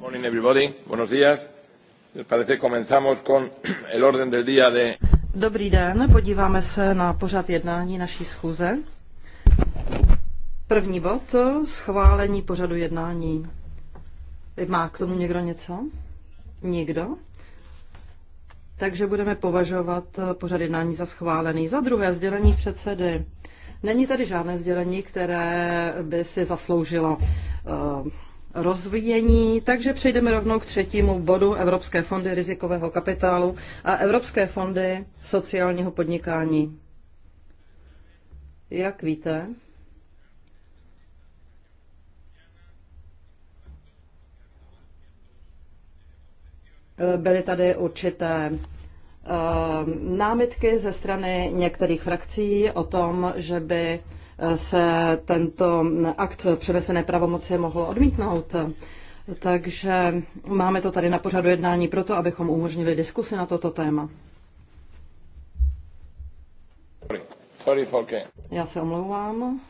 Morning everybody. Buenos días. Parece comenzamos con el orden del día de... Dobrý den, podíváme se na pořad jednání naší schůze. První bod, schválení pořadu jednání. Má k tomu někdo něco? Nikdo? Takže budeme považovat pořad jednání za schválený. Za druhé sdělení předsedy. Není tady žádné sdělení, které by si zasloužilo uh, rozvíjení, takže přejdeme rovnou k třetímu bodu Evropské fondy rizikového kapitálu a Evropské fondy sociálního podnikání. Jak víte, byly tady určité eh, námitky ze strany některých frakcí o tom, že by se tento akt přenesené pravomoci mohlo odmítnout. Takže máme to tady na pořadu jednání proto, abychom umožnili diskusi na toto téma. Sorry, Sorry Folke. Já se omlouvám.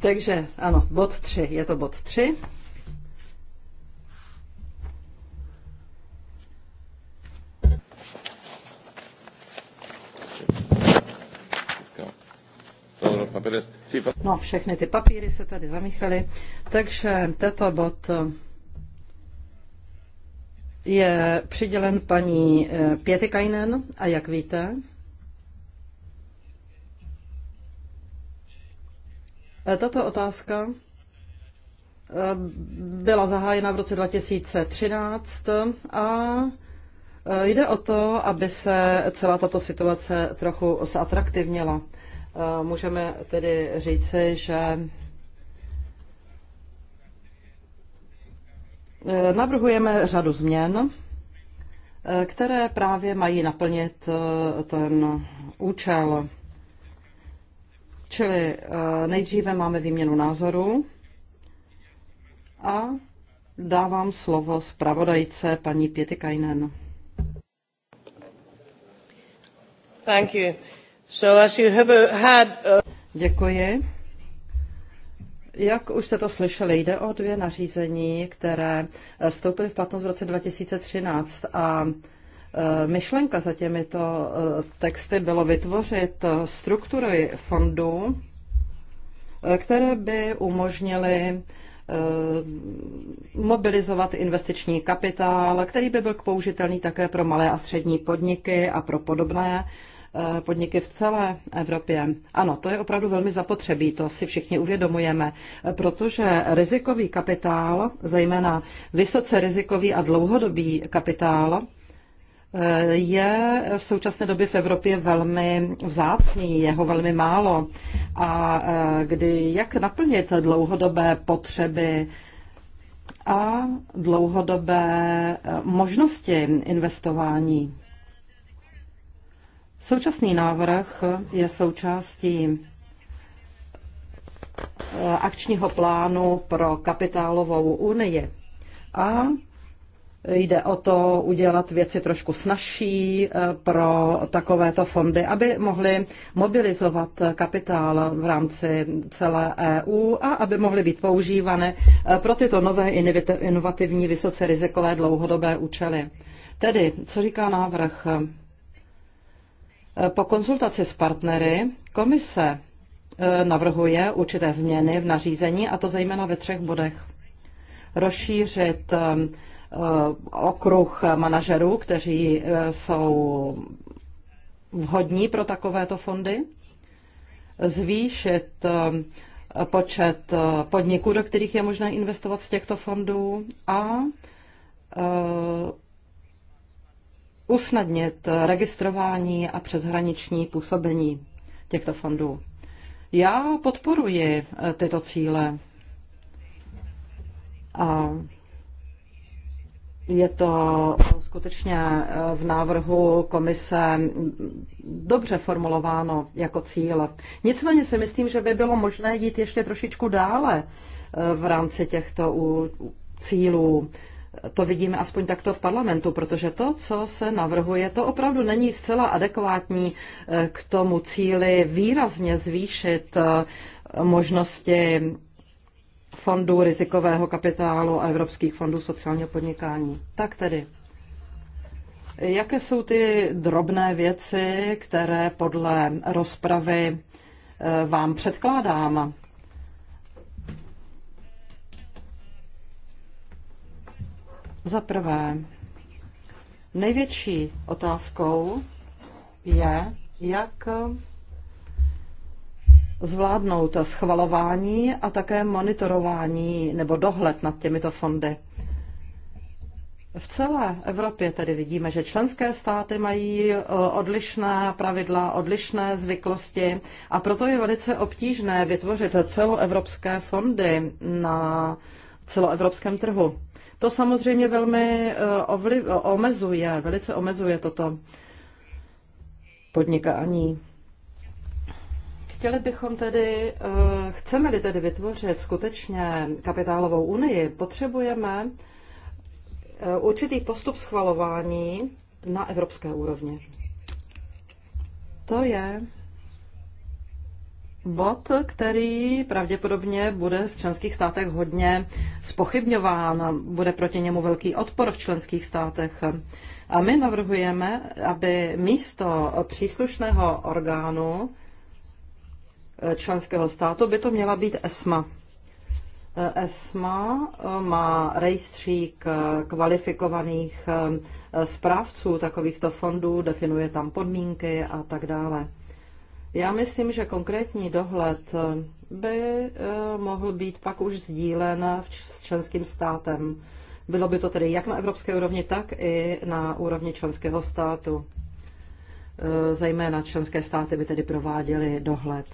Takže ano, bod 3, je to bod 3. No, všechny ty papíry se tady zamíchaly, takže tento bod je přidělen paní eh, Pětikajnen a jak víte, eh, tato otázka eh, byla zahájena v roce 2013 a Jde o to, aby se celá tato situace trochu zatraktivnila. Můžeme tedy říci, že e, navrhujeme řadu změn, e, které právě mají naplnit e, ten účel. Čili nejdříve máme výměnu názorů a dávám slovo zpravodajce paní Pietikainen. Thank you. Děkuji. Jak už jste to slyšeli, jde o dvě nařízení, které vstoupily v platnost v roce 2013 a e, myšlenka za těmito e, texty bylo vytvořit e, struktury fondů, které by umožnily mobilizovat investiční kapitál, který by byl použitelný také pro malé a střední podniky a pro podobné Eh, podniky v celé Evropě. Ano, to je opravdu velmi zapotřebí, to si všichni uvědomujeme, protože rizikový kapitál, zejména vysoce rizikový a dlouhodobý kapitál, eh, je v současné době v Evropě velmi vzácný, jeho velmi málo. A eh, kdy, jak naplnit dlouhodobé potřeby a dlouhodobé možnosti investování? Současný návrh je součástí eh, akčního plánu pro kapitálovou unii a Jde o to udělat věci trošku snažší eh, pro takovéto fondy, aby mohly mobilizovat kapitál v rámci celé EU a aby mohly být používané eh, pro tyto nové inovativní, vysoce rizikové dlouhodobé účely. Tedy, co říká návrh? Eh, po konzultaci s partnery komise eh, navrhuje určité změny v nařízení, a to zejména ve třech bodech. Rozšířit eh, okruh manažerů, kteří jsou vhodní pro takovéto fondy, zvýšit počet podniků, do kterých je možné investovat z těchto fondů a usnadnit registrování a přeshraniční působení těchto fondů. Já podporuji eh, tyto cíle a je to skutečně eh, v návrhu komise dobře formulováno jako cíl. Nicméně si myslím, že by bylo možné jít ještě trošičku dále eh, v rámci těchto cílů to vidíme aspoň takto v parlamentu, protože to, co se navrhuje, to opravdu není zcela adekvátní eh, k tomu cíli výrazně zvýšit eh, možnosti fondů rizikového kapitálu a evropských fondů sociálního podnikání. Tak tedy, jaké jsou ty drobné věci, které podle rozpravy eh, vám předkládám? Za prvé, největší otázkou je, jak zvládnout schvalování a také monitorování nebo dohled nad těmito fondy. V celé Evropě tedy vidíme, že členské státy mají eh, odlišná pravidla, odlišné zvyklosti a proto je velice obtížné vytvořit celoevropské fondy na celoevropském trhu. To samozřejmě velmi eh, ovliv, omezuje, velice omezuje toto podnikání. Chtěli bychom tedy, eh, chceme-li tedy vytvořit skutečně kapitálovou unii, potřebujeme eh, určitý postup schvalování na evropské úrovni. To je bod, který pravděpodobně bude v členských státech hodně spochybňován, bude proti němu velký odpor v členských státech. A my navrhujeme, aby místo příslušného orgánu členského státu by to měla být ESMA. ESMA má rejstřík kvalifikovaných eh, správců takovýchto fondů, definuje tam podmínky a tak dále. Já myslím, že konkrétní dohled eh, by eh, mohl být pak už sdílen s členským státem. Bylo by to tedy jak na evropské úrovni, tak i na úrovni členského státu. Eh, zejména členské státy by tedy prováděly dohled.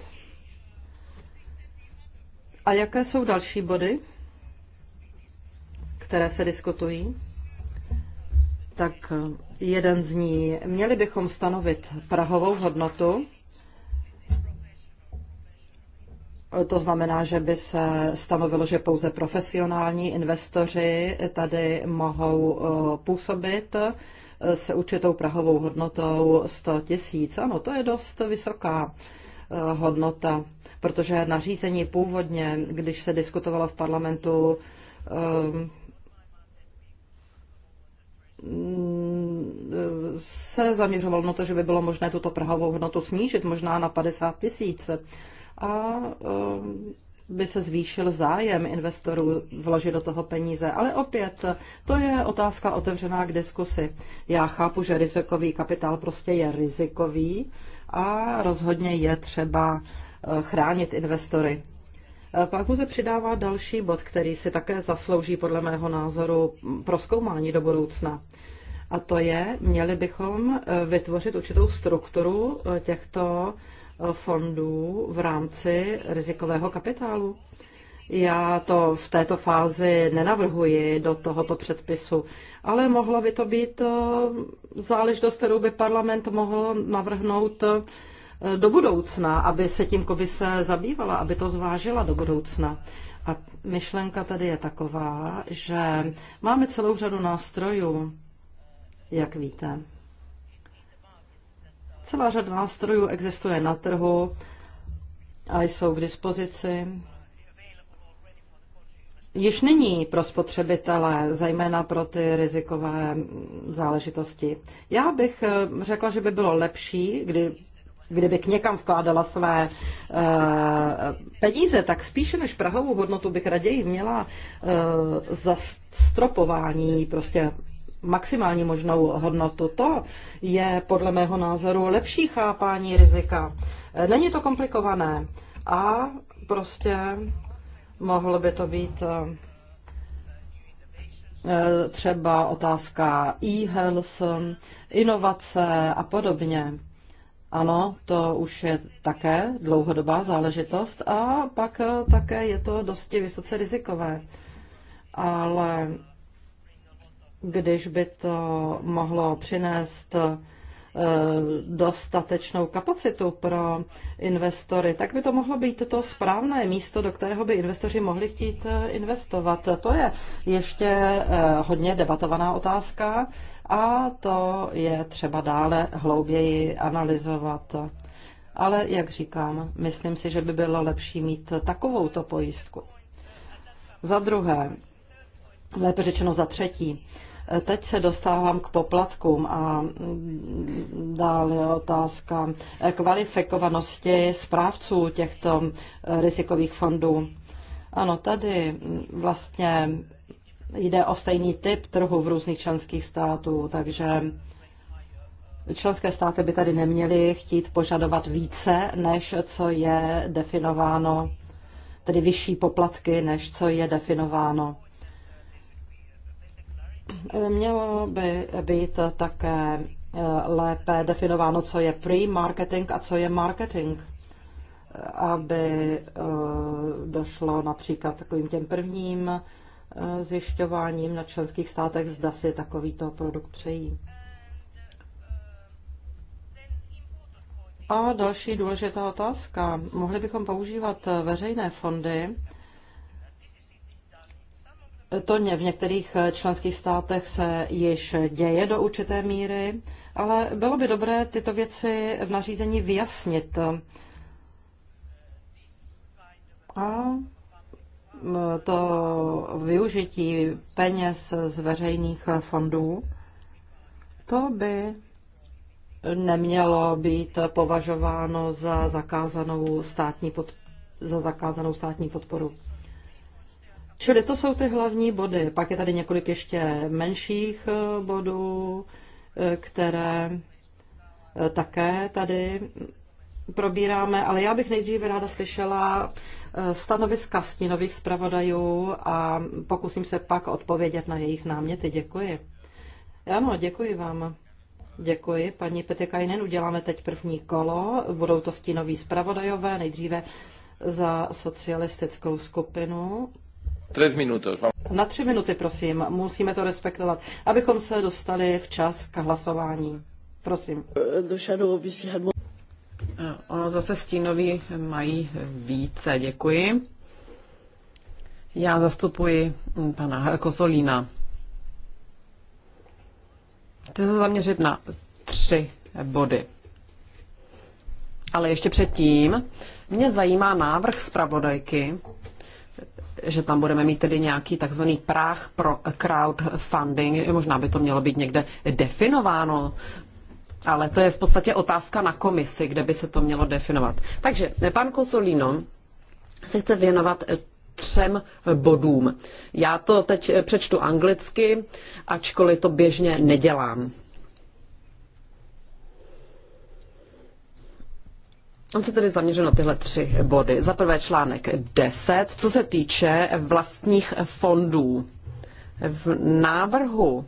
A jaké jsou další body, které se diskutují? Tak jeden z ní. Měli bychom stanovit prahovou hodnotu To znamená, že by se stanovilo, že pouze profesionální investoři tady mohou eh, působit eh, se určitou prahovou hodnotou 100 tisíc. Ano, to je dost vysoká eh, hodnota, protože nařízení původně, když se diskutovalo v parlamentu, ehm, se zaměřovalo na to, že by bylo možné tuto prahovou hodnotu snížit možná na 50 tisíc a um, by se zvýšil zájem investorů vložit do toho peníze. Ale opět, to je otázka otevřená k diskusi. Já chápu, že rizikový kapitál prostě je rizikový a rozhodně je třeba eh, chránit investory. Eh, Pak se přidává další bod, který si také zaslouží podle mého názoru proskoumání do budoucna. A to je, měli bychom eh, vytvořit určitou strukturu těchto fondů v rámci rizikového kapitálu. Já to v této fázi nenavrhuji do tohoto předpisu, ale mohlo by to být eh, záležitost, kterou by parlament mohl navrhnout eh, do budoucna, aby se tím komise zabývala, aby to zvážila do budoucna. A myšlenka tady je taková, že máme celou řadu nástrojů, jak víte. Celá řada nástrojů existuje na trhu a jsou k dispozici. Již nyní pro spotřebitele, zejména pro ty rizikové záležitosti. Já bych eh, řekla, že by bylo lepší, kdy, kdyby k někam vkládala své uh, peníze, tak spíše než prahovou hodnotu bych raději měla uh, za stropování prostě maximální možnou hodnotu. To je podle mého názoru lepší chápání rizika. Není to komplikované a prostě mohlo by to být eh, třeba otázka e-health, inovace a podobně. Ano, to už je také dlouhodobá záležitost a pak eh, také je to dosti vysoce rizikové. Ale když by to mohlo přinést eh, dostatečnou kapacitu pro investory, tak by to mohlo být to správné místo, do kterého by investoři mohli chtít eh, investovat. To je ještě eh, hodně debatovaná otázka a to je třeba dále hlouběji analyzovat. Ale jak říkám, myslím si, že by bylo lepší mít takovouto pojistku. Za druhé, lépe řečeno za třetí, Teď se dostávám k poplatkům a dál je otázka kvalifikovanosti správců těchto rizikových fondů. Ano, tady vlastně jde o stejný typ trhu v různých členských států, takže členské státy by tady neměly chtít požadovat více, než co je definováno, tedy vyšší poplatky, než co je definováno. Mělo by být také eh, lépe definováno, co je pre-marketing a co je marketing, aby eh, došlo například takovým těm prvním eh, zjišťováním na členských státech, zda si takovýto produkt přejí. A další důležitá otázka. Mohli bychom používat veřejné fondy to v některých eh, členských státech se již děje do určité míry, ale bylo by dobré tyto věci v nařízení vyjasnit. A to využití peněz z veřejných fondů, to by nemělo být považováno za zakázanou státní, pod, za zakázanou státní podporu. Čili to jsou ty hlavní body. Pak je tady několik ještě menších eh, bodů, eh, které eh, také tady probíráme, ale já bych nejdříve ráda slyšela stanoviska stínových zpravodajů a pokusím se pak odpovědět na jejich náměty. Děkuji. Ano, děkuji vám. Děkuji, paní Petekajnen. Uděláme teď první kolo. Budou to stínoví zpravodajové, nejdříve za socialistickou skupinu Tres minutos. Na tři minuty, prosím. Musíme to respektovat, abychom se dostali včas k hlasování. Prosím. Eh, ono zase stínoví mají více. Děkuji. Já zastupuji mm, pana Kosolína. Chci se zaměřit na tři body. Ale ještě předtím mě zajímá návrh zpravodajky že tam budeme mít tedy nějaký takzvaný práh pro crowdfunding. Možná by to mělo být někde definováno, ale to je v podstatě otázka na komisi, kde by se to mělo definovat. Takže pan Kosolino se chce věnovat třem bodům. Já to teď přečtu anglicky, ačkoliv to běžně nedělám. On se tedy zaměřil na tyhle tři body. Za prvé článek 10, co se týče vlastních fondů. V návrhu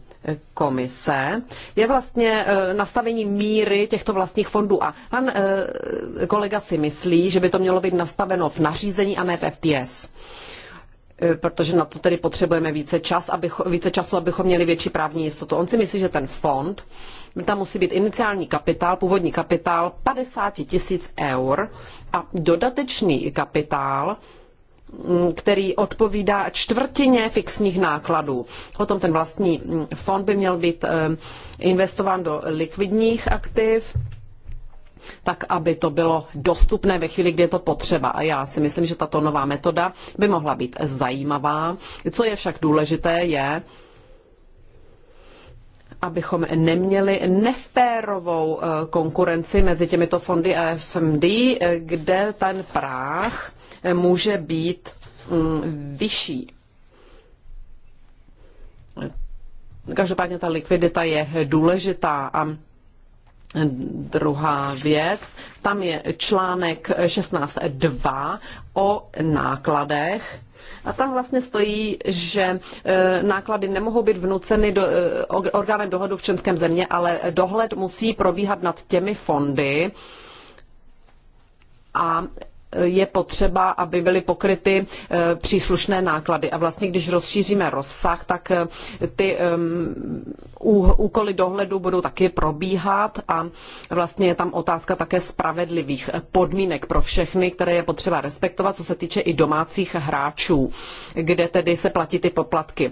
komise je vlastně eh, nastavení míry těchto vlastních fondů. A pan eh, kolega si myslí, že by to mělo být nastaveno v nařízení a ne v FTS eh, protože na to tedy potřebujeme více, čas, abych, více času, abychom měli větší právní jistotu. On si myslí, že ten fond tam musí být iniciální kapitál, původní kapitál 50 tisíc eur a dodatečný kapitál mm, který odpovídá čtvrtině fixních nákladů. Potom ten vlastní mm, fond by měl být investován do likvidních aktiv, tak aby to bylo dostupné ve chvíli, kdy je to potřeba. A já si myslím, že tato nová metoda by mohla být zajímavá. Co je však důležité, je, abychom neměli neférovou eh, konkurenci mezi těmito fondy a FMD, eh, kde ten práh eh, může být mm, vyšší. Každopádně ta likvidita je důležitá a Druhá věc, tam je článek 16.2 o nákladech a tam vlastně stojí, že e, náklady nemohou být vnuceny do, e, orgánem dohledu v členském země, ale dohled musí probíhat nad těmi fondy a je potřeba, aby byly pokryty eh, příslušné náklady. A vlastně, když rozšíříme rozsah, tak eh, ty úkoly dohledu budou taky probíhat a vlastně je tam otázka také spravedlivých podmínek pro všechny, které je potřeba respektovat, co se týče i domácích hráčů, kde tedy se platí ty poplatky.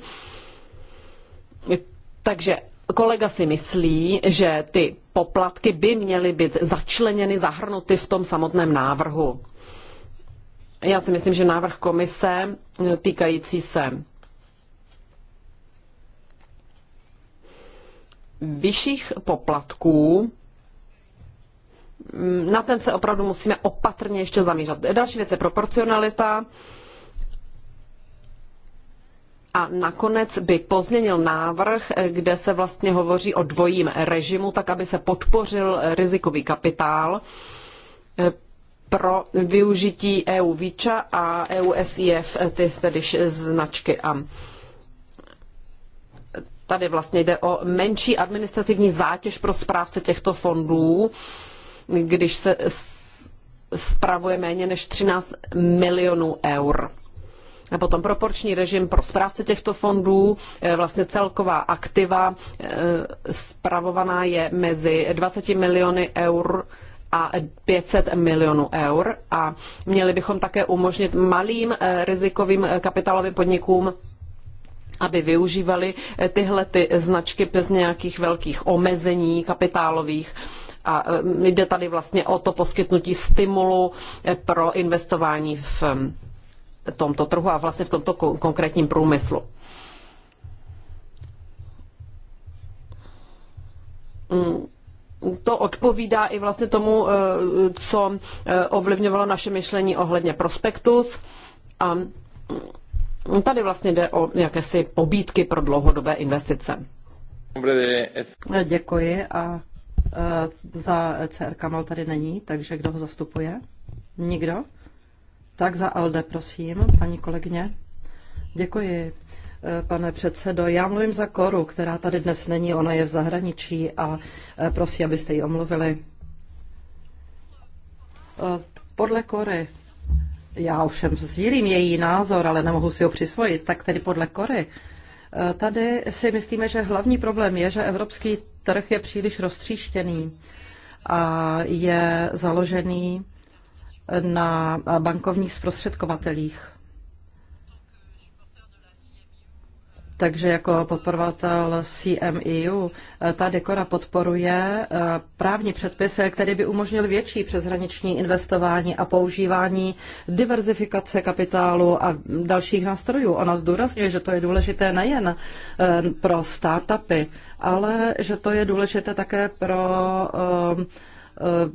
Takže kolega si myslí, že ty poplatky by měly být začleněny, zahrnuty v tom samotném návrhu. Já si myslím, že návrh komise eh, týkající se vyšších poplatků, mm, na ten se opravdu musíme opatrně ještě zamířat. Další věc je proporcionalita. A nakonec by pozměnil návrh, eh, kde se vlastně hovoří o dvojím režimu, tak aby se podpořil eh, rizikový kapitál pro využití EU Víča a EU SIF, eh, ty tedy značky a Tady vlastně jde o menší administrativní zátěž pro správce těchto fondů, když se spravuje méně než 13 milionů eur. A potom proporční režim pro správce těchto fondů, eh, vlastně celková aktiva eh, spravovaná je mezi 20 miliony eur a 500 milionů eur a měli bychom také umožnit malým eh, rizikovým eh, kapitálovým podnikům aby využívali eh, tyhle ty značky bez nějakých velkých omezení kapitálových. A jde tady vlastně o to poskytnutí stimulu pro investování v tomto trhu a vlastně v tomto konkrétním průmyslu. Mm to odpovídá i vlastně tomu, eh, co eh, ovlivňovalo naše myšlení ohledně prospektus. A tady vlastně jde o jakési pobídky pro dlouhodobé investice. Eh, děkuji a za CR Kamal tady není, takže kdo ho zastupuje? Nikdo? Tak za Alde, prosím, paní kolegyně. Děkuji pane předsedo. Já mluvím za Koru, která tady dnes není, ona je v zahraničí a e, prosím, abyste ji omluvili. E, podle Kory, já ovšem sdílím její názor, ale nemohu si ho přisvojit, tak tedy podle Kory. E, tady si myslíme, že hlavní problém je, že evropský trh je příliš roztříštěný a je založený na bankovních zprostředkovatelích. Takže jako podporovatel CMEU, eh, ta dekora podporuje eh, právní předpisy, které by umožnil větší přeshraniční investování a používání diverzifikace kapitálu a dalších nástrojů. Ona zdůrazňuje, že to je důležité nejen eh, pro startupy, ale že to je důležité také pro Eh,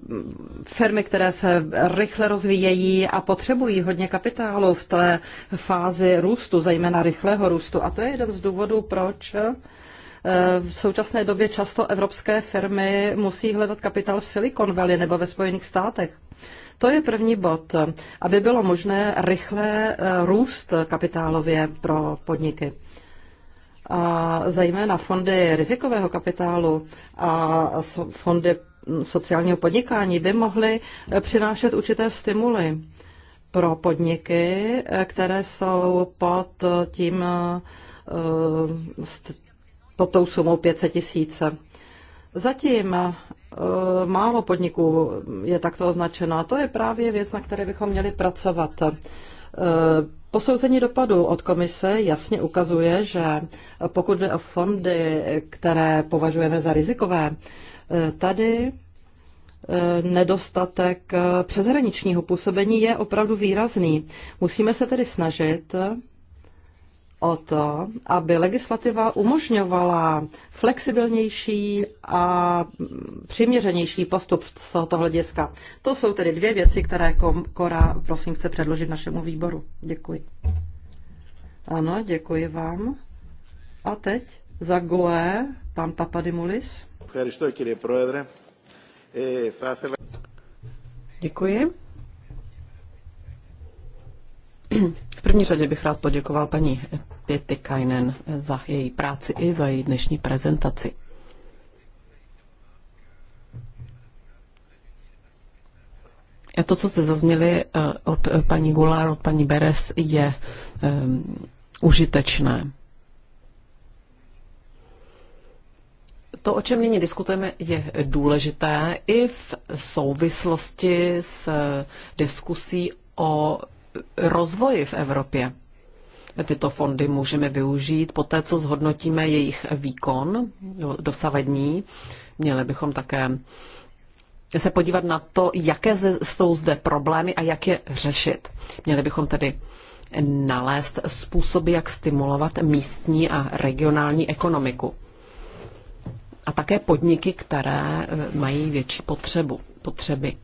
firmy, které se rychle rozvíjejí a potřebují hodně kapitálu v té fázi růstu, zejména rychlého růstu. A to je jeden z důvodů, proč eh, v současné době často evropské firmy musí hledat kapitál v Silicon Valley nebo ve Spojených státech. To je první bod, aby bylo možné rychle eh, růst kapitálově pro podniky. A zejména fondy rizikového kapitálu a fondy sociálního podnikání by mohly eh, přinášet určité stimuly pro podniky, eh, které jsou pod eh, tím pod tou sumou 500 tisíce. Zatím málo podniků je takto označeno a to je právě věc, na které bychom měli pracovat Posouzení dopadu od komise jasně ukazuje, že pokud jde o fondy, které považujeme za rizikové, eh, tady eh, nedostatek eh, přeshraničního působení je opravdu výrazný. Musíme se tedy snažit o to, aby legislativa umožňovala flexibilnější a přiměřenější postup z tohoto hlediska. To jsou tedy dvě věci, které Kora, prosím, chce předložit našemu výboru. Děkuji. Ano, děkuji vám. A teď za GOE pan Papadimulis. Děkuji. V první řadě bych rád poděkoval paní Pěty Kajnen za její práci i za její dnešní prezentaci. A to, co jste zazněli eh, od paní Gular, od paní Beres, je um, užitečné. To, o čem nyní diskutujeme, je důležité i v souvislosti s eh, diskusí o rozvoji v Evropě. Tyto fondy můžeme využít po té, co zhodnotíme jejich výkon dosavadní. Měli bychom také se podívat na to, jaké jsou zde problémy a jak je řešit. Měli bychom tedy nalézt způsoby, jak stimulovat místní a regionální ekonomiku. A také podniky, které eh, mají větší potřebu, potřeby.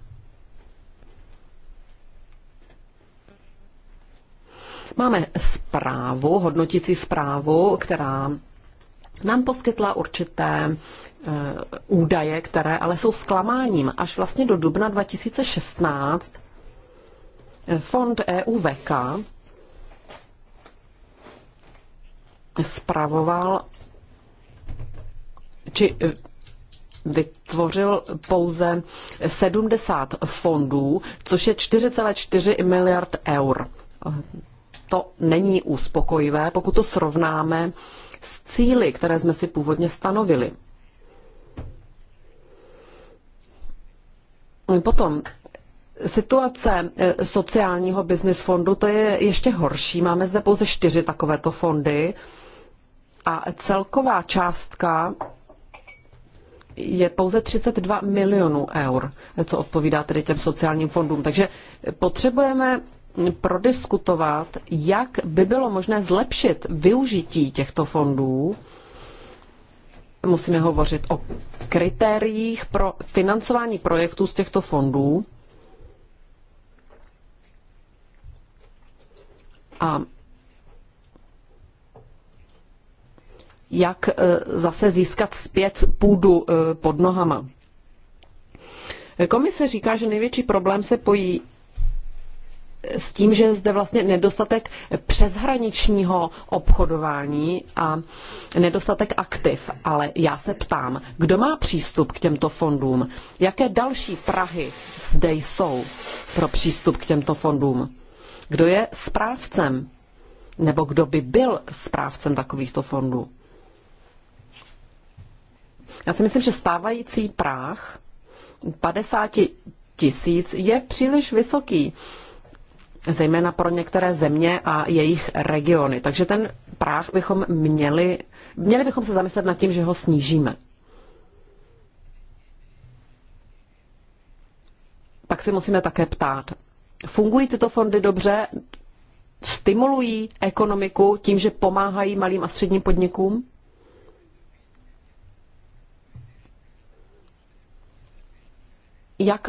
Máme zprávu, hodnotící zprávu, která nám poskytla určité eh, údaje, které ale jsou zklamáním. Až vlastně do dubna 2016 eh, fond EUVK spravoval či eh, vytvořil pouze 70 fondů, což je 4,4 miliard eur to není uspokojivé, pokud to srovnáme s cíly, které jsme si původně stanovili. Potom Situace eh, sociálního business fondu, to je ještě horší. Máme zde pouze čtyři takovéto fondy a celková částka je pouze 32 milionů eur, co odpovídá tedy těm sociálním fondům. Takže potřebujeme prodiskutovat, jak by bylo možné zlepšit využití těchto fondů. Musíme hovořit o kritériích pro financování projektů z těchto fondů. A jak e, zase získat zpět půdu e, pod nohama. Komise říká, že největší problém se pojí s tím, že je zde vlastně nedostatek přeshraničního obchodování a nedostatek aktiv. Ale já se ptám, kdo má přístup k těmto fondům? Jaké další Prahy zde jsou pro přístup k těmto fondům? Kdo je správcem? Nebo kdo by byl správcem takovýchto fondů? Já si myslím, že stávající práh 50 tisíc je příliš vysoký zejména pro některé země a jejich regiony. Takže ten práh bychom měli, měli bychom se zamyslet nad tím, že ho snížíme. Pak si musíme také ptát, fungují tyto fondy dobře, stimulují ekonomiku tím, že pomáhají malým a středním podnikům? Jak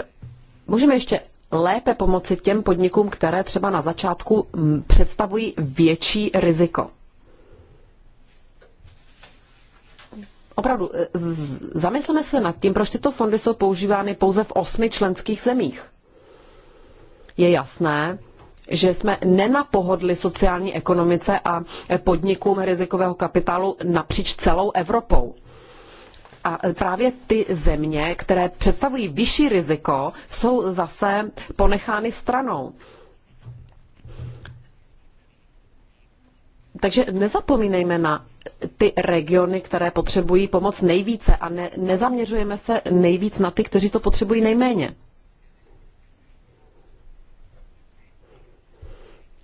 můžeme ještě lépe pomoci těm podnikům, které třeba na začátku mm, představují větší riziko. Opravdu, e, zamysleme se nad tím, proč tyto fondy jsou používány pouze v osmi členských zemích. Je jasné, že jsme nenapohodli sociální ekonomice a e, podnikům rizikového kapitálu napříč celou Evropou. A e, právě ty země, které představují vyšší riziko, jsou zase ponechány stranou. Takže nezapomínejme na ty regiony, které potřebují pomoc nejvíce a ne, nezaměřujeme se nejvíc na ty, kteří to potřebují nejméně.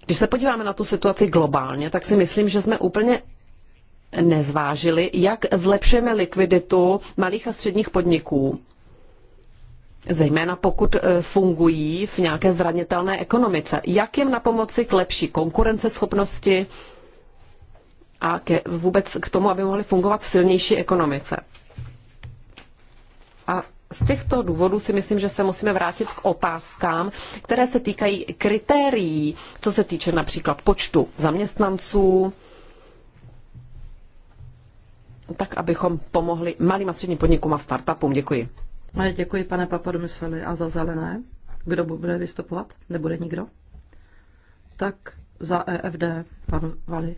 Když se podíváme na tu situaci globálně, tak si myslím, že jsme úplně nezvážili, jak zlepšeme likviditu malých a středních podniků, zejména pokud e, fungují v nějaké zranitelné ekonomice. Jak jim na pomoci k lepší konkurenceschopnosti a ke, vůbec k tomu, aby mohli fungovat v silnější ekonomice. A z těchto důvodů si myslím, že se musíme vrátit k otázkám, které se týkají kritérií, co se týče například počtu zaměstnanců, tak abychom pomohli malým a středním podnikům a startupům. Děkuji. Děkuji, pane Papadomyseli. A za zelené? Kdo bude vystupovat? Nebude nikdo? Tak za EFD, pan Vali.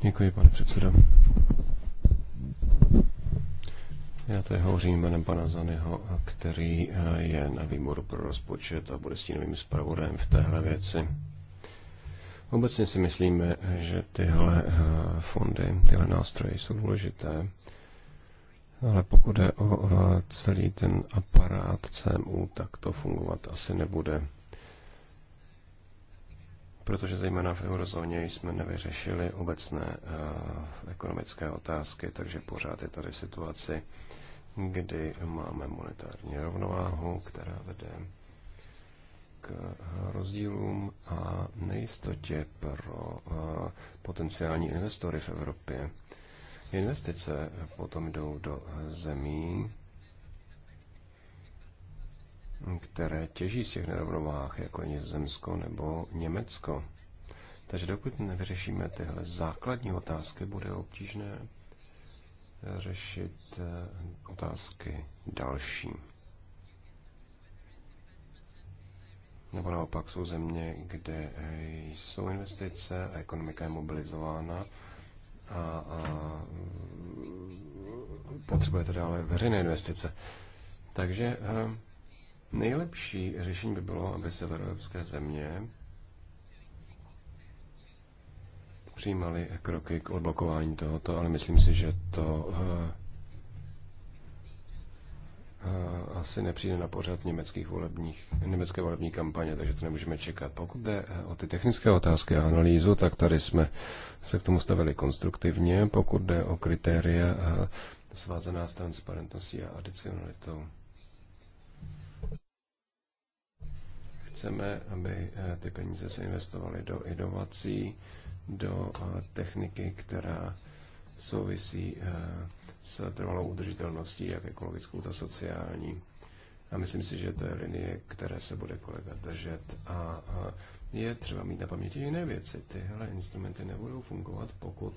Děkuji, pane předsedo. Já tady hovořím jménem pana Zanyho, který eh, je na výboru pro rozpočet a bude novým zpravodajem v téhle věci. Obecně si myslíme, že tyhle eh, fondy, tyhle nástroje jsou důležité, ale pokud je o eh, celý ten aparát CMU, tak to fungovat asi nebude. Protože zejména v eurozóně jsme nevyřešili obecné eh, ekonomické otázky, takže pořád je tady situaci, kdy máme monetární rovnováhu, která vede k eh, rozdílům a nejistotě pro eh, potenciální investory v Evropě. Investice potom jdou do eh, zemí, které těží z těch nerovnováh, jako je Zemsko nebo Německo. Takže dokud nevyřešíme tyhle základní otázky, bude obtížné řešit otázky další. Nebo naopak jsou země, kde eh, jsou investice a ekonomika je mobilizována a, a tedy ale veřejné investice. Takže eh, nejlepší řešení by bylo, aby severoevropské země přijímaly kroky k odblokování tohoto, ale myslím si, že to eh, asi nepřijde na pořad německých volebních, německé volební kampaně, takže to nemůžeme čekat. Pokud jde eh, o ty technické otázky a analýzu, tak tady jsme se k tomu stavili konstruktivně. Pokud jde o kritéria eh, svázaná s transparentností a adicionalitou. Chceme, aby eh, ty peníze se investovaly do inovací, do techniky, která souvisí eh, s trvalou udržitelností, jak ekologickou, tak sociální. A myslím si, že to je linie, které se bude kolega držet. A, je třeba mít na paměti jiné věci. Tyhle instrumenty nebudou fungovat, pokud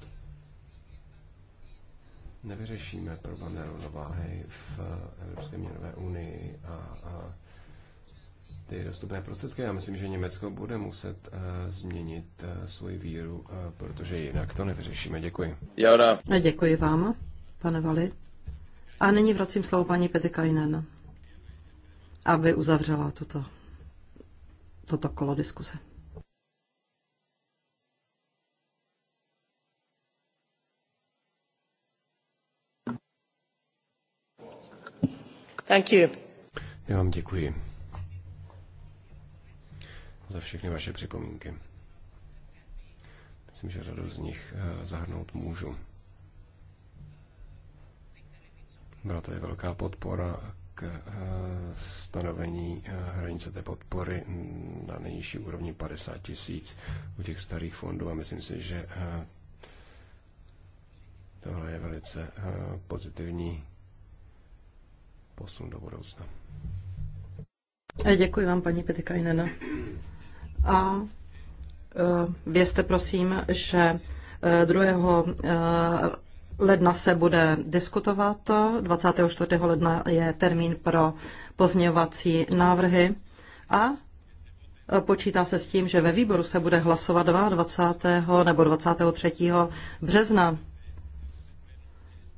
nevyřešíme problém nerovnováhy v Evropské měnové unii a, a ty dostupné prostředky. Já myslím, že Německo bude muset eh, změnit eh, svoji víru, eh, protože jinak to nevyřešíme. Děkuji. A Děkuji vám, pane Vali. A nyní vracím slovo paní Petekainen, aby uzavřela tuto, toto kolo diskuse. Thank you. Já vám děkuji za všechny vaše připomínky. Myslím, že řadu z nich eh, zahrnout můžu. Byla tady velká podpora k eh, stanovení eh, hranice té podpory na nejnižší úrovni 50 tisíc u těch starých fondů a myslím si, že tohle je velice pozitivní posun do budoucna. Děkuji vám, paní Petekainena. A e, vězte prosím, že 2. E, e, ledna se bude diskutovat. 24. ledna je termín pro pozměňovací návrhy a počítá se s tím, že ve výboru se bude hlasovat 22. nebo 23. března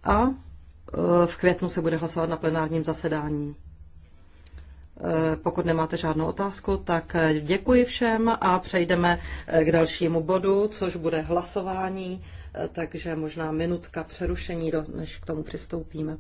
a v květnu se bude hlasovat na plenárním zasedání. Eh, pokud nemáte žádnou otázku, tak eh, děkuji všem a přejdeme eh, k dalšímu bodu, což bude hlasování, takže možná minutka přerušení, než k tomu přistoupíme.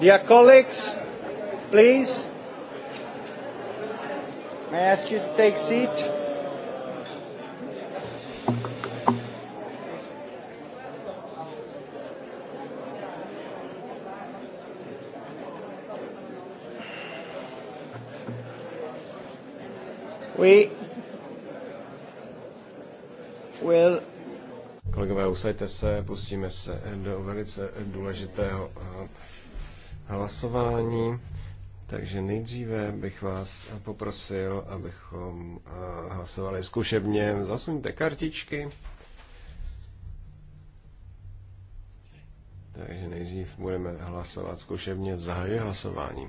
Dear colleagues, please, may I ask you to take seat? We will Kolegové, usaďte se, pustíme se do velice důležitého eh, hlasování. Takže nejdříve bych vás poprosil, abychom eh, hlasovali zkušebně. Zasuňte kartičky. Takže nejdřív budeme hlasovat zkušebně. Zahajuji hlasování.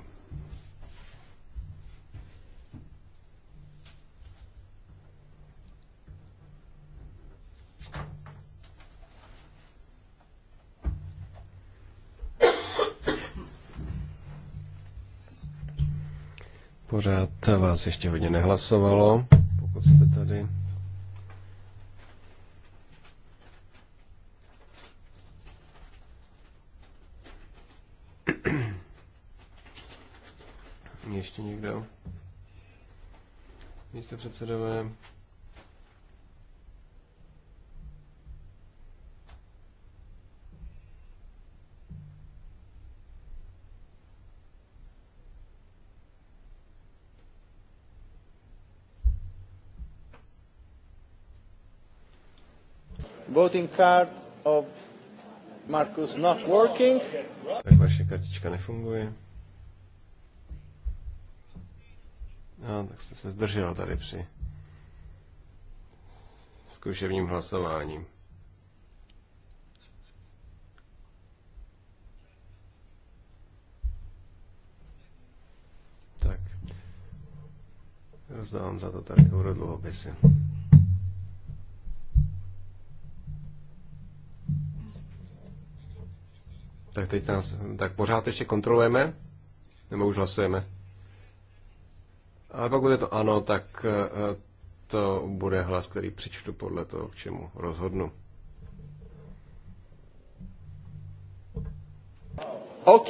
Pořád vás ještě hodně nehlasovalo, pokud jste tady. Ještě někdo? Místo předsedové Voting card of Marcus not working. Tak vaše kartička nefunguje. No, tak jste se zdržel tady při zkušebním hlasováním. Tak. Rozdávám za to tady eurodluhopisy. Tak teď nás, tak pořád ještě kontrolujeme? Nebo už hlasujeme? Ale pokud je to ano, tak eh, to bude hlas, který přečtu podle toho, k čemu rozhodnu. OK,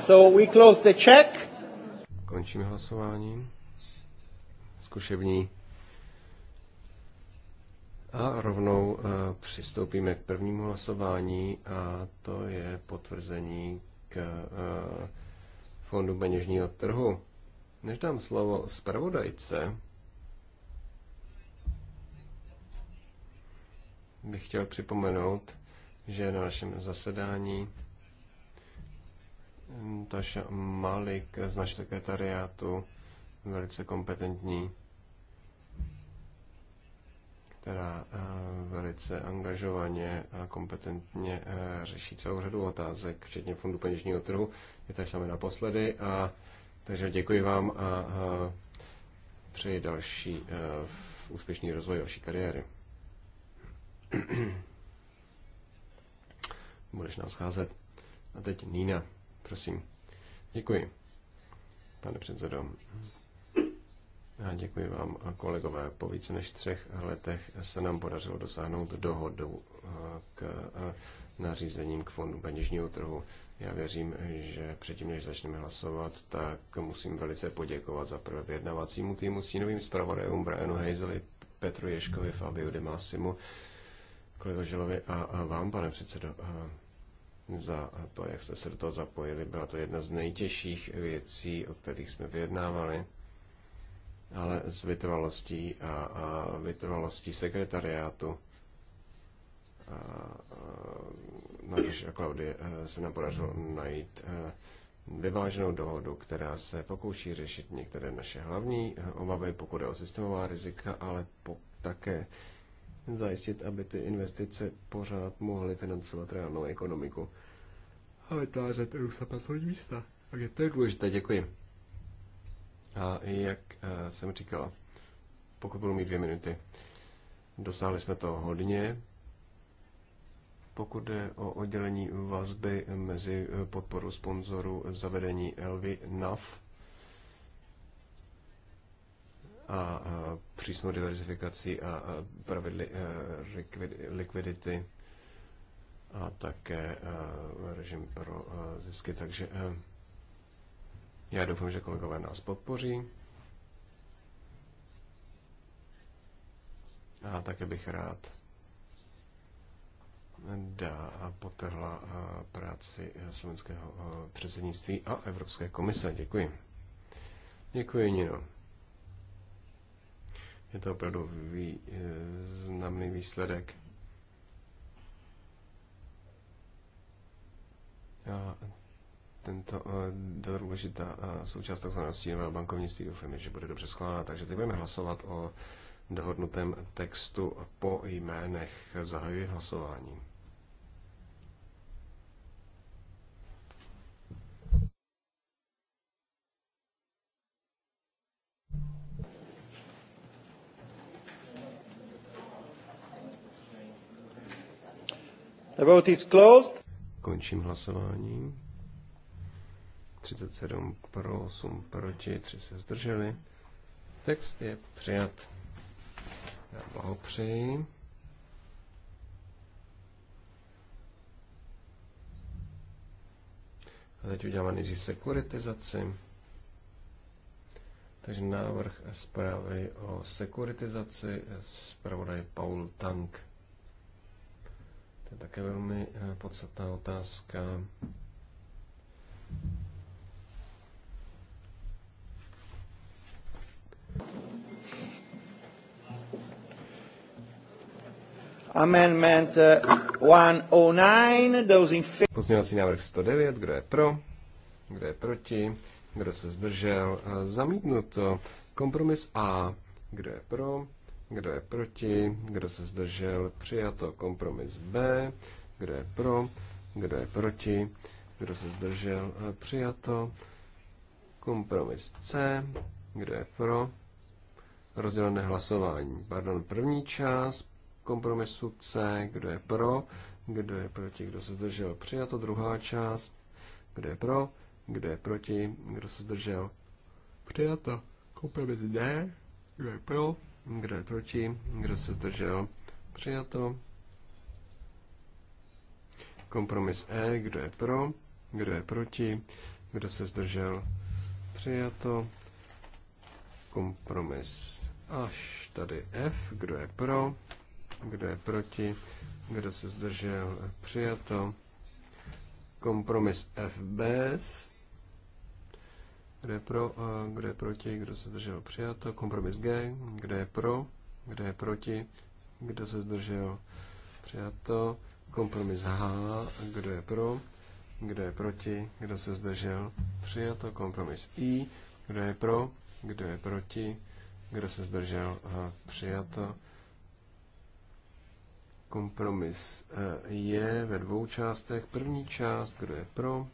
so we close the check. Končíme hlasování. Zkušební a rovnou eh, přistoupíme k prvnímu hlasování a to je potvrzení k eh, fondu peněžního trhu. Než dám slovo zpravodajce, bych chtěl připomenout, že na našem zasedání Taša Malik z našeho sekretariátu, velice kompetentní která eh, velice angažovaně a kompetentně eh, řeší celou řadu otázek, včetně fondu peněžního trhu. Je tady samé naposledy. A, takže děkuji vám a, a eh, přeji další a, úspěšný rozvoj vaší kariéry. Budeš nás scházet. A teď Nina, prosím. Děkuji, pane předsedo. A děkuji vám, kolegové. Po více než třech letech se nám podařilo dosáhnout dohodu eh, k eh, nařízením k fondu peněžního trhu. Já věřím, že předtím, než začneme hlasovat, tak musím velice poděkovat za prvé vyjednavacímu týmu tím zpravodajům Brianu Hazeli, Petru Ješkovi, Fabio De Massimu, kolego Žilovi a, a vám, pane předsedo, eh, za to, jak jste se do toho zapojili. Byla to jedna z nejtěžších věcí, o kterých jsme vyjednávali ale s vytrvalostí a, a vytrvalostí sekretariátu a, Naděž a no, Klaudie eh, se nám podařilo najít eh, vyváženou dohodu, která se pokouší řešit některé naše hlavní eh, obavy, pokud je o systémová rizika, ale po, také zajistit, aby ty investice pořád mohly financovat reálnou ekonomiku a vytvářet růst a pracovní místa. Takže to je důležité, děkuji. A jak eh, jsem říkal, pokud budu mít dvě minuty, dosáhli jsme toho hodně. Pokud jde o oddělení vazby mezi eh, podporu sponzoru zavedení Elvy NAV a eh, přísnou diverzifikací a pravidly likvidity a také režim pro zisky, takže já doufám, že kolegové nás podpoří. A také bych rád dá a potrhla práci e, slovenského e, předsednictví a Evropské komise. Děkuji. Děkuji, Nino. Je to opravdu významný e, výsledek. A tento eh, důležitá eh, součást tzv. stínového bankovnictví. Doufám, že bude dobře schválena. Takže teď budeme hlasovat o dohodnutém textu po jménech. Zahajuji hlasování. The vote is closed. Končím hlasování. 37 pro, 8 proti, 3 se zdrželi. Text je přijat. Já blahopřeji. A teď uděláme nejdřív sekuritizaci. Takže návrh zprávy o sekuritizaci zpravodaj Paul Tank. To je také velmi eh, podstatná otázka. Amendment 109, uh, those in Pozměňovací návrh 109, kdo je pro, kdo je proti, kdo se zdržel, zamítnuto. Kompromis A, kdo je pro, kdo je proti, kdo se zdržel, přijato. Kompromis B, kdo je pro, kdo je proti, kdo se zdržel, přijato. Kompromis C, kdo je pro, rozdělené hlasování. Pardon, první část kompromisu C, kdo je pro, kdo je proti, kdo se zdržel, přijato druhá část, kdo je pro, kdo je proti, kdo se zdržel, přijato kompromis D, kdo je pro, kdo je proti, kdo se zdržel, přijato kompromis E, kdo je pro, kdo je proti, kdo se zdržel, přijato kompromis až tady F, kdo je pro, kdo je proti? Kdo se zdržel? Přijato. Kompromis FBS, Kdo je pro? Kdo je proti? Kdo se zdržel? Přijato. Kompromis G. Kdo je pro? Kdo je proti? Kdo se zdržel? Přijato. Kompromis H. Kdo je pro? Kdo je proti? Kdo se zdržel? Přijato. Kompromis I. Kdo je pro? Kdo je proti? Kdo se zdržel? Přijato. Kompromis eh, je ve dvou částech. První část, kdo je pro,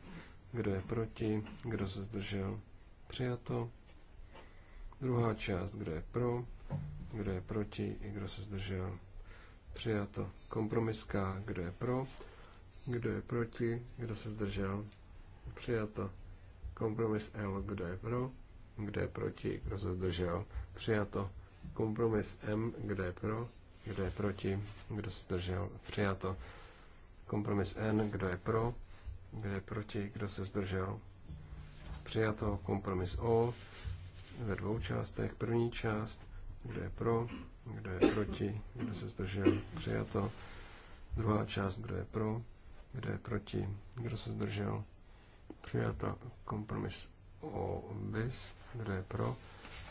kdo je proti, kdo se zdržel, přijato. Druhá část, kdo je pro, kdo je proti i kdo se zdržel, přijato. Kompromiská, kdo je pro, kdo je proti, kdo se zdržel, přijato. Kompromis L, kdo je pro, kdo je proti, kdo se zdržel, přijato. Kompromis M, kdo je pro, kdo je proti, kdo se zdržel, přijato. Kompromis N, kdo je pro, kdo je proti, kdo se zdržel, přijato. Kompromis O ve dvou částech. První část, kdo je pro, kdo je proti, kdo se zdržel, přijato. Druhá část, kdo je pro, kdo je proti, kdo se zdržel, přijato. Kompromis O bis, kdo je pro,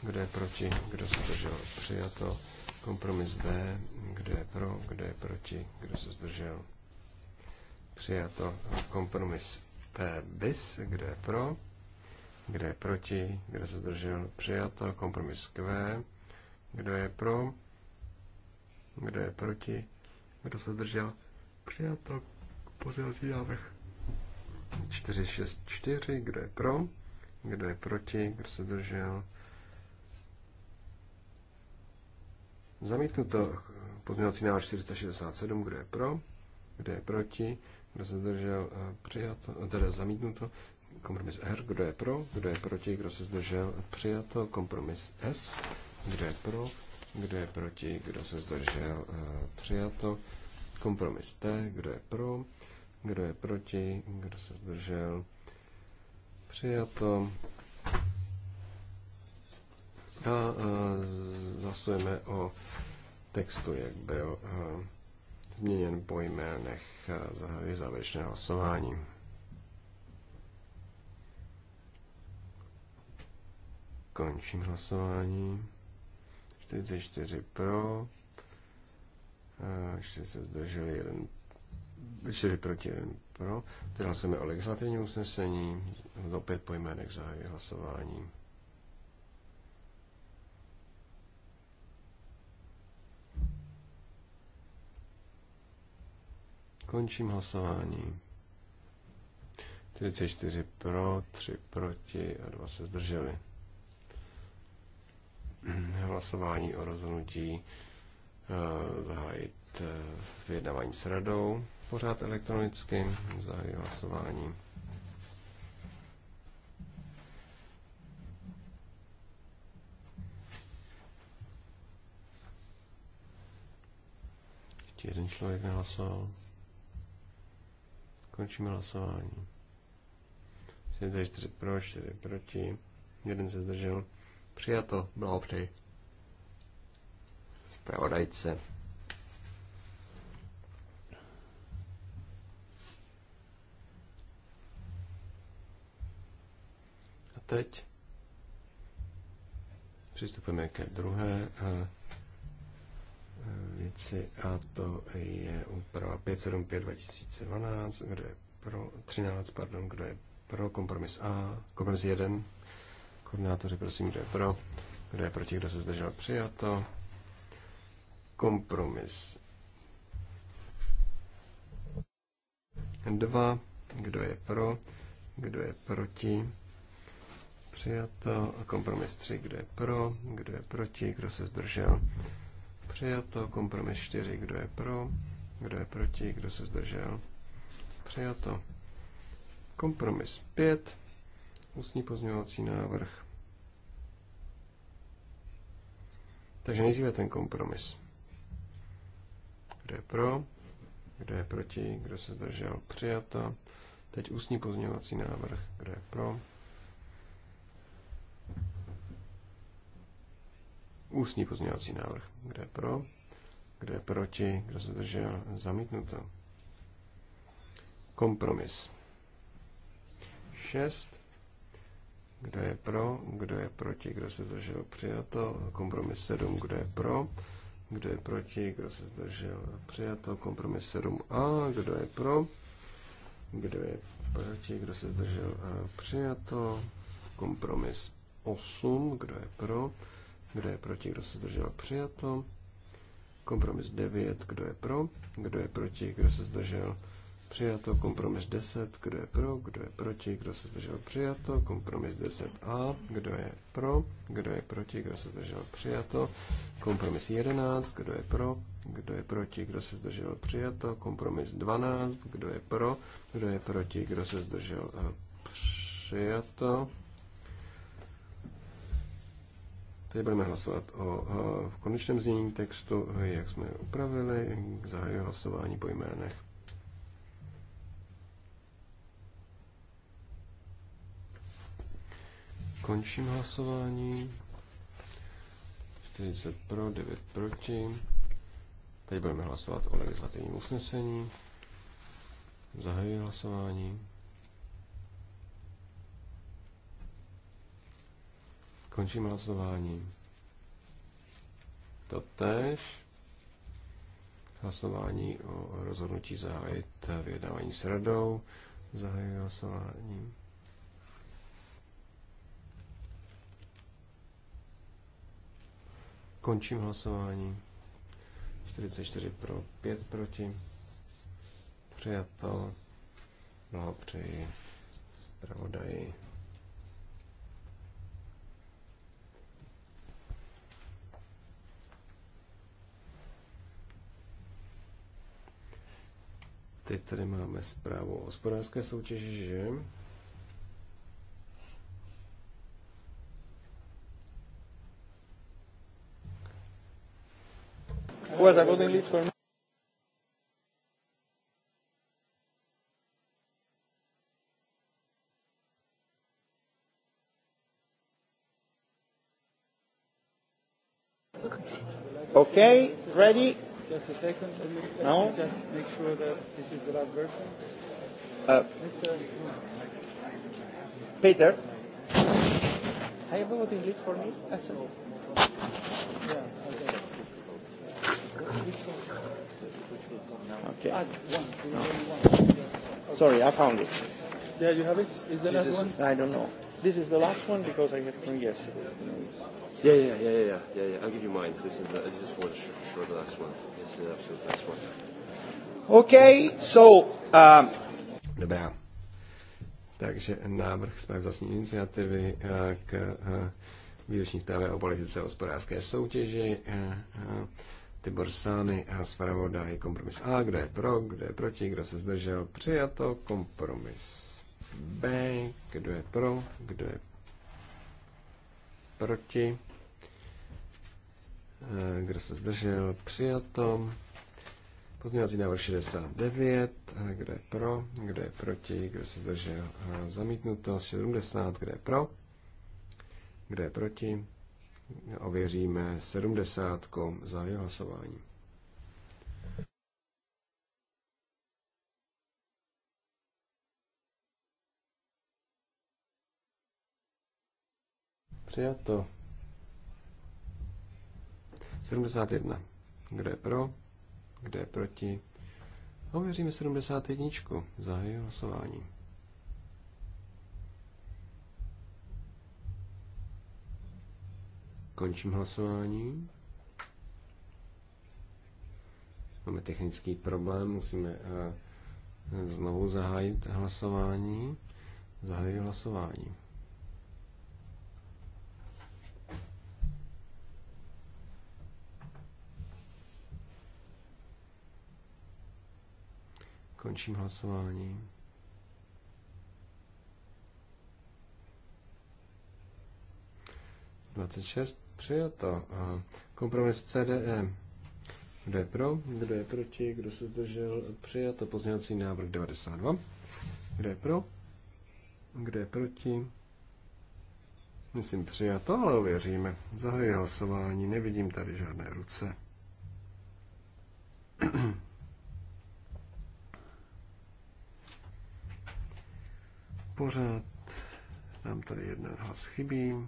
kdo je proti, kdo se zdržel, přijato. Kompromis B, kdo je pro, kdo je proti, kdo se zdržel. Přijato kompromis P bis, kdo je pro, kdo je proti, kdo se zdržel. Přijato kompromis Q, kdo je pro, kdo je proti, kdo se zdržel. Přijato pozdělací návrh 464, kdo je pro, kdo je proti, kdo se zdržel. Zamítnuto pozměňovací návrh 467, kdo je pro, kdo je proti, kdo se zdržel, eh, přijato, eh, teda zamítnuto, kompromis R, kdo je pro, kdo je proti, kdo se zdržel, přijato, kompromis S, kdo je pro, kdo je proti, kdo se zdržel, eh, přijato, kompromis T, kdo je pro, kdo je proti, kdo se zdržel, přijato, a hlasujeme o textu, jak byl změněn po jménech. Zahajuji závěrečné hlasování. Končím hlasování. 44 pro, 4 se zdrželi, 4 proti 1 pro. Teď hlasujeme o legislativním usnesení. Opět po jménech zahajuji hlasování. Končím hlasování. 34 pro, 3 proti a 2 se zdrželi. Hlasování o rozhodnutí eh, zahájit eh, vyjednávání s radou pořád elektronicky. Zahájí hlasování. Ještě jeden člověk nehlasoval. Končíme hlasování. 44 pro, 4 proti, Jeden se zdržel. Přijato, bylo přeji. Zpravodajce. A teď přistupujeme ke druhé eh, věci a to je úprava 575 2012, kdo je pro, 13, pardon, kdo je pro, kompromis A, kompromis 1, koordinátoři, prosím, kdo je pro, kdo je proti, kdo se zdržel, přijato, kompromis 2, kdo je pro, kdo je proti, přijato, kompromis 3, kdo je pro, kdo je proti, kdo se zdržel, Přijato. Kompromis 4. Kdo je pro? Kdo je proti? Kdo se zdržel? Přijato. Kompromis 5. Ústní pozměňovací návrh. Takže nejdříve ten kompromis. Kdo je pro? Kdo je proti? Kdo se zdržel? Přijato. Teď ústní pozměňovací návrh. Kdo je pro? Ústní pozměňovací návrh. Kdo je pro? Kdo je proti? Kdo se držel? Zamítnuto. Kompromis. 6. Kdo je pro? Kdo je proti? Kdo se zdržel? Přijato. Kompromis 7. Kdo je pro? Kdo je proti? Kdo se zdržel? Přijato. Kompromis 7a. Kdo je pro? Kdo je proti? Kdo se zdržel? Přijato. Kompromis 8. Kdo je pro? Kdo je proti? Kdo se zdržel? Přijato. Kompromis 9. Kdo je pro? Kdo je proti? Kdo se zdržel? Přijato. Kompromis 10. Kdo je pro? Kdo je proti? Kdo se zdržel? Přijato. Kompromis 10a. Kdo je pro? Kdo je proti? Kdo se zdržel? Přijato. Kompromis 11. Kdo je pro? Kdo je proti? Kdo se zdržel? Přijato. Kompromis 12. Kdo je pro? Kdo je proti? Kdo se zdržel? Přijato. Tady budeme hlasovat o, v konečném znění textu, jak jsme upravili, zahajuji hlasování po jménech. Končím hlasování. 40 pro, 9 proti. Teď budeme hlasovat o legislativním usnesení. Zahajuji hlasování. Končím hlasování. Totež hlasování o rozhodnutí zahájit vyjednávání s radou. Zahajuji hlasování. Končím hlasování. 44 pro, 5 proti. Přijato. Blahopřeji zpravodaji. Teď tady máme zprávu o hospodářské soutěži, že? Okay, ready? Just a second. Let no? me just make sure that this is the last version. Uh, Mr. Peter. I have what English for me? Yes. Yeah, okay. Okay. one, no. Okay. Sorry, I found it. Yeah, you have it? Is the last one? I don't know. This is the last one because I have one yes. Yeah, yeah, yeah, yeah, yeah, yeah. yeah. I'll give you mine. This is the, this is for the sure, sure the last one. This is the absolute last one. Okay, so. Um... Dobrá. Takže návrh jsme vlastní iniciativy eh, k eh, výroční zprávě o politice a hospodářské soutěži. Eh, Tibor Sány a Svaravoda je kompromis A, kdo je pro, kdo je proti, kdo se zdržel, přijato kompromis B, e, e, kdo je pro, kdo je proti, kdo se zdržel, přijato. Pozměňovací návrh 69, kdo je pro, kdo je proti, kdo se zdržel, zamítnuto 70, kdo je pro, kdo je proti, ověříme 70 za jeho hlasování. Přijato. 71. Kdo je pro? Kdo je proti? Ověříme 71. Zahajuji hlasování. Končím hlasování. Máme technický problém, musíme eh, znovu zahájit hlasování. Zahajuji hlasování. Končím hlasování. Dvacet šest přijato. kompromis CDE. Kdo je pro, kdo je proti, kdo se zdržel, přijato pozměňovací návrh 92. Kdo je pro, kdo je proti, myslím přijato, ale uvěříme. Zahajuji hlasování, nevidím tady žádné ruce. pořád nám tady jeden hlas chybí.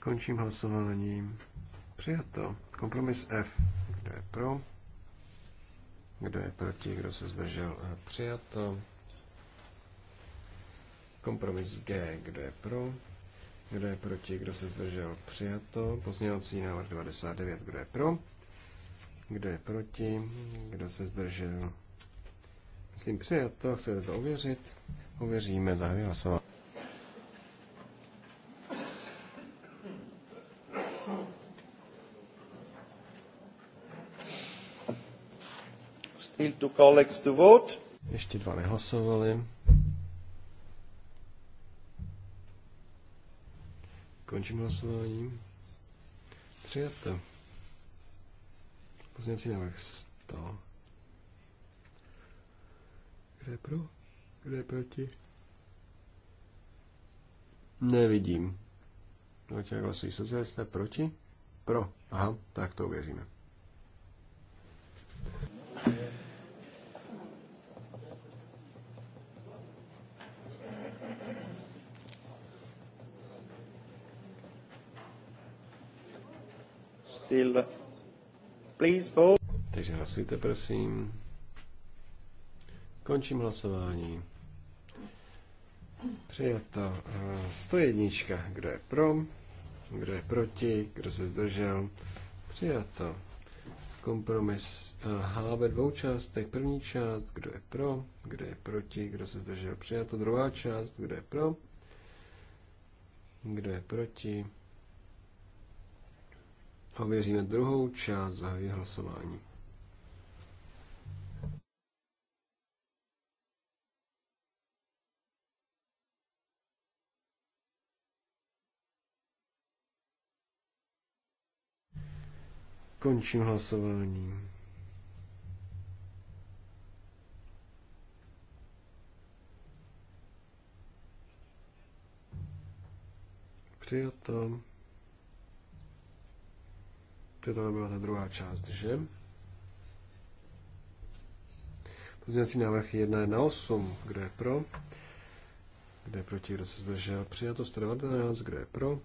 Končím hlasování. Přijato. Kompromis F. Kdo je pro? Kdo je proti? Kdo se zdržel? Eh, přijato. Kompromis G. Kdo je pro? Kdo je proti? Kdo se zdržel? Přijato. Pozměňovací návrh 29. Kdo je pro? Kdo je proti? Kdo se zdržel? Myslím přijato, chcete to ověřit? Ověříme, zahajuji hlasování. Still two colleagues to vote. Ještě dva nehlasovali. Končím hlasování. Přijato. Pozměňovací návrh 100. Kdo je pro? Kdo je proti? Nevidím. No, jak hlasují socialisté proti? Pro. Aha, tak to uvěříme. Still. Please vote. Takže hlasujte, prosím. Končím hlasování. Přijato 101. Kdo je pro? Kdo je proti? Kdo se zdržel? Přijato. Kompromis eh, H ve dvou částech. První část, kdo je pro, kdo je proti, kdo se zdržel. Přijato. Druhá část, kdo je pro, kdo je proti. Ověříme druhou část, zahajuji hlasování. Končím hlasování. Přijato. To byla ta druhá část, že? Pozměňovací návrh 1 na 8. Kdo je pro? Kdo je proti? Kdo se zdržel? Přijato 119. Kdo je pro?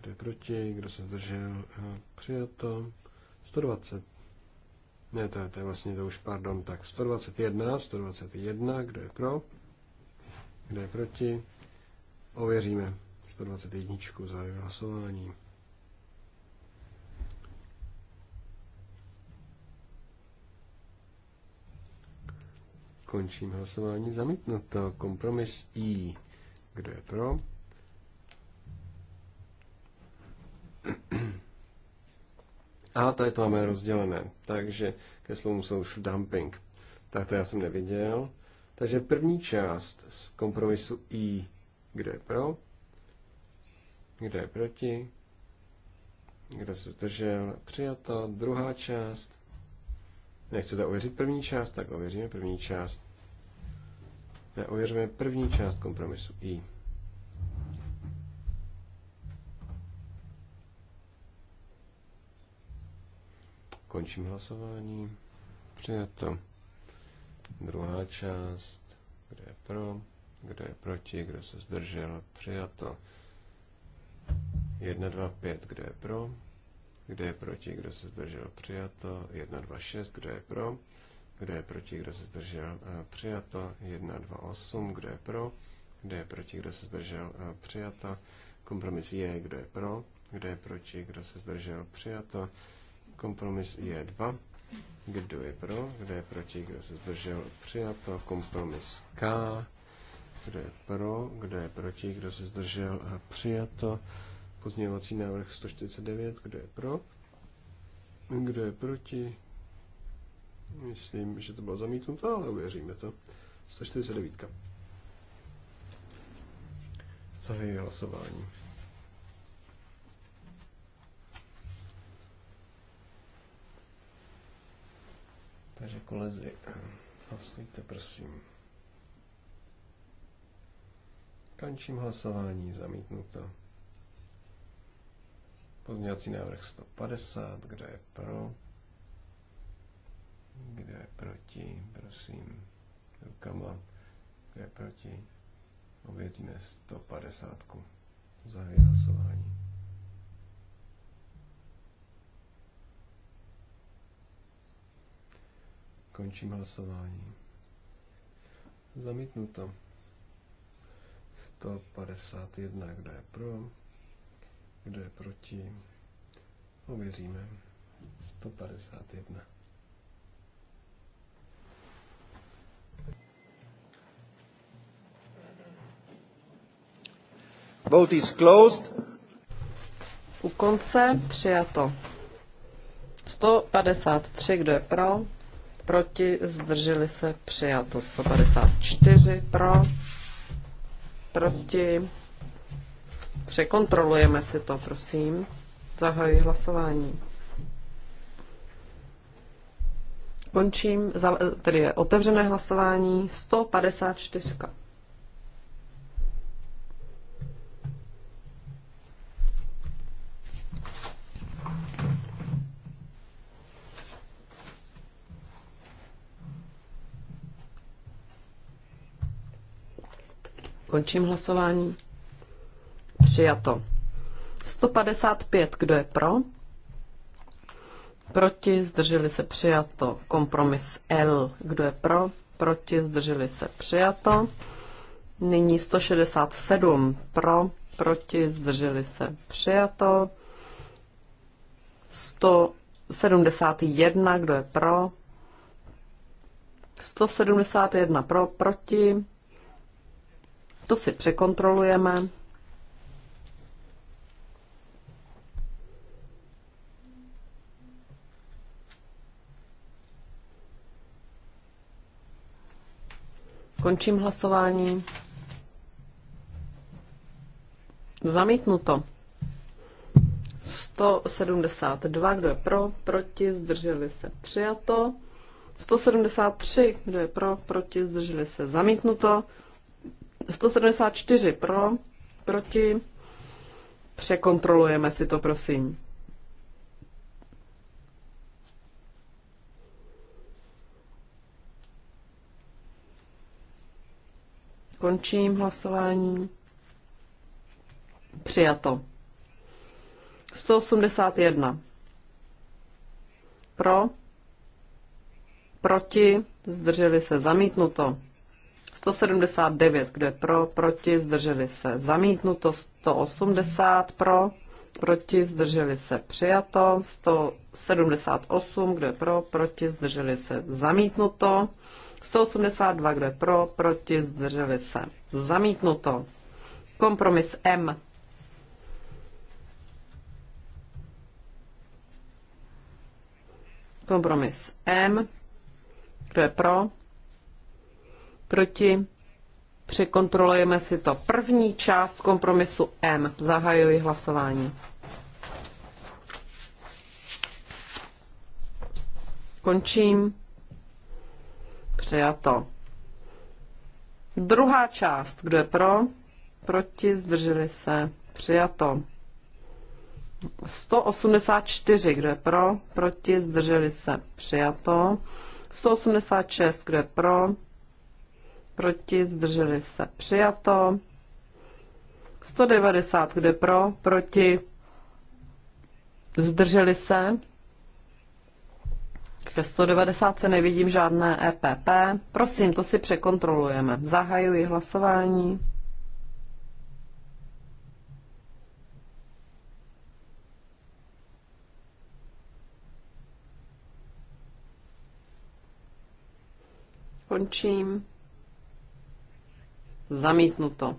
Kdo je proti? Kdo se zdržel? Eh, přijato. 120. Ne, to je, to je vlastně to už, pardon, tak 121, 121, kdo je pro? Kdo je proti? Ověříme 121 za hlasování. Končím hlasování zamítnuto. Kompromis I. Kdo je pro? A tady to máme rozdělené, takže ke slovům social dumping. Tak to já jsem neviděl. Takže první část z kompromisu I, kde je pro, kde je proti, kdo se zdržel, přijato. Druhá část. Nechcete ověřit první část, tak ověříme první část. Ne, ověříme první část kompromisu I. Končím hlasování. Přijato. Druhá část. Kdo je pro? Kdo je proti? Kdo se zdržel? Přijato. 1, 2, 5. Kdo je pro? Kdo je proti? Kdo se zdržel? Přijato. 1, 2, 6. Kdo je pro? Kdo je proti? Kdo se zdržel? Eh, přijato. 1, 2, 8. Kdo je pro? Kdo je proti? Kdo se zdržel? Eh, přijato. Kompromis je, kdo je pro? Kdo je proti? Kdo se zdržel? Přijato. Kompromis je 2 Kdo je pro? Kdo je proti? Kdo se zdržel? Přijato. Kompromis K. Kdo je pro? Kdo je proti? Kdo se zdržel? a Přijato. Pozměňovací návrh 149. Kdo je pro? Kdo je proti? Myslím, že to bylo zamítnuto, ale uvěříme to. 149. Zahajuji hlasování. Takže kolezy, hlasujte prosím. Končím hlasování, zamítnuto. Pozměňovací návrh 150, kdo je pro? Kdo je proti? Prosím, rukama. Kdo je proti? Obětíme 150. Zahajuji hlasování. Končím hlasování. Zamítnuto. 151. Kdo je pro? Kdo je proti? Ověříme. 151. Vote is closed. U konce přijato. 153, kdo je pro? proti, zdrželi se, přijato 154 pro, proti, překontrolujeme si to, prosím, zahajuji hlasování. Končím, tedy je otevřené hlasování 154. Končím hlasování. Přijato. 155, kdo je pro? Proti, zdrželi se přijato. Kompromis L, kdo je pro? Proti, zdrželi se přijato. Nyní 167 pro, proti, zdrželi se přijato. 171, kdo je pro? 171 pro, proti, to si překontrolujeme. Končím hlasování. Zamítnuto. 172, kdo je pro, proti, zdrželi se, přijato. 173, kdo je pro, proti, zdrželi se, zamítnuto. 174 pro, proti. Překontrolujeme si to, prosím. Končím hlasování. Přijato. 181. Pro. Proti. Zdrželi se. Zamítnuto. 179, kdo je pro, proti, zdrželi se. Zamítnuto 180 pro, proti, zdrželi se. Přijato 178, kdo je pro, proti, zdrželi se. Zamítnuto 182, kdo je pro, proti, zdrželi se. Zamítnuto. Kompromis M. Kompromis M. Kdo je pro? proti, překontrolujeme si to. První část kompromisu M. Zahajuji hlasování. Končím. Přijato. Druhá část. Kdo je pro? Proti, zdrželi se. Přijato. 184, kdo je pro, proti, zdrželi se, přijato. 186, kdo je pro, proti, zdrželi se přijato. 190, kde pro, proti, zdrželi se. Ke 190 se nevidím žádné EPP. Prosím, to si překontrolujeme. Zahajuji hlasování. Končím. Zamítnuto.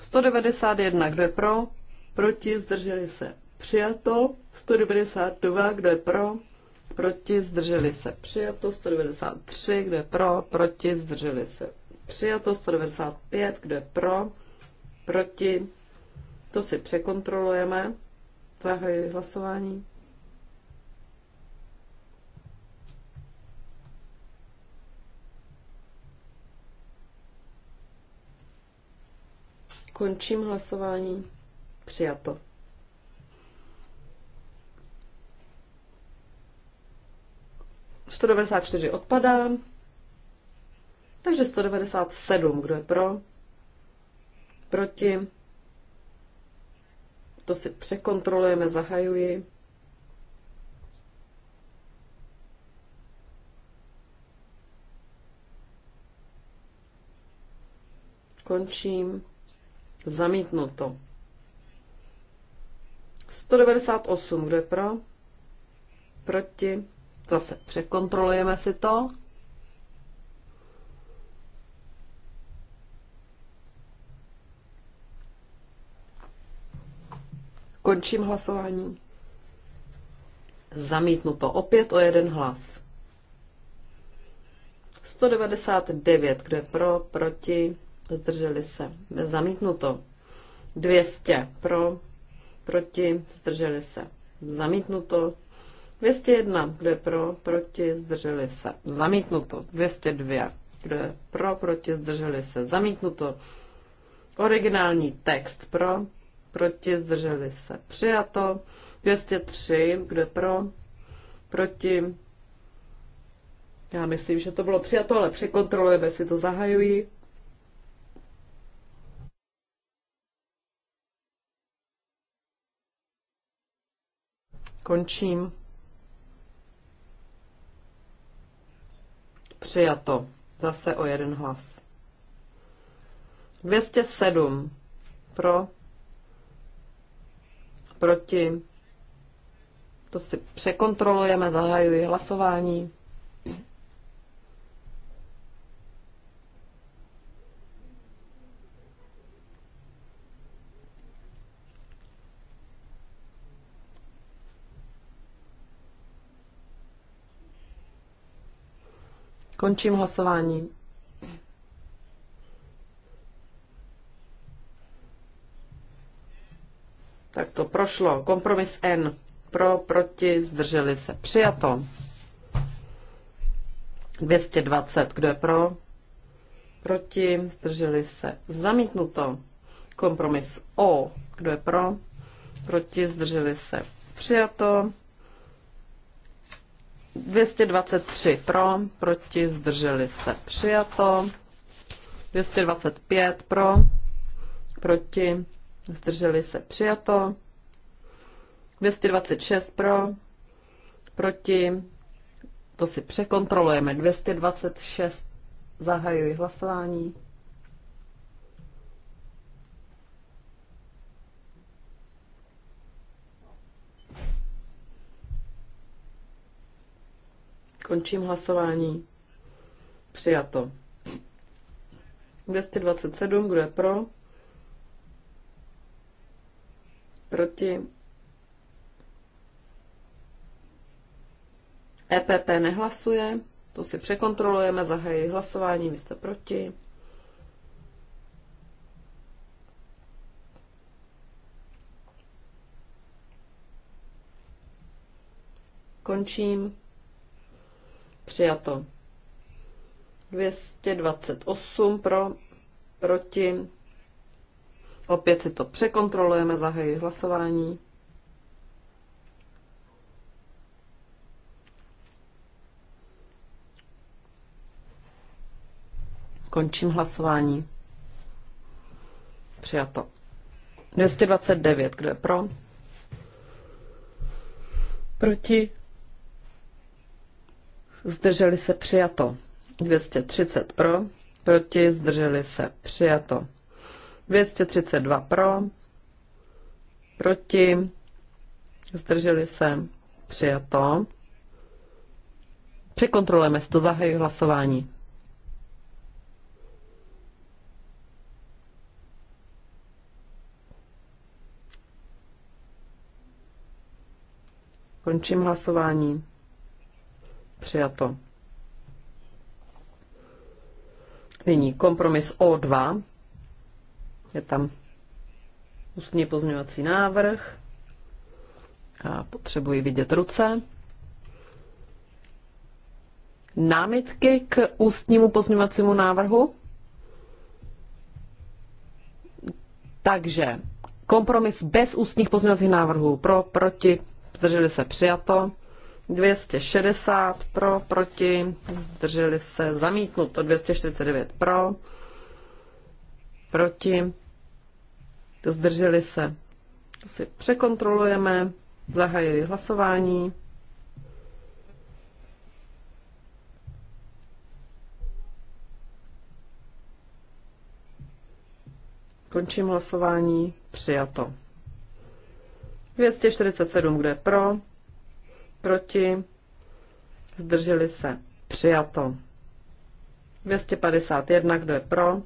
191, kdo je pro? Proti, zdrželi se. Přijato. 192, kdo je pro? Proti, zdrželi se. Přijato. 193, kdo je pro? Proti, zdrželi se. Přijato. 195, kdo je pro? Proti. To si překontrolujeme. Zahajuji hlasování. Končím hlasování. Přijato. 194 odpadá. Takže 197, kdo je pro? Proti? To si překontrolujeme, zahajuji. Končím. Zamítnuto. 198, kdo je pro? Proti? Zase překontrolujeme si to. Končím hlasování. Zamítnuto opět o jeden hlas. 199, kdo je pro, proti, zdrželi se, zamítnuto. 200 pro, proti, zdrželi se, zamítnuto. 201, kdo je pro, proti, zdrželi se, zamítnuto. 202, kdo je pro, proti, zdrželi se, zamítnuto. Originální text pro, proti, zdrželi se, přijato. 203, kdo je pro, proti, já myslím, že to bylo přijato, ale překontrolujeme si to, zahajují. Končím. Přijato. Zase o jeden hlas. 207 pro, proti, to si překontrolujeme, zahajuji hlasování. Končím hlasování. Tak to prošlo. Kompromis N. Pro, proti, zdrželi se. Přijato. 220. Kdo je pro? Proti, zdrželi se. Zamítnuto. Kompromis O. Kdo je pro? Proti, zdrželi se. Přijato. 223 pro, proti, zdrželi se, přijato. 225 pro, proti, zdrželi se, přijato. 226 pro, proti, to si překontrolujeme. 226, zahajuji hlasování. Končím hlasování. Přijato. 227, kdo je pro? Proti? EPP nehlasuje, to si překontrolujeme, zahají hlasování, vy jste proti. Končím. Přijato. 228 pro, proti. Opět si to překontrolujeme, zahají hlasování. Končím hlasování. Přijato. 229, kdo je pro? Proti? zdrželi se přijato. 230 pro, proti, zdrželi se přijato. 232 pro, proti, zdrželi se přijato. Překontrolujeme si to, zahajuji hlasování. Končím hlasování. Přijato. Nyní kompromis O2. Je tam ústní pozměňovací návrh. A potřebuji vidět ruce. Námitky k ústnímu pozměňovacímu návrhu? Takže kompromis bez ústních pozměňovacích návrhů pro, proti, zdrželi se přijato. 260 pro, proti, zdrželi se, zamítnuto 249 pro, proti, zdrželi se. To si překontrolujeme, zahajuji hlasování. Končím hlasování, přijato. 247, kde je pro, proti, zdrželi se, přijato. 251, kdo je pro,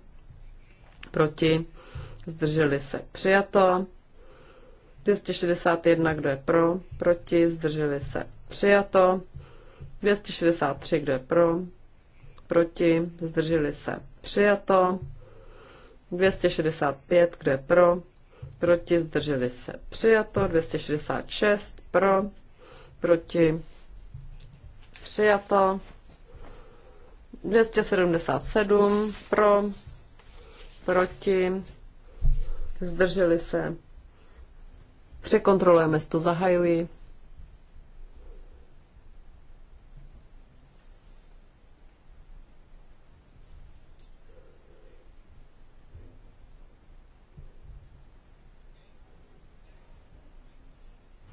proti, zdrželi se, přijato. 261, kdo je pro, proti, zdrželi se, přijato. 263, kdo je pro, proti, zdrželi se, přijato. 265, kdo je pro, proti, zdrželi se, přijato. 266, pro, proti, přijato. 277 pro, proti, zdrželi se. Překontrolujeme to, zahajuji.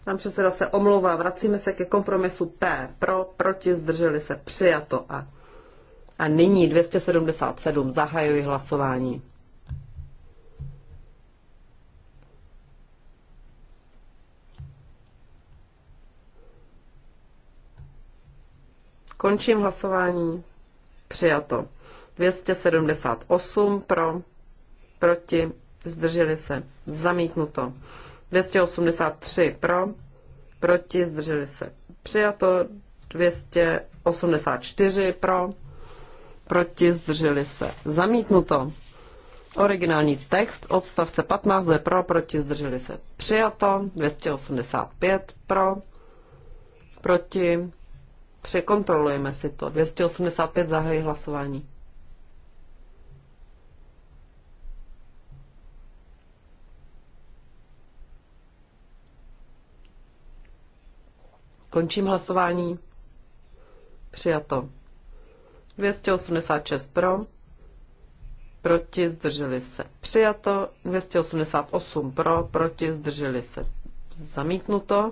Pan předseda se omlouvá, vracíme se ke kompromisu P. Pro, proti, zdrželi se, přijato a. A nyní 277, zahajuji hlasování. Končím hlasování. Přijato. 278 pro, proti, zdrželi se, zamítnuto. 283 pro, proti, zdrželi se přijato, 284 pro, proti, zdrželi se zamítnuto. Originální text odstavce 15 je pro, proti, zdrželi se přijato, 285 pro, proti, překontrolujeme si to, 285 zahají hlasování. Končím hlasování. Přijato. 286 pro, proti, zdrželi se. Přijato. 288 pro, proti, zdrželi se. Zamítnuto.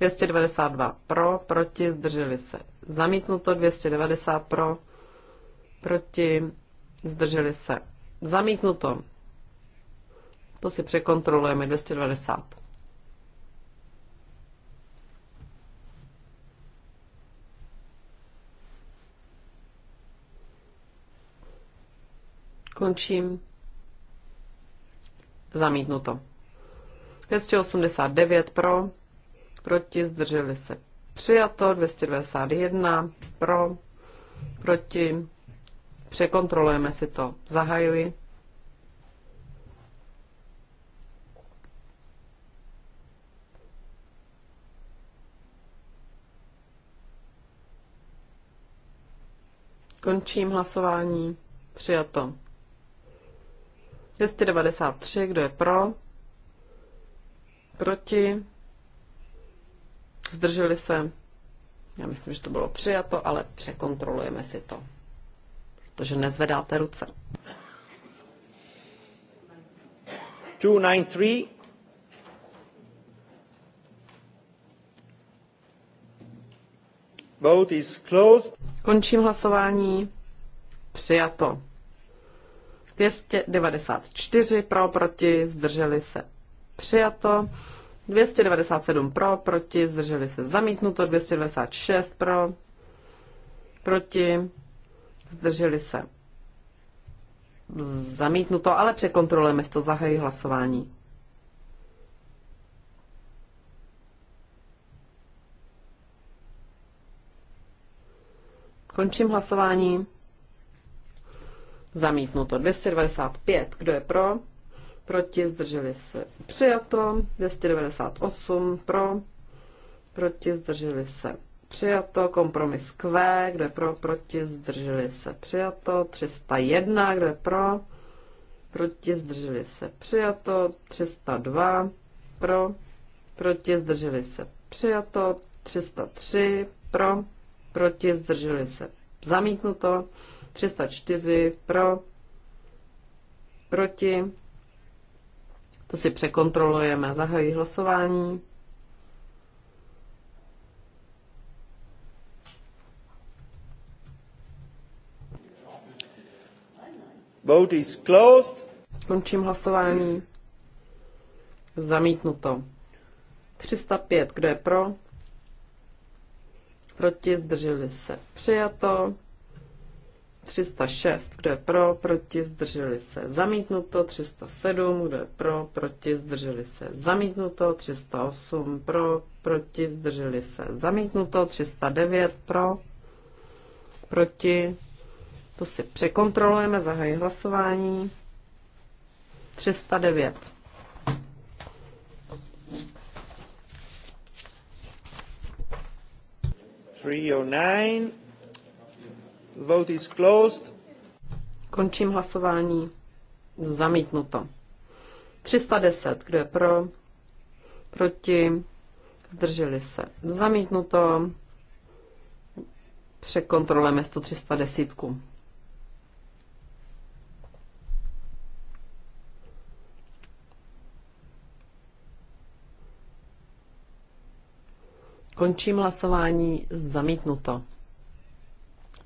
292 pro, proti, zdrželi se. Zamítnuto 290 pro, proti, zdrželi se. Zamítnuto. To si překontrolujeme 290. Končím. Zamítnuto. 289 pro, proti, zdrželi se. Přijato 291 pro, proti. Překontrolujeme si to. Zahajuji. Končím hlasování. Přijato. 293, kdo je pro? Proti? Zdrželi se? Já myslím, že to bylo přijato, ale překontrolujeme si to. Protože nezvedáte ruce. 293. Vote is closed. Končím hlasování. Přijato. 294 pro, proti, zdrželi se přijato. 297 pro, proti, zdrželi se zamítnuto. 296 pro, proti, zdrželi se zamítnuto, ale překontrolujeme si to, zahají hlasování. Končím hlasování. Zamítnuto. 295. Kdo je pro? Proti. Zdrželi se. Přijato. 298. Pro. Proti. Zdrželi se. Přijato. Kompromis Q. Kdo je pro? Proti. Zdrželi se. Přijato. 301. Kdo je pro? Proti. Zdrželi se. Přijato. 302. Pro. Proti. Zdrželi se. Přijato. 303. Pro. Proti. Zdrželi se. Zamítnuto. 304 pro, proti. To si překontrolujeme. Zahají hlasování. Vote is closed. Končím hlasování. Zamítnuto. 305. Kdo je pro? Proti zdrželi se. Přijato. 306, kdo je pro, proti, zdrželi se, zamítnuto, 307, kdo je pro, proti, zdrželi se, zamítnuto, 308, pro, proti, zdrželi se, zamítnuto, 309, pro, proti, to si překontrolujeme, zahají hlasování, 309. Three oh nine. Vote is closed. Končím hlasování. Zamítnuto. 310. Kdo je pro? Proti? Zdrželi se. Zamítnuto. Překontrolujeme 1310. Končím hlasování zamítnuto.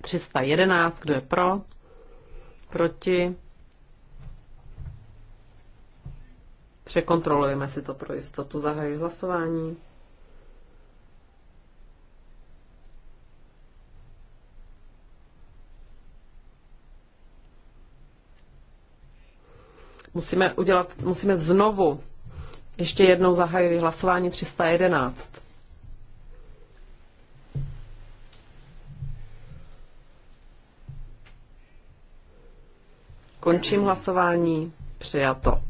311, kdo je pro? Proti? Překontrolujeme si to pro jistotu. Zahajuji hlasování. Musíme udělat, musíme znovu ještě jednou zahajuji hlasování 311. Končím hlasování. Přijato.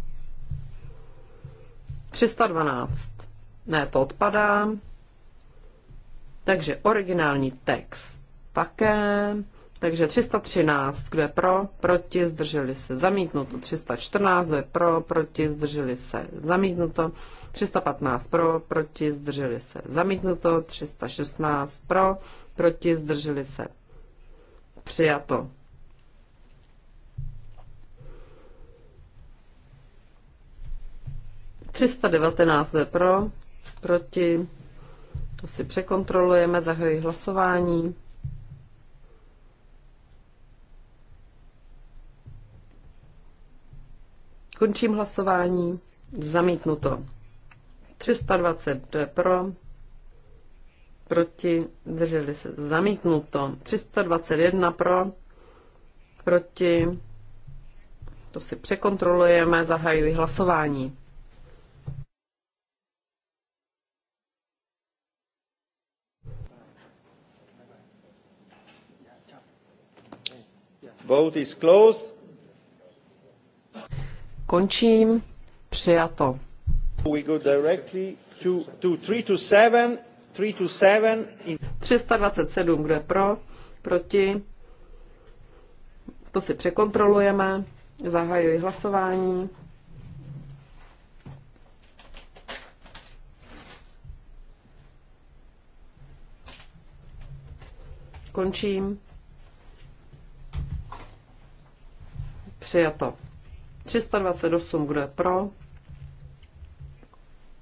312. Ne, to odpadá. Takže originální text také. Takže 313, kdo je pro, proti, zdrželi se, zamítnuto. 314, kdo je pro, proti, zdrželi se, zamítnuto. 315 pro, proti, zdrželi se, zamítnuto. 316 pro, proti, zdrželi se, přijato. 319 je pro, proti, to si překontrolujeme, zahajuji hlasování. Končím hlasování. Zamítnuto. 320 je pro, proti, drželi se. Zamítnuto. 321 pro, proti, to si překontrolujeme, zahajuji hlasování. Vote is closed. Končím. Přijato. We go directly to, to three to seven, three to seven in... 327, kdo je pro, proti. To si překontrolujeme. Zahajuji hlasování. Končím. Přijato. 328, bude pro?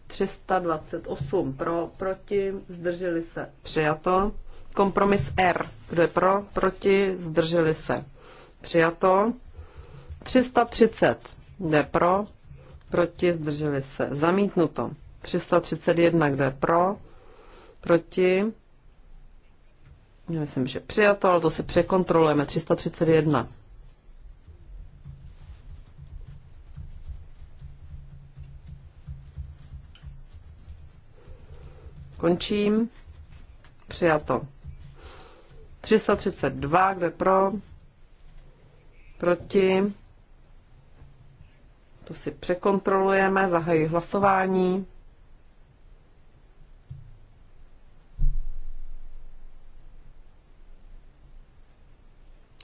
328 pro, proti, zdrželi se. Přijato. Kompromis R, kdo je pro, proti, zdrželi se. Přijato. 330, kde pro, proti, zdrželi se. Zamítnuto. 331, je pro, proti, já myslím, že přijato, ale to si překontrolujeme. 331. Končím. Přijato. 332, kde pro? Proti? To si překontrolujeme, zahají hlasování.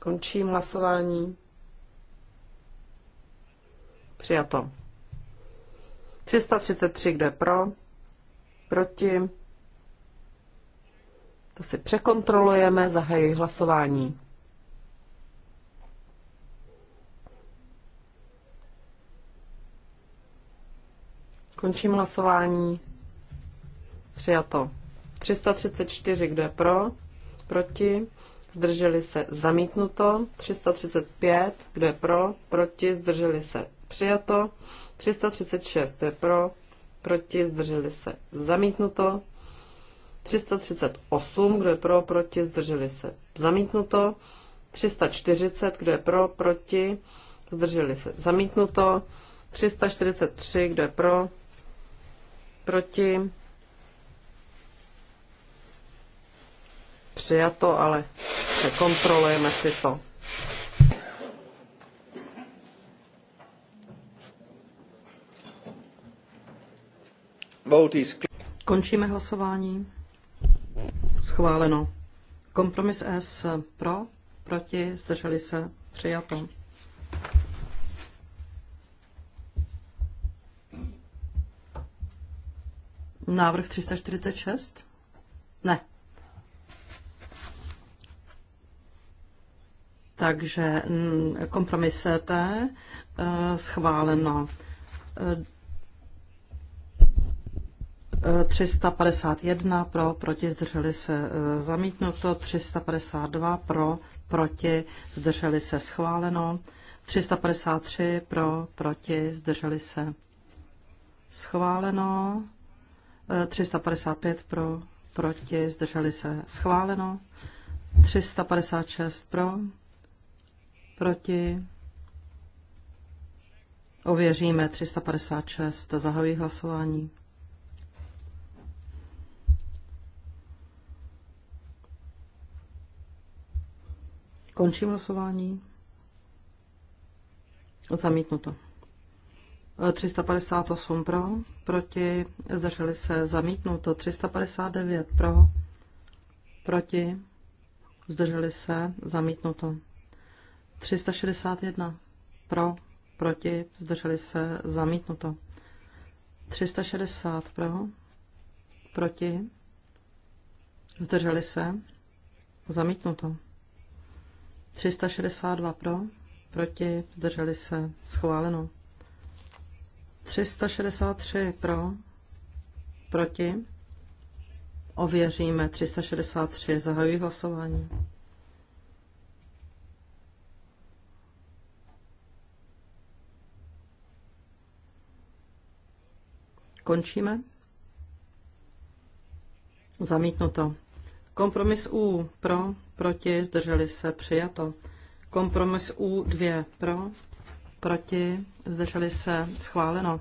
Končím hlasování. Přijato. 333, kde pro? Proti? To si překontrolujeme, zahajuji hlasování. Končím hlasování. Přijato. 334, kdo je pro? Proti? Zdrželi se zamítnuto. 335, kdo je pro? Proti? Zdrželi se přijato. 336, kdo je pro? Proti? Zdrželi se zamítnuto. 338, kdo je pro, proti, zdrželi se. Zamítnuto. 340, kdo je pro, proti, zdrželi se. Zamítnuto. 343, kdo je pro, proti. Přijato, ale překontrolujeme si to. Končíme hlasování schváleno. Kompromis S pro, proti, zdrželi se, přijato. Návrh 346? Ne. Takže mm, kompromis T eh, schváleno. Eh, 351 pro, proti, zdrželi se e, zamítnuto, 352 pro, proti, zdrželi se schváleno, 353 pro, proti, zdrželi se schváleno, 355 e, pro, proti, zdrželi se schváleno, 356 pro, proti, ověříme 356, zahajují hlasování. Končím hlasování. Zamítnuto. 358 e, pro, proti, zdrželi se zamítnuto. 359 pro, proti, zdrželi se zamítnuto. 361 pro, proti, zdrželi se zamítnuto. 360 pro, proti, zdrželi se zamítnuto. 362 pro, proti, zdrželi se, schváleno. 363 pro, proti, ověříme 363, zahajují hlasování. Končíme. Zamítnuto. Kompromis U pro, proti, zdrželi se, přijato. Kompromis U2 pro, proti, zdrželi se, schváleno.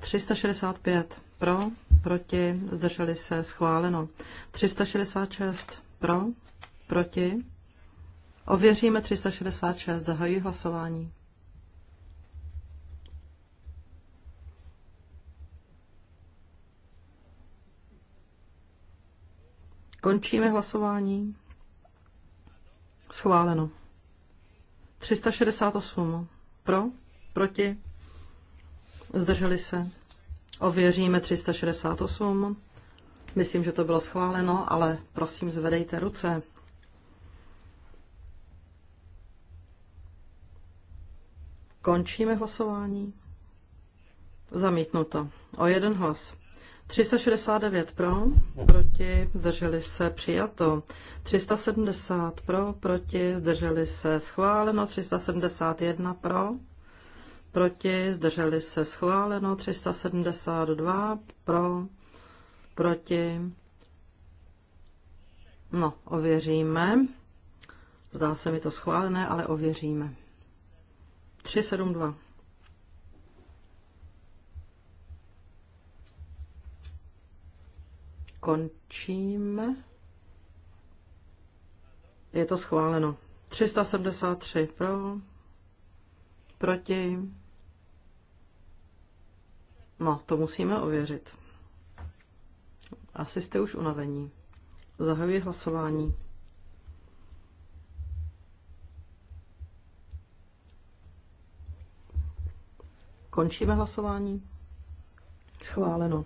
365 pro, proti, zdrželi se, schváleno. 366 pro, proti. Ověříme 366, zahajuji hlasování. Končíme hlasování. Schváleno. 368. Pro? Proti? Zdrželi se? Ověříme 368. Myslím, že to bylo schváleno, ale prosím, zvedejte ruce. Končíme hlasování. Zamítnuto. O jeden hlas. 369 pro, proti, zdrželi se, přijato. 370 pro, proti, zdrželi se, schváleno. 371 pro, proti, zdrželi se, schváleno. 372 pro, proti. No, ověříme. Zdá se mi to schválené, ale ověříme. 372. Končím. Je to schváleno. 373 pro, proti. No, to musíme ověřit. Asi jste už unavení. Zahajuji hlasování. Končíme hlasování. Schváleno.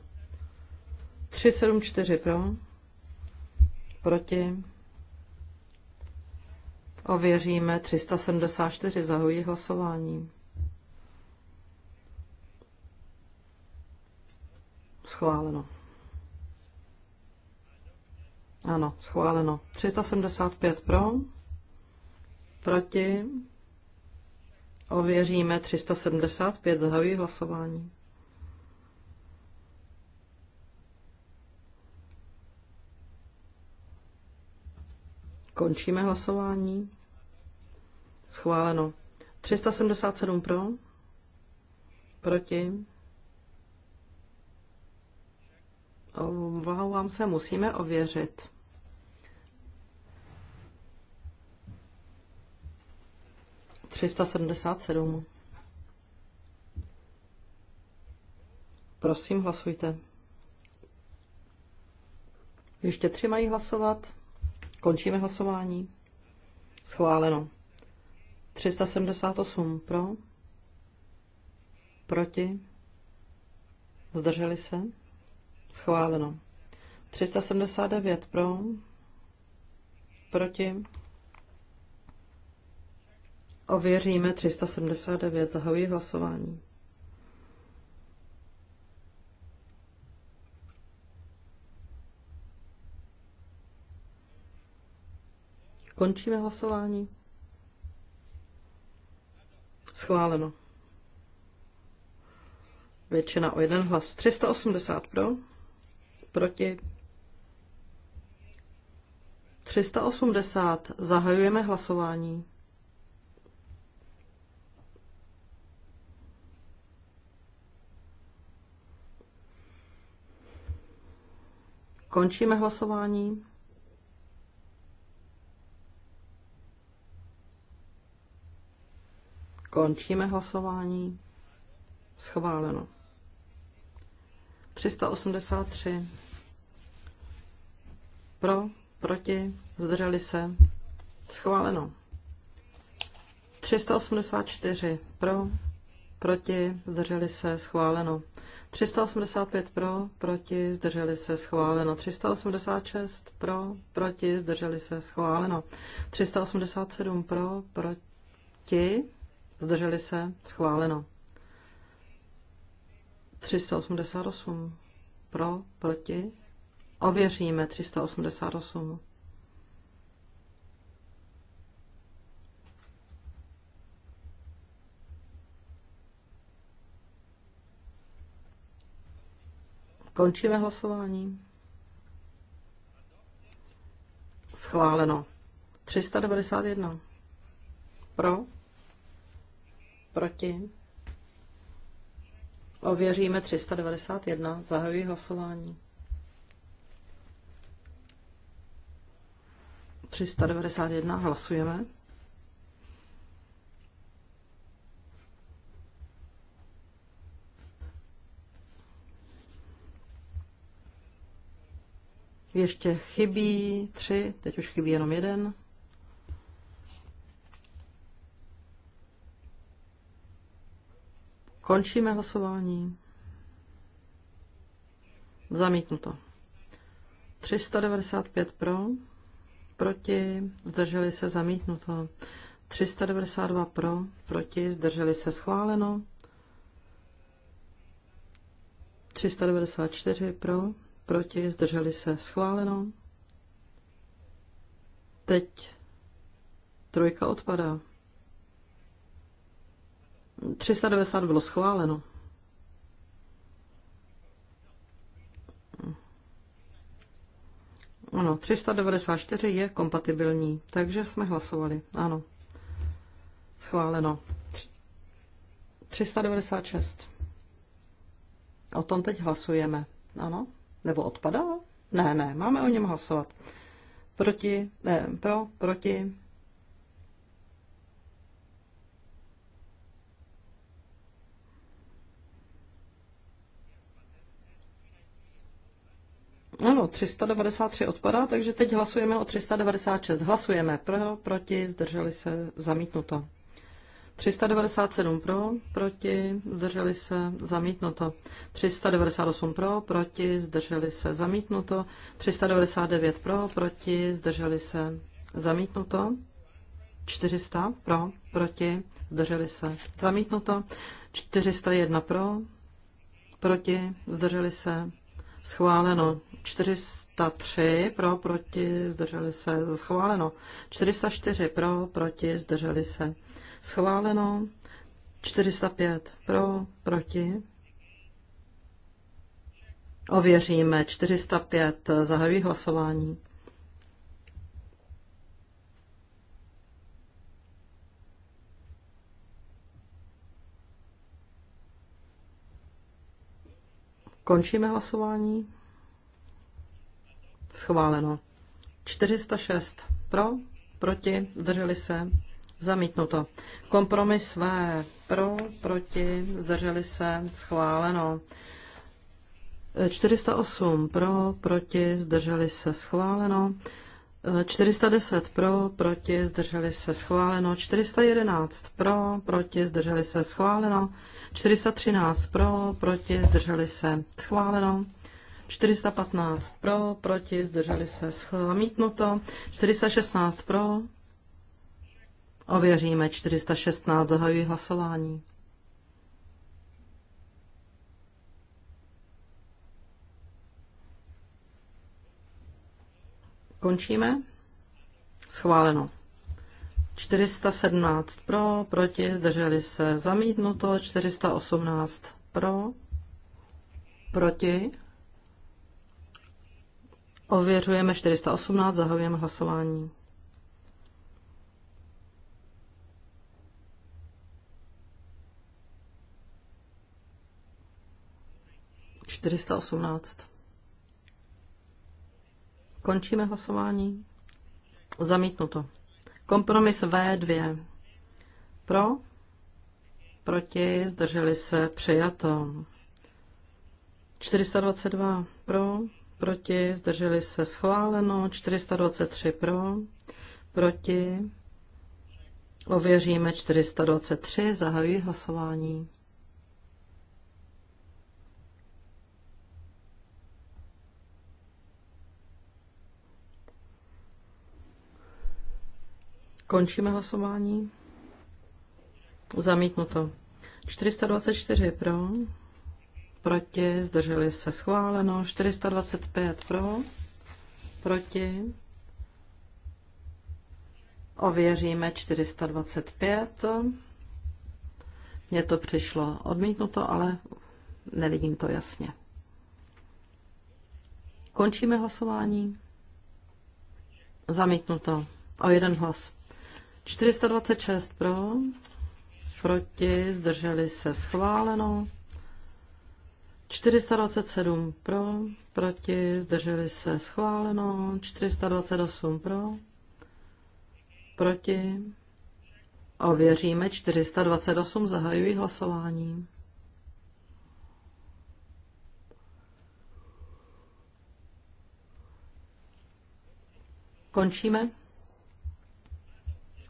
4 pro, proti, ověříme 374, zahojí hlasování. Schváleno. Ano, schváleno. 375 pro, proti, ověříme 375, zahajuji hlasování. Končíme hlasování. Schváleno. 377 pro. Proti. vám se, musíme ověřit. Třista sedmdesát sedm. Prosím, hlasujte. Ještě tři mají hlasovat. Končíme hlasování. Schváleno. 378 pro. Proti. Zdrželi se. Schváleno. 379 pro. Proti. Ověříme 379. Zahajuji hlasování. Končíme hlasování. Schváleno. Většina o jeden hlas. 380 pro, proti 380. Zahajujeme hlasování. Končíme hlasování. Končíme hlasování. Schváleno. 383. Pro, proti, zdrželi se. Schváleno. 384 pro, proti, zdrželi se, schváleno. 385 pro, proti, zdrželi se, schváleno. 386 pro, proti, zdrželi se, schváleno. 387 pro, proti, Zdrželi se? Schváleno. 388. Pro, proti? Ověříme 388. Končíme hlasování. Schváleno. 391. Pro. Proti? Ověříme 391. Zahajuji hlasování. 391 hlasujeme. Ještě chybí tři, teď už chybí jenom jeden. Končíme hlasování. Zamítnuto. 395 pro, proti, zdrželi se zamítnuto. 392 pro, proti, zdrželi se schváleno. 394 pro, proti, zdrželi se schváleno. Teď trojka odpadá. 390 bylo schváleno. Ano, 394 je kompatibilní, takže jsme hlasovali. Ano. Schváleno. 396. O tom teď hlasujeme. Ano? Nebo odpadá? Ne, ne, máme o něm hlasovat. Proti, ne, eh, pro, proti, Ano, 393 odpadá, takže teď hlasujeme o 396. Hlasujeme pro, proti, zdrželi se, zamítnuto. 397 pro, proti, zdrželi se, zamítnuto. 398 pro, proti, zdrželi se, zamítnuto. 399 pro, proti, zdrželi se, zamítnuto. 400 pro, proti, zdrželi se, zamítnuto. 401 pro, proti, zdrželi se, schváleno. 403 pro, proti, zdrželi se, schváleno. 404 pro, proti, zdrželi se, schváleno. 405 pro, proti. Ověříme 405, zahajují hlasování. Končíme hlasování. Schváleno. 406 pro, proti, zdrželi se, zamítnuto. Kompromis V pro, proti, zdrželi se, schváleno. 408 pro, proti, zdrželi se, schváleno. 410 pro, proti, zdrželi se, schváleno. 411 pro, proti, zdrželi se, schváleno. 413 pro, proti, zdrželi se, schváleno. 415 pro, proti, zdrželi se, zamítnuto. 416 pro, ověříme, 416, zahajují hlasování. Končíme. Schváleno. 417 pro, proti, zdrželi se zamítnuto, 418 pro, proti. Ověřujeme 418, zahajujeme hlasování. Čtyřista osmnáct. Končíme hlasování. Zamítnuto. Kompromis V2. Pro, proti, zdrželi se, přijato. 422 pro, proti, zdrželi se, schváleno. 423 pro, proti, ověříme 423, zahajuji hlasování. Končíme hlasování. Zamítnuto. 424 pro, proti, zdrželi se schváleno. 425 pro, proti. Ověříme 425. Mně to přišlo odmítnuto, ale nevidím to jasně. Končíme hlasování. Zamítnuto. O jeden hlas. 426 pro, proti, zdrželi se schváleno. 427 pro, proti, zdrželi se schváleno. 428 pro, proti. Ověříme 428, zahajuji hlasování. Končíme.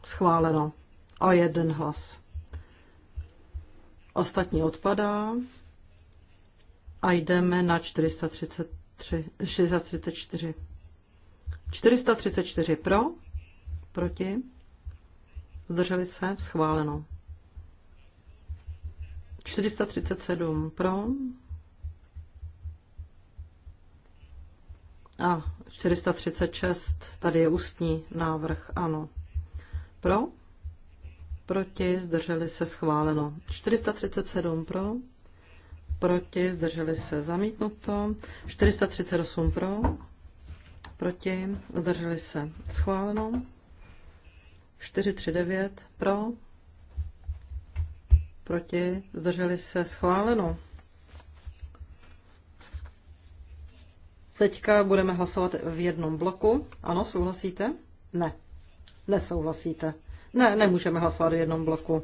Schváleno. A jeden hlas. Ostatní odpadá a jdeme na 433, 434. 434 pro, proti, zdrželi se, schváleno. 437 pro a 436, tady je ústní návrh, ano. Pro? Proti? Zdrželi se schváleno. 437 pro? Proti? Zdrželi se zamítnuto. 438 pro? Proti? Zdrželi se schváleno. 439 pro? Proti? Zdrželi se schváleno. Teďka budeme hlasovat v jednom bloku. Ano, souhlasíte? Ne. Nesouhlasíte. Ne, nemůžeme hlasovat v jednom bloku.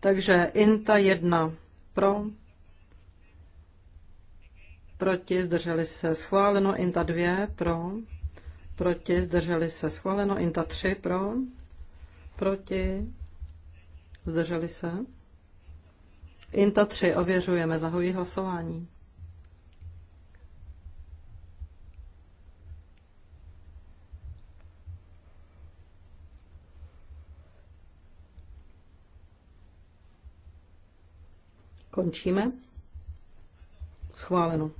Takže INTA 1 pro, proti, zdrželi se schváleno, INTA 2 pro, proti, zdrželi se schváleno, INTA 3 pro, proti, zdrželi se. INTA 3 ověřujeme, zahojí hlasování. Končíme. Schváleno.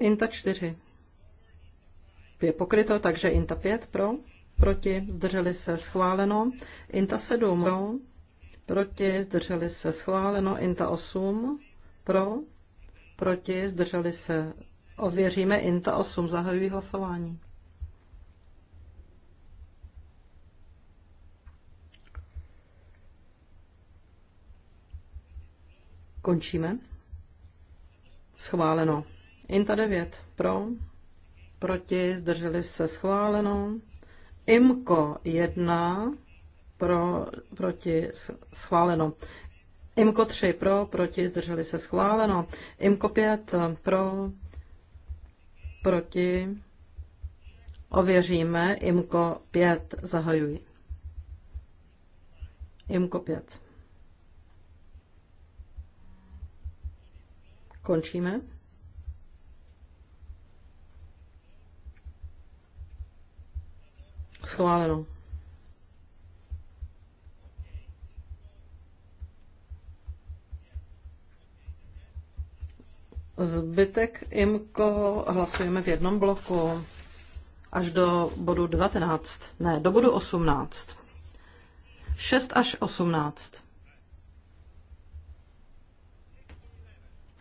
Inta 4 je pokryto, takže Inta 5 pro, proti, zdrželi se, schváleno. Inta 7 pro, proti, zdrželi se, schváleno. Inta 8 pro, proti, zdrželi se, ověříme. Inta 8 zahajují hlasování. Končíme. Schváleno. Inta 9 pro, proti, zdrželi se schváleno. Imko 1 pro, proti, schváleno. Imko 3 pro, proti, zdrželi se schváleno. Imko 5 pro, proti, ověříme. Imko 5 zahajuji. Imko 5. Končíme. Schváleno. Zbytek IMKO hlasujeme v jednom bloku až do bodu 19. Ne, do bodu 18. 6 až 18.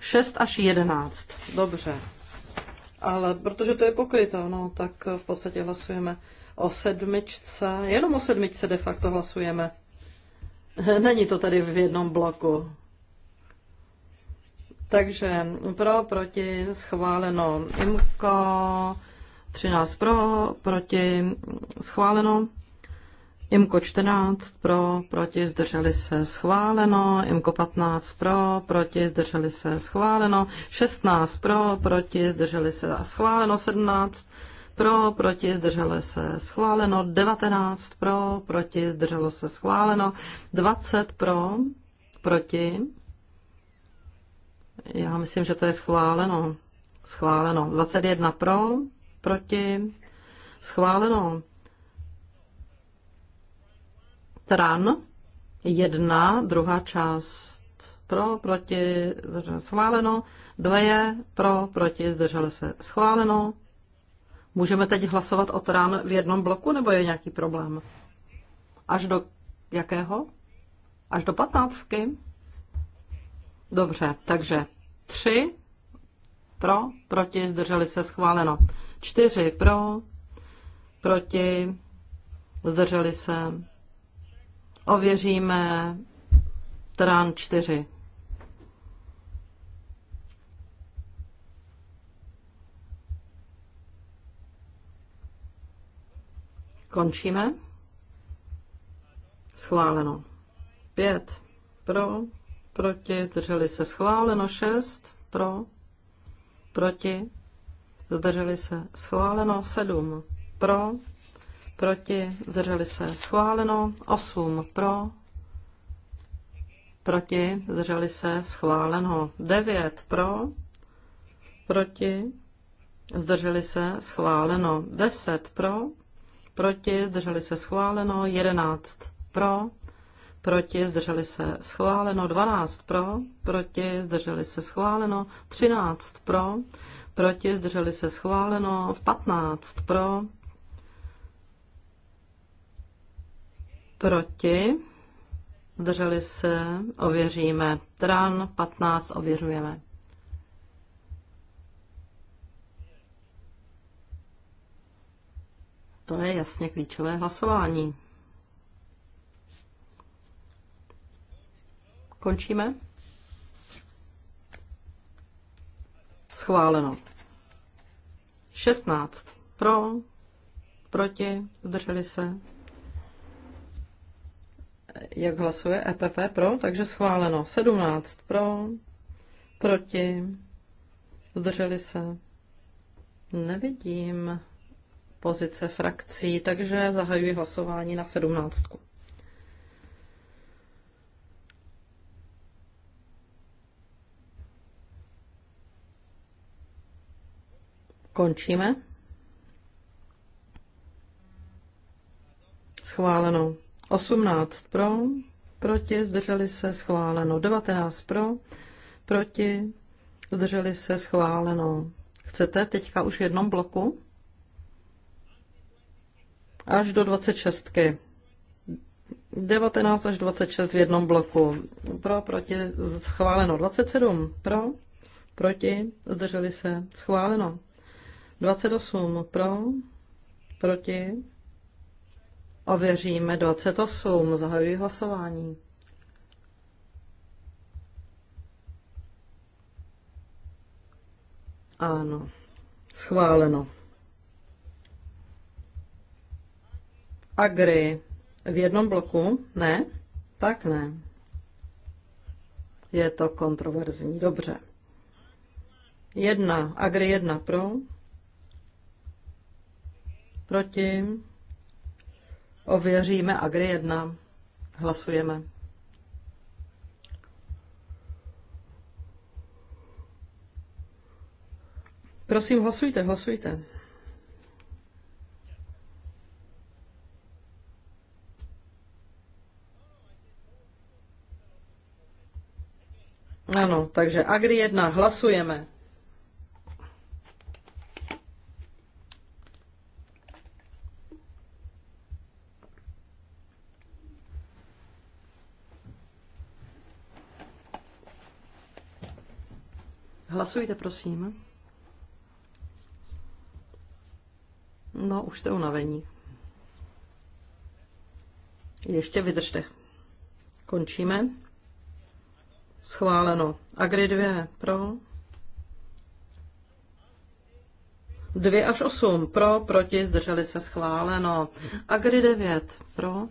6 až 11. Dobře. Ale protože to je pokryto, no, tak v podstatě hlasujeme o sedmičce. Jenom o sedmičce de facto hlasujeme. Není to tady v jednom bloku. Takže pro, proti, schváleno. Imko, 13 pro, proti, schváleno. IMKO 14 pro, proti, zdrželi se schváleno, IMKO 15 pro, proti, zdrželi se schváleno, 16 pro, proti, zdrželi se schváleno, 17 pro, proti, zdrželi se schváleno, 19 pro, proti, zdrželo se schváleno, 20 pro, proti. Já myslím, že to je schváleno. Schváleno. 21 pro, proti, schváleno stran, jedna druhá část pro, proti, se schváleno. Dvoje pro, proti, zdrželi se schváleno. Můžeme teď hlasovat o Tran v jednom bloku, nebo je nějaký problém? Až do jakého? Až do patnáctky? Dobře, takže tři pro, proti, zdrželi se schváleno. čtyři pro, proti, zdrželi se Ověříme trán 4. Končíme. Schváleno. Pět pro, proti, zdrželi se schváleno. Šest pro, proti, zdrželi se schváleno. Sedm pro, proti, zdrželi se schváleno, 8 pro, proti, zdrželi se schváleno, 9 pro, proti, zdrželi se schváleno, 10 pro, proti, zdrželi se schváleno, 11 pro, proti, zdrželi se schváleno, 12 pro, proti, zdrželi se schváleno, 13 pro, proti, zdrželi se schváleno, 15 pro, proti, drželi se, ověříme. Tran 15 ověřujeme. To je jasně klíčové hlasování. Končíme. Schváleno. 16 pro, proti, zdrželi se, jak hlasuje EPP pro? Takže schváleno. 17 pro, proti, zdrželi se. Nevidím pozice frakcí, takže zahajuji hlasování na 17. Končíme. Schváleno. 18 pro, proti, zdrželi se schváleno. 19 pro, proti, zdrželi se schváleno. Chcete teďka už v jednom bloku? Až do 26. 19 až 26 v jednom bloku. Pro, proti, schváleno. 27 pro, proti, zdrželi se schváleno. 28 pro, proti, Ověříme 28. Zahajuji hlasování. Ano, schváleno. Agri v jednom bloku? Ne? Tak ne. Je to kontroverzní. Dobře. Jedna. Agri jedna pro. Proti. Ověříme Agri 1. Hlasujeme. Prosím, hlasujte, hlasujte. Ano, takže Agri 1, hlasujeme. Hlasujte, prosím. No, už jste unavení. Ještě vydržte. Končíme. Schváleno. Agri 2 pro. 2 až 8 pro, proti, zdrželi se schváleno. Agri 9 pro,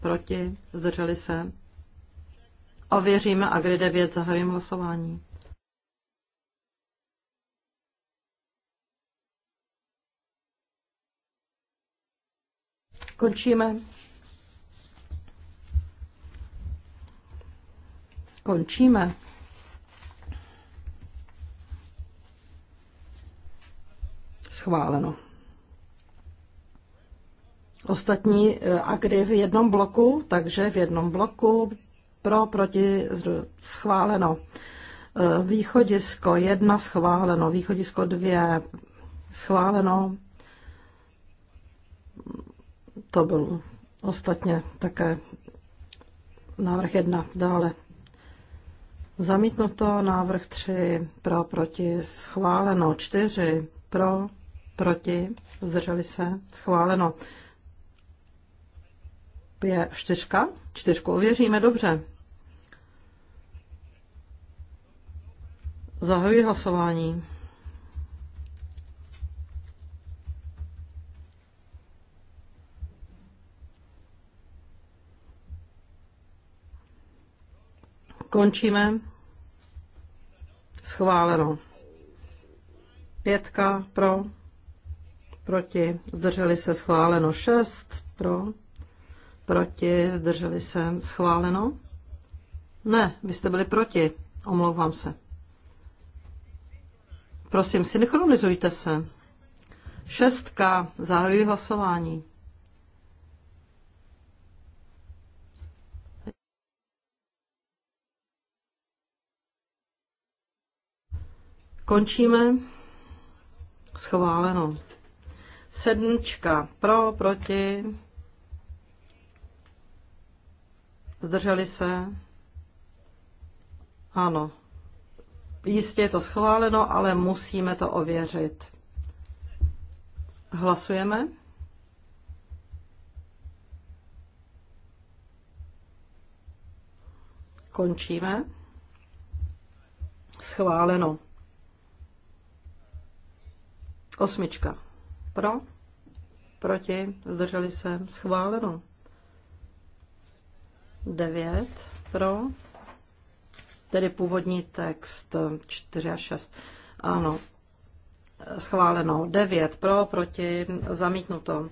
proti, zdrželi se. Ověříme Agri 9, zahajím hlasování. Končíme. Končíme. Schváleno. Ostatní eh, akdy v jednom bloku, takže v jednom bloku pro, proti, schváleno. Eh, východisko jedna schváleno, východisko dvě schváleno, to byl ostatně také návrh jedna Dále zamítnuto, návrh 3 pro, proti, schváleno, 4 pro, proti, zdrželi se, schváleno. Je čtyřka? Čtyřku ověříme dobře. Zahajuji hlasování. Končíme. Schváleno. Pětka pro, proti, zdrželi se schváleno. Šest pro, proti, zdrželi se schváleno. Ne, vy jste byli proti, omlouvám se. Prosím, synchronizujte se. Šestka, zahajuji hlasování. Končíme. Schváleno. Sedmčka pro, proti. Zdrželi se. Ano. Jistě je to schváleno, ale musíme to ověřit. Hlasujeme. Končíme. Schváleno. Osmička. Pro? Proti? Zdrželi se? Schváleno. Devět. Pro? Tedy původní text 4 a 6. Ano. Schváleno. Devět, pro, proti, zamítnuto.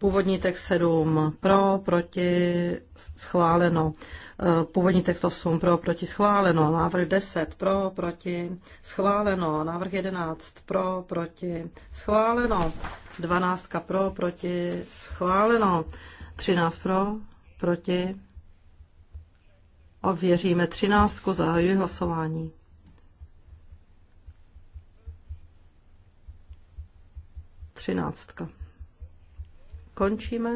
Původní text 7 pro, proti, schváleno. Eh, původní text 8 pro, proti, schváleno. Návrh 10 pro, proti, schváleno. Návrh 11 pro, proti, schváleno. 12 pro, proti, schváleno. 13 pro, proti. Ověříme 13. Zahajuji hlasování. Třináctka. Končíme.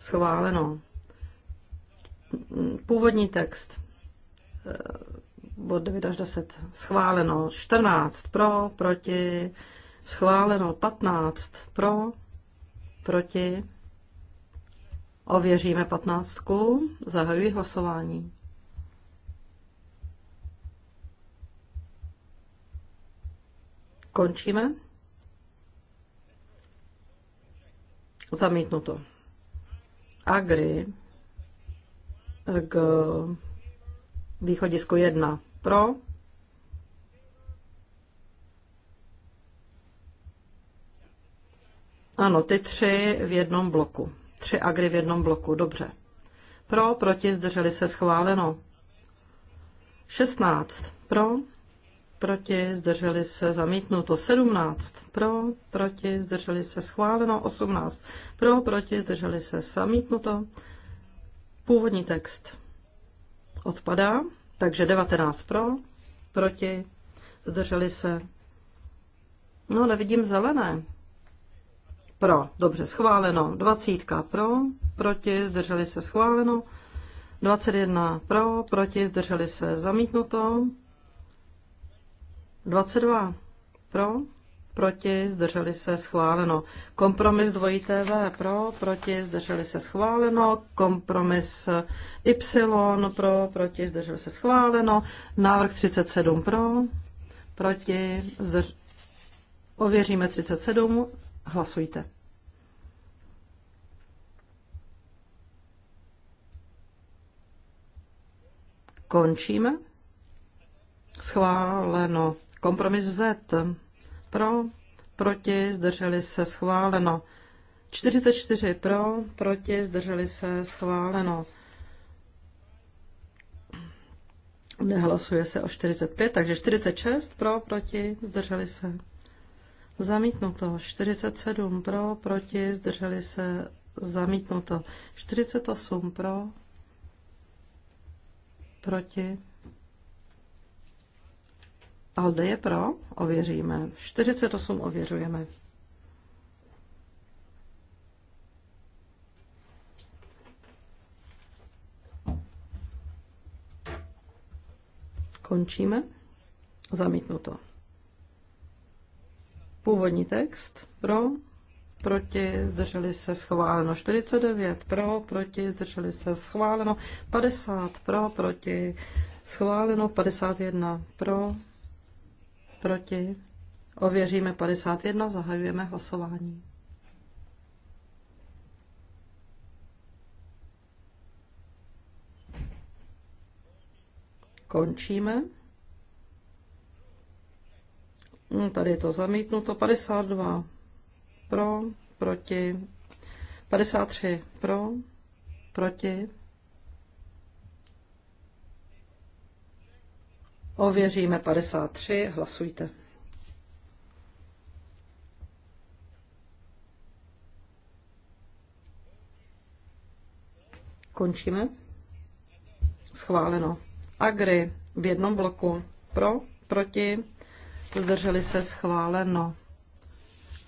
Schváleno. Původní text. Eh, bod 9 až 10. Schváleno. 14 pro, proti. Schváleno. 15 pro, proti. Ověříme 15. Zahajuji hlasování. Končíme. Zamítnuto. Agri k východisku 1 pro. Ano, ty tři v jednom bloku. Tři agry v jednom bloku, dobře. Pro, proti, zdrželi se schváleno. 16 pro, proti, zdrželi se zamítnuto 17, pro, proti, zdrželi se schváleno 18, pro, proti, zdrželi se zamítnuto. Původní text odpadá, takže 19 pro, proti, zdrželi se. No, nevidím zelené. Pro, dobře, schváleno. 20 pro, proti, zdrželi se schváleno. 21 pro, proti, zdrželi se zamítnuto. 22 pro, proti, zdrželi se schváleno. Kompromis dvojité V pro, proti, zdrželi se schváleno. Kompromis Y pro, proti, zdrželi se schváleno. Návrh 37 pro, proti, zdrž... ověříme 37, hlasujte. Končíme. Schváleno. Kompromis Z. Pro, proti, zdrželi se schváleno. 44 pro, proti, zdrželi se schváleno. Nehlasuje se o 45, takže 46 pro, proti, zdrželi se. Zamítnuto. 47 pro, proti, zdrželi se. Zamítnuto. 48 pro, proti, Alde je pro, ověříme. 48 ověřujeme. Končíme. Zamítnuto. Původní text pro, proti, zdrželi se schváleno 49, pro, proti, zdrželi se schváleno 50, pro, proti, schváleno 51, pro, Proti? Ověříme 51, zahajujeme hlasování. Končíme. Hm, tady je to zamítnuto. 52 pro, proti. 53 pro, proti. Ověříme 53, hlasujte. Končíme. Schváleno. Agri v jednom bloku. Pro, proti, zdrželi se schváleno.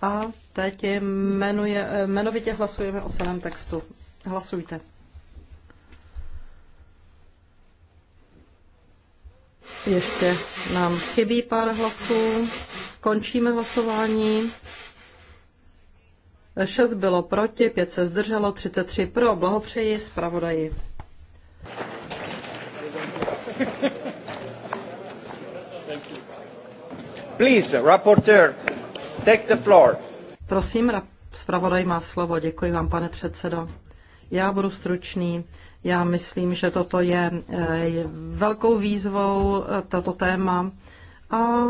A teď jmenuje, eh, jmenovitě hlasujeme o celém textu. Hlasujte. Ještě nám chybí pár hlasů. Končíme hlasování. 6 bylo proti, 5 se zdrželo, 33 pro. Blahopřeji zpravodaji. Please, rapporteur, take the floor. Prosím, zpravodaj má slovo. Děkuji vám, pane předsedo. Já budu stručný. Já myslím, že toto je eh, velkou výzvou, eh, toto téma. A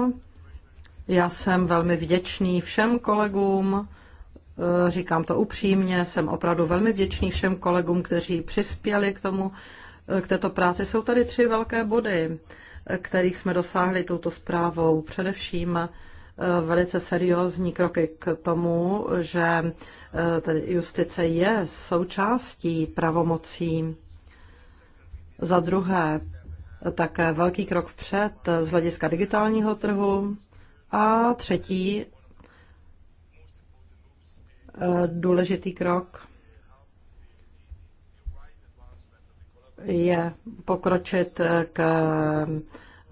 já jsem velmi vděčný všem kolegům, eh, říkám to upřímně, jsem opravdu velmi vděčný všem kolegům, kteří přispěli k tomu, k této práci. Jsou tady tři velké body, kterých jsme dosáhli touto zprávou. Především velice seriózní kroky k tomu, že tedy justice je součástí pravomocí za druhé, také velký krok vpřed z hlediska digitálního trhu. A třetí, eh, důležitý krok je pokročit k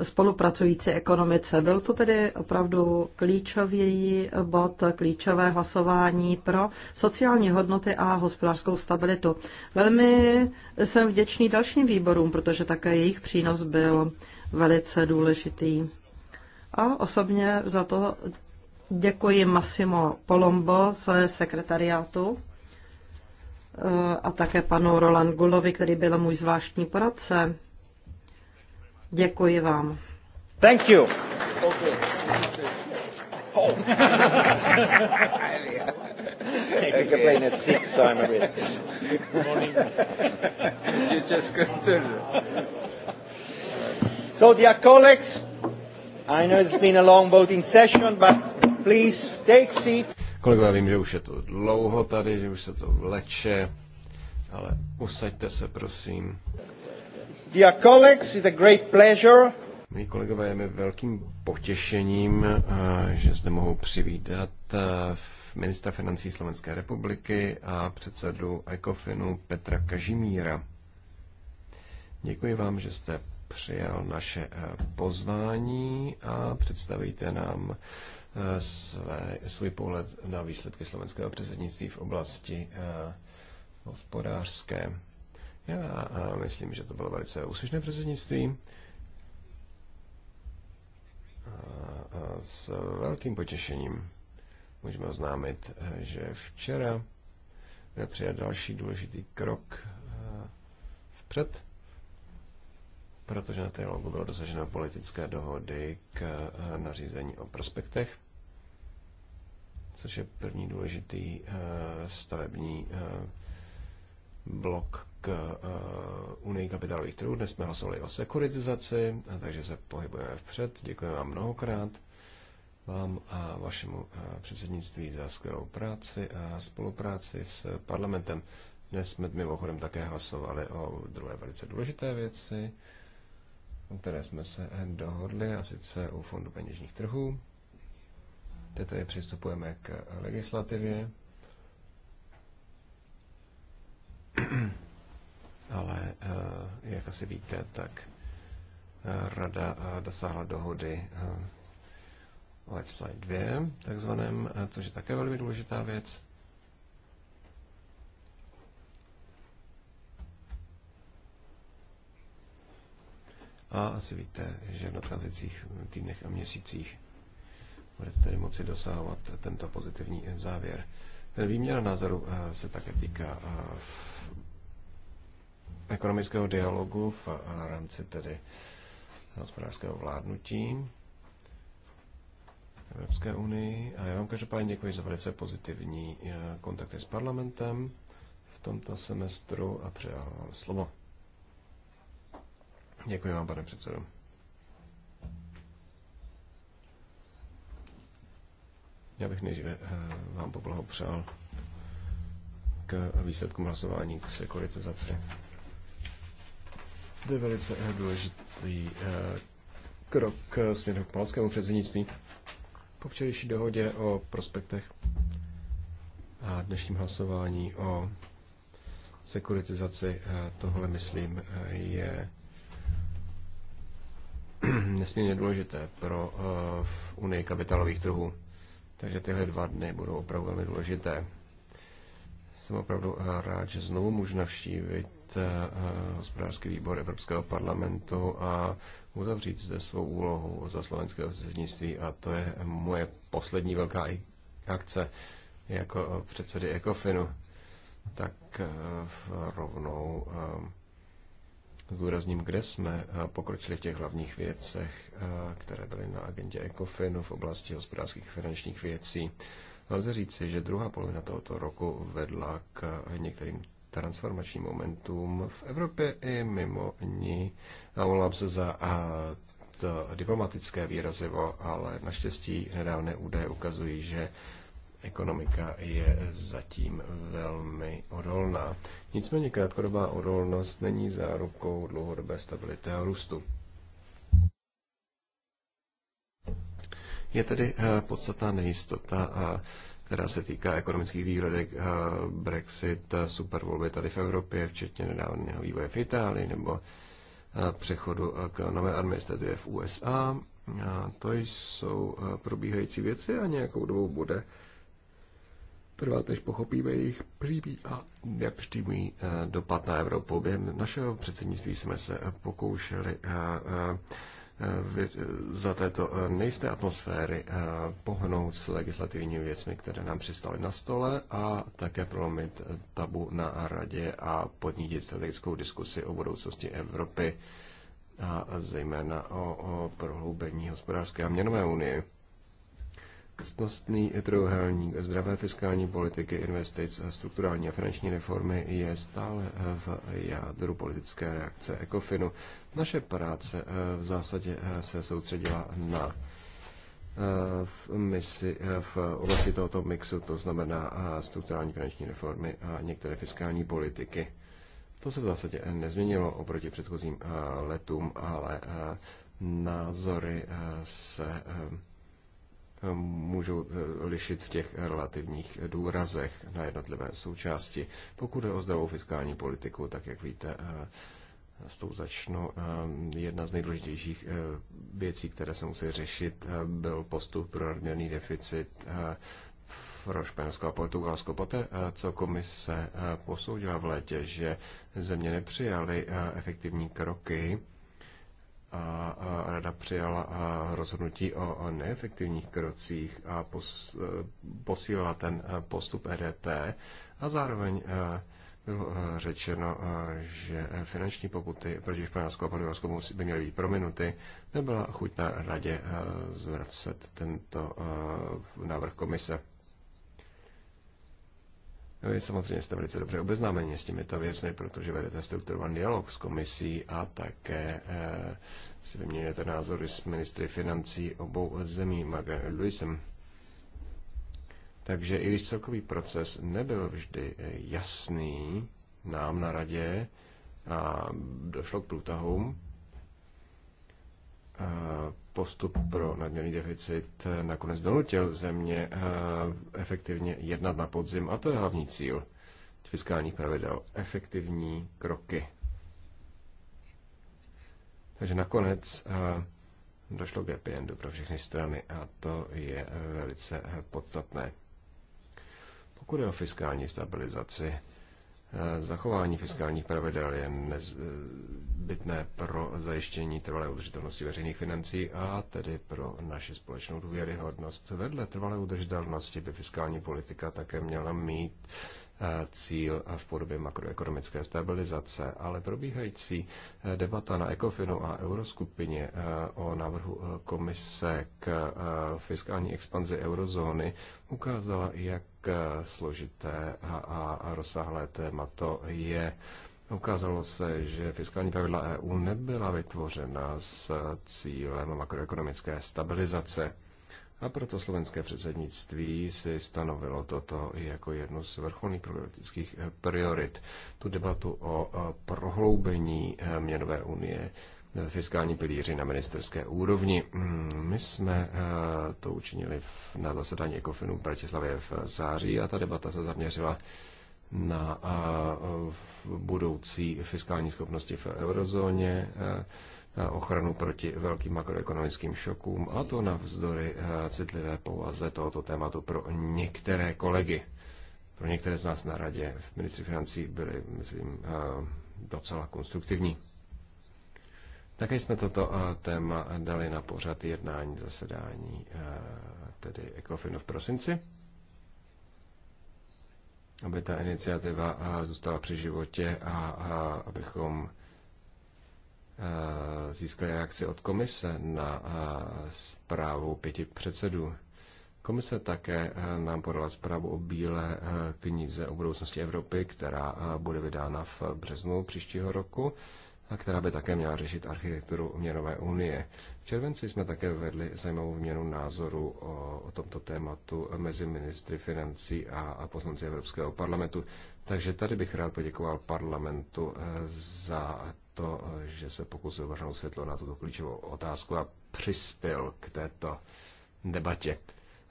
spolupracující ekonomice. Byl to tedy opravdu klíčový bod, klíčové hlasování pro sociální hodnoty a hospodářskou stabilitu. Velmi jsem vděčný dalším výborům, protože také jejich přínos byl velice důležitý. A osobně za to děkuji Massimo Polombo ze sekretariátu eh, a také panu Roland Gulovi, který byl můj zvláštní poradce Děkuji vám. Thank you. Okay. Oh. I six, so I'm a bit. Morning. you just continue. So, dear colleagues, I know it's been a long voting session, but please take seat. Kolegové, vím, že už je to dlouho tady, že už se to vleče, ale usaďte se, prosím. Dear colleagues, it's a great pleasure. Milí kolegové, je mi velkým potěšením, eh, že zde mohu přivítat eh, ministra financí Slovenské republiky a předsedu ECOFINu Petra Kažimíra. Děkuji vám, že jste přijal naše eh, pozvání a představíte nám své, svůj pohled na výsledky slovenského předsednictví v oblasti hospodářské. Já myslím, že to bylo velice úspěšné předsednictví. A s velkým potěšením můžeme oznámit, že včera byl přijat další důležitý krok vpřed, protože na logu bylo dosaženo politické dohody k nařízení o prospektech, což je první důležitý stavební blok k eh, Unii kapitálových trhů. Dnes jsme hlasovali o sekuritizaci, takže se pohybujeme vpřed. Děkujeme vám mnohokrát, vám a vašemu eh, předsednictví za skvělou práci a spolupráci s parlamentem. Dnes jsme mimochodem také hlasovali o druhé velice důležité věci, o které jsme se dohodli, a sice u Fondu peněžních trhů. Teď tady přistupujeme k legislativě ale eh, jak asi víte, tak eh, rada eh, dosáhla dohody o slide 2, takzvaném, což je také velmi důležitá věc. A asi víte, že v nadcházejících týdnech a měsících budete tedy moci dosahovat tento pozitivní závěr. Ten výměna názoru se také týká ekonomického dialogu v rámci tedy hospodářského vládnutí Evropské unii. A já vám každopádně děkuji za velice pozitivní eh, kontakty s parlamentem v tomto semestru a předávám vám slovo. Děkuji vám, pane předsedo. Já bych nejdříve eh, vám poblahopřál k výsledkům hlasování k sekuritizaci. To je velice eh, důležitý eh, krok eh, směrem k malskému předsednictví. Po včerejší dohodě o prospektech a dnešním hlasování o sekuritizaci tohle, myslím, je nesmírně důležité pro Unii kapitálových trhů. Takže tyhle dva dny budou opravdu velmi důležité. Jsem opravdu eh, rád, že znovu můžu navštívit eh, eh, hospodářský výbor Evropského parlamentu a uzavřít zde svou úlohu za slovenského předsednictví a to je moje poslední velká akce jako předsedy Ekofinu. Tak rovnou zúrazním, kde jsme pokročili v těch hlavních věcech, které byly na agendě ECOFINu v oblasti hospodářských a finančních věcí. Lze říci, že druhá polovina tohoto roku vedla k některým transformačním momentům v Evropě i mimo ní. A volám se za a, to diplomatické výrazivo, ale naštěstí nedávné údaje ukazují, že ekonomika je zatím velmi odolná. Nicméně krátkodobá odolnost není zárukou dlouhodobé stability a růstu. Je tedy eh, podstatná nejistota, eh, která se týká ekonomických výhledek eh, Brexit, supervolby tady v Evropě, včetně nedávného vývoje v Itálii nebo přechodu k nové administrativě v USA. A to jsou probíhající věci a nějakou dobu bude trvat, než pochopíme jejich příběh a nepřímý dopad na Evropu. Během našeho předsednictví jsme se pokoušeli za této eh, nejisté atmosféry eh, pohnout s legislativními věcmi, které nám přistaly na stole a také prolomit eh, tabu na radě a podnítit strategickou diskusi o budoucnosti Evropy a zejména o, o prohloubení hospodářské a měnové unie. Ctnostný trojuhelník zdravé fiskální politiky, investic, strukturální a finanční reformy je stále v jádru politické reakce ECOFINu. Naše práce eh, v zásadě eh, se soustředila na eh, v misi v oblasti tohoto mixu, to znamená strukturální finanční reformy a některé fiskální politiky. To se v zásadě nezměnilo oproti předchozím letům, ale názory se můžou lišit v těch relativních důrazech na jednotlivé součásti. Pokud je o zdravou fiskální politiku, tak jak víte, s tou začnu. Eh, jedna z nejdůležitějších eh, věcí, které se musí řešit, eh, byl postup pro nadměrný deficit pro Španělsko a Portugalsko. Poté, co komise posoudila v létě, že země nepřijaly efektivní kroky, a rada přijala rozhodnutí o neefektivních krocích a posílila ten postup EDP a zároveň bylo eh, řečeno, eh, že eh, finanční pokuty proti Španělsku a Portugalsku by měly být prominuty, nebyla chuť na radě zvracet tento návrh komise. No, vy samozřejmě jste velice dobře obeznámeni s těmito věcmi, protože vedete strukturovaný dialog s komisí a také si vyměňujete názory s ministry financí obou zemí, Margaret Lewisem. Takže i když celkový proces nebyl vždy eh, jasný nám na radě a došlo k průtahům, eh, postup pro nadměrný deficit eh, nakonec donutil země efektivně jednat na podzim a to je hlavní cíl fiskálních pravidel. Efektivní kroky. Takže nakonec došlo k happy endu pro všechny strany a to je velice podstatné. Pokud je o fiskální stabilizaci, eh, zachování fiskálních pravidel je nezbytné pro zajištění trvalé udržitelnosti veřejných financí a tedy pro naši společnou důvěryhodnost. Vedle trvalé udržitelnosti by fiskální politika také měla mít cíl v podobě makroekonomické stabilizace, ale probíhající eh, debata na ECOFINu a euroskupině eh, o návrhu eh, komise k fiskální expanzi eurozóny ukázala, jak složité a rozsáhlé téma to je. Ukázalo se, že fiskální pravidla EU nebyla vytvořena s cílem makroekonomické stabilizace. A proto slovenské předsednictví si stanovilo toto jako jednu z vrcholných politických eh, priorit. Tu debatu o eh, prohloubení eh, měnové unie fiskální pilíři na ministerské úrovni. Mm, my jsme to učinili na zasedání Ekofinu v Bratislavě v září a ta debata se zaměřila na budoucí fiskální schopnosti v eurozóně, ochranu proti velkým makroekonomickým šokům a to navzdory eh, citlivé povaze tohoto tématu pro některé kolegy. Pro některé z nás na radě v ministři financí byli, myslím, eh, docela konstruktivní. Také jsme toto eh, téma dali na pořad jednání zasedání tedy ekofinu v prosinci, aby ta iniciativa zůstala při životě a abychom Eh, získali reakci od komise na eh, zprávu pěti předsedů. Komise také eh, nám podala zprávu o Bílé knize o budoucnosti Evropy, která bude vydána v březnu příštího roku a která by také měla řešit architekturu měnové unie. V červenci jsme také vedli zajímavou měnu názoru o, o tomto tématu mezi ministry financí a, a poslanci Evropského parlamentu. Takže tady bych rád poděkoval parlamentu za to, že se pokusil vrhnout světlo na tuto klíčovou otázku a přispěl k této debatě.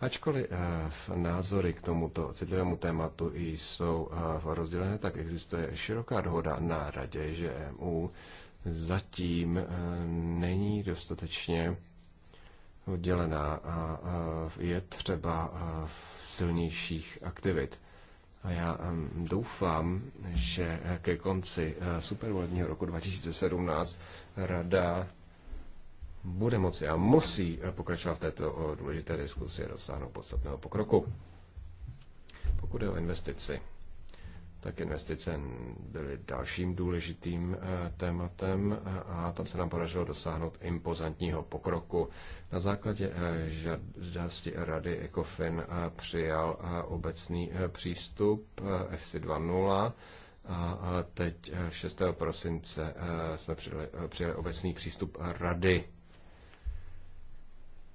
Ačkoliv eh, názory k tomuto citlivému tématu jsou eh, rozdělené, tak existuje široká dohoda na radě, že EU zatím eh, není dostatečně oddělená a je třeba silnějších aktivit. A já ehm, doufám, že eh, ke konci eh, supervolebního roku 2017 rada bude moci a musí eh, pokračovat v této důležité diskusi a dosáhnout podstatného pokroku. Pokud je o investici, tak investice byly dalším důležitým eh, tématem eh, a tam se nám podařilo dosáhnout impozantního pokroku. Na základě eh, žádosti Rady ECOFIN přijal obecný přístup FC 2.0 a teď 6. prosince jsme přijeli, přijeli obecný přístup Rady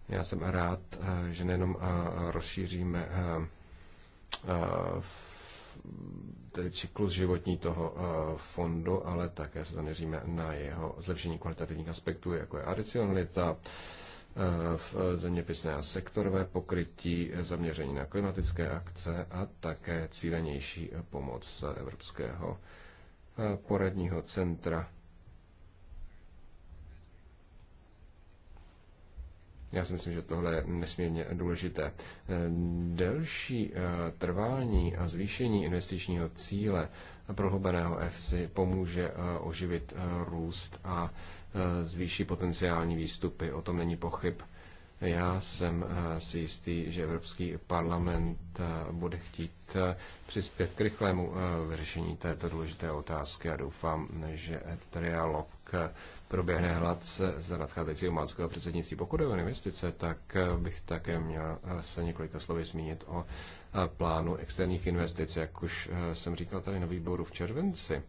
já jsem rád, že nejenom rozšíříme v tedy cyklus životní toho eh, fondu, ale také se zaměříme na jeho zlepšení kvalitativních aspektů, jako je adicionalita, eh, v eh, zeměpisné a sektorové pokrytí, zaměření na klimatické akce a také cílenější pomoc Evropského poradního centra Já si myslím, že tohle je nesmírně důležité. Ehm, delší eh, trvání a zvýšení investičního cíle prohlubeného EFSI pomůže eh, oživit eh, růst a zvýší potenciální výstupy. O tom není pochyb. Já jsem si jistý, že Evropský parlament bude chtít přispět k rychlému vyřešení této důležité otázky a doufám, že trialog proběhne hladce za nadcházejícího malckého předsednictví. Pokud je o investice, tak eh, bych také měl eh, se několika slovy zmínit o eh, plánu externích investic, jak už jsem říkal tady na výboru v červenci.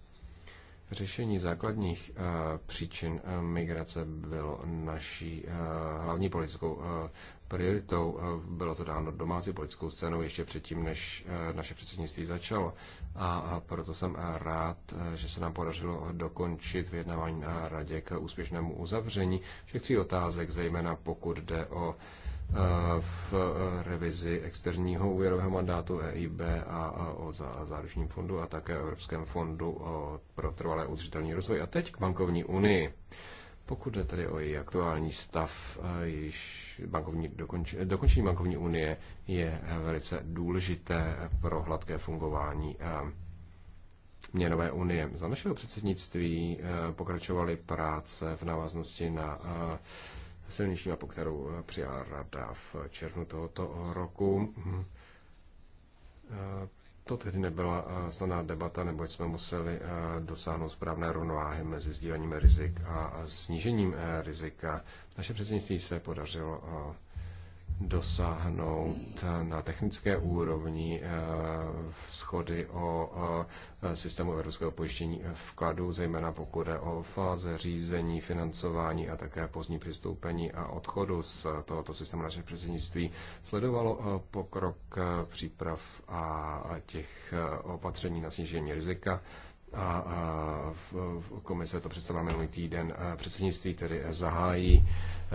Řešení základních příčin migrace bylo naší hlavní politickou prioritou. Bylo to dáno domácí politickou scénou ještě předtím, než eh, naše předsednictví začalo. A proto jsem rád, eh, že se nám podařilo dokončit vyjednávání na radě k úspěšnému uzavření všech tří otázek, zejména pokud jde o eh, v revizi externího úvěrového mandátu EIB a o záručním fondu a také Evropském fondu pro trvalé udržitelný rozvoj. A teď k bankovní unii. Pokud jde tedy o její aktuální stav, eh, již bankovní dokonč, dokončení bankovní unie je eh, velice důležité pro hladké fungování eh, měnové unie. Za našeho předsednictví pokračovaly práce v návaznosti na silnější mapu, kterou přijala rada v červnu tohoto roku. To tedy nebyla eh, snadná debata, neboť jsme museli eh, dosáhnout správné rovnováhy mezi sdílením rizik a snížením eh, rizika. Naše předsednictví se podařilo dosáhnout na technické úrovni eh, schody o eh, systému evropského pojištění vkladů, zejména pokud je o fáze řízení, financování a také pozdní přistoupení a odchodu z tohoto systému našeho předsednictví. Sledovalo eh, pokrok příprav a těch opatření na snížení rizika a, v komise to představila minulý týden. Předsednictví tedy zahájí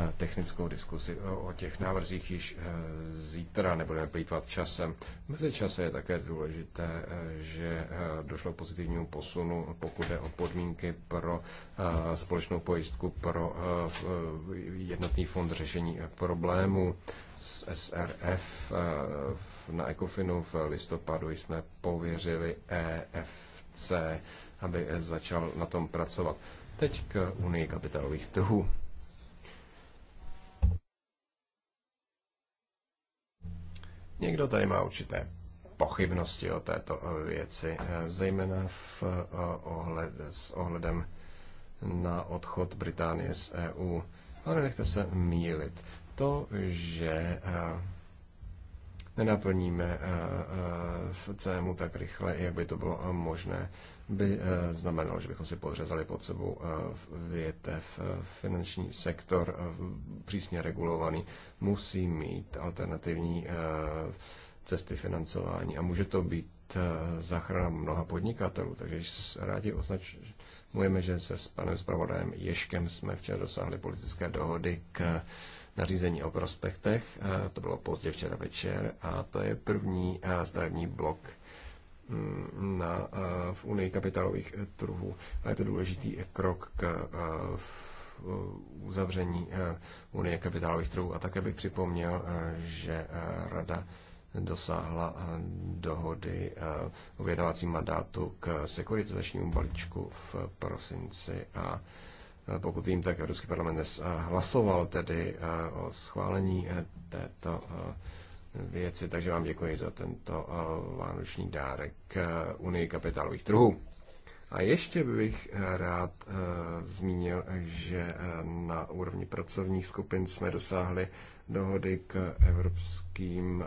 e, technickou diskusi o těch návrzích již e, zítra, nebudeme plýtvat časem. Mezi čase je také důležité, e, že došlo k pozitivnímu posunu, pokud je o podmínky pro společnou pojistku pro jednotný fond řešení problémů s SRF. Na Ecofinu v listopadu jsme pověřili EF C, aby začal na tom pracovat. Teď k Unii kapitálových trhů. Někdo tady má určité pochybnosti o této věci, zejména v ohled, s ohledem na odchod Británie z EU. Ale nechte se mílit. To, že eh, nenaplníme eh, eh, v CMu tak rychle, jak by to bylo eh, možné, by znamenalo, že bychom si podřezali pod sebou větev. Finanční sektor přísně regulovaný musí mít alternativní cesty financování a může to být záchrana mnoha podnikatelů, takže rádi označujeme, že se s panem zpravodajem Ješkem jsme včera dosáhli politické dohody k nařízení o prospektech. Eh, to bylo pozdě včera večer a to je první eh, stavební blok mm, na, eh, v Unii kapitálových trhů. A je to důležitý krok k uzavření Unie kapitálových trhů. A také bych připomněl, že Rada dosáhla dohody o vědavacím mandátu k sekuritizačnímu balíčku v prosinci a Eh, pokud vím, tak Evropský parlament eh, hlasoval tedy eh, o schválení této věci, takže vám děkuji za tento vánoční dárek Unii kapitálových trhů. A ještě bych rád zmínil, že na úrovni pracovních skupin jsme dosáhli dohody k evropským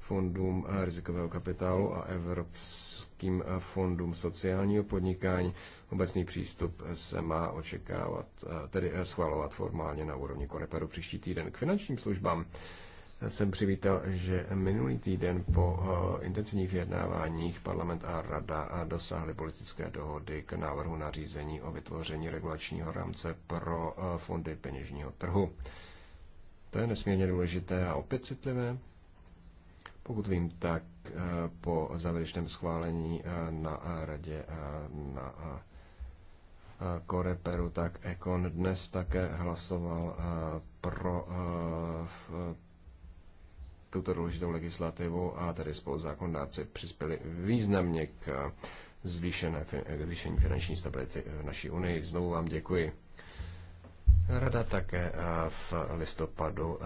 fondům rizikového kapitálu a evropským evropským eh, fondům sociálního podnikání. Obecný přístup eh, se má očekávat, eh, tedy schvalovat formálně na úrovni Koneperu příští týden k finančním službám. Jsem přivítal, že minulý týden po intenzivních vyjednáváních parlament a rada dosáhly politické dohody k návrhu nařízení o vytvoření regulačního rámce pro fondy peněžního trhu. To je nesmírně důležité a opět citlivé pokud vím, tak eh, po závěrečném schválení eh, na eh, radě na Koreperu, tak Ekon dnes také hlasoval pro tuto důležitou legislativu a tedy zákonodáci přispěli významně k zvýšené, k zvýšení finanční stability v naší unii. Znovu vám děkuji. Rada také v listopadu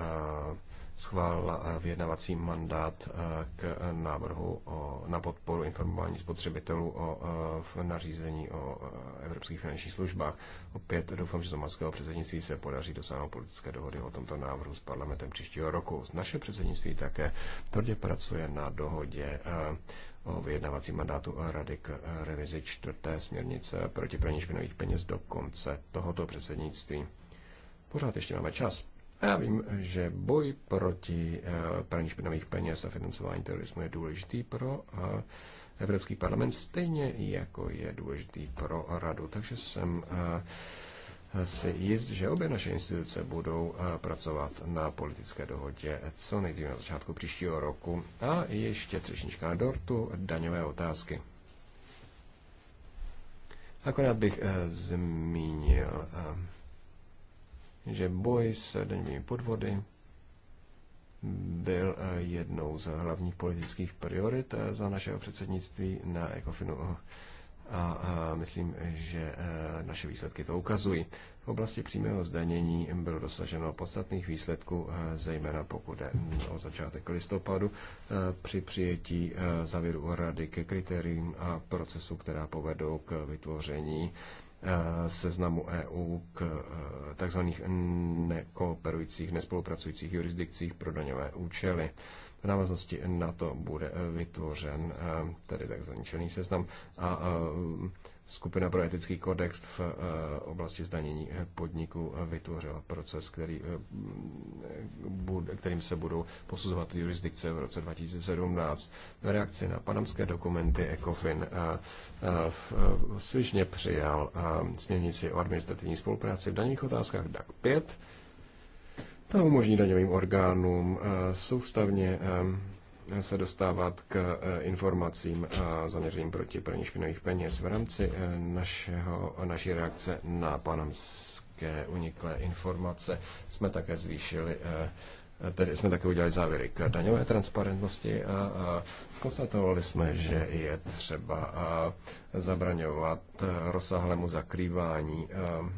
schválila eh, vyjednavací mandát eh, k návrhu o, na podporu informování spotřebitelů o, eh, v nařízení o evropských finančních službách. Opět doufám, že z maského předsednictví se podaří dosáhnout politické dohody o tomto návrhu s parlamentem příštího roku. Naše předsednictví také tvrdě pracuje na dohodě o vyjednavací mandátu Rady k revizi čtvrté směrnice proti praní špinových peněz do konce tohoto předsednictví. Pořád ještě máme čas. Já vím, že boj proti eh, praní špinavých peněz a financování terorismu je důležitý pro eh, Evropský parlament, stejně jako je důležitý pro radu. Takže jsem eh, si jist, že obě naše instituce budou pracovat na politické dohodě co nejdříve na začátku příštího roku. A ještě třešnička na dortu, daňové otázky. Akorát bych zmínil že boj s daňovými podvody byl eh, jednou z hlavních politických priorit eh, za našeho předsednictví na Ecofinu. A eh, myslím, že naše výsledky to ukazují. V oblasti přímého zdanění bylo dosaženo podstatných výsledků, zejména pokud je o začátek listopadu při přijetí závěru rady ke kritériím a procesu, která povedou k vytvoření Eh, seznamu EU k eh, takzvaných nekooperujících, nespolupracujících jurisdikcích pro daňové účely. V návaznosti na to bude eh, vytvořen tedy takzvaný čelný seznam a skupina pro etický kodex v eh, oblasti zdanění eh, podniků eh, vytvořila proces, který, kterým se budou posuzovat jurisdikce v roce 2017. V reakci na panamské dokumenty ECOFIN svižně přijal směrnici o administrativní spolupráci v daných otázkách DAC 5. Ta umožní daňovým orgánům soustavně se dostávat k eh, informacím zaměřeným proti praní špinových peněz. V rámci eh, našeho, naší reakce na panamské uniklé informace jsme také zvýšili eh, Tedy jsme také udělali závěry k daňové transparentnosti a, a jsme, že je třeba a, zabraňovat rozsáhlému zakrývání a,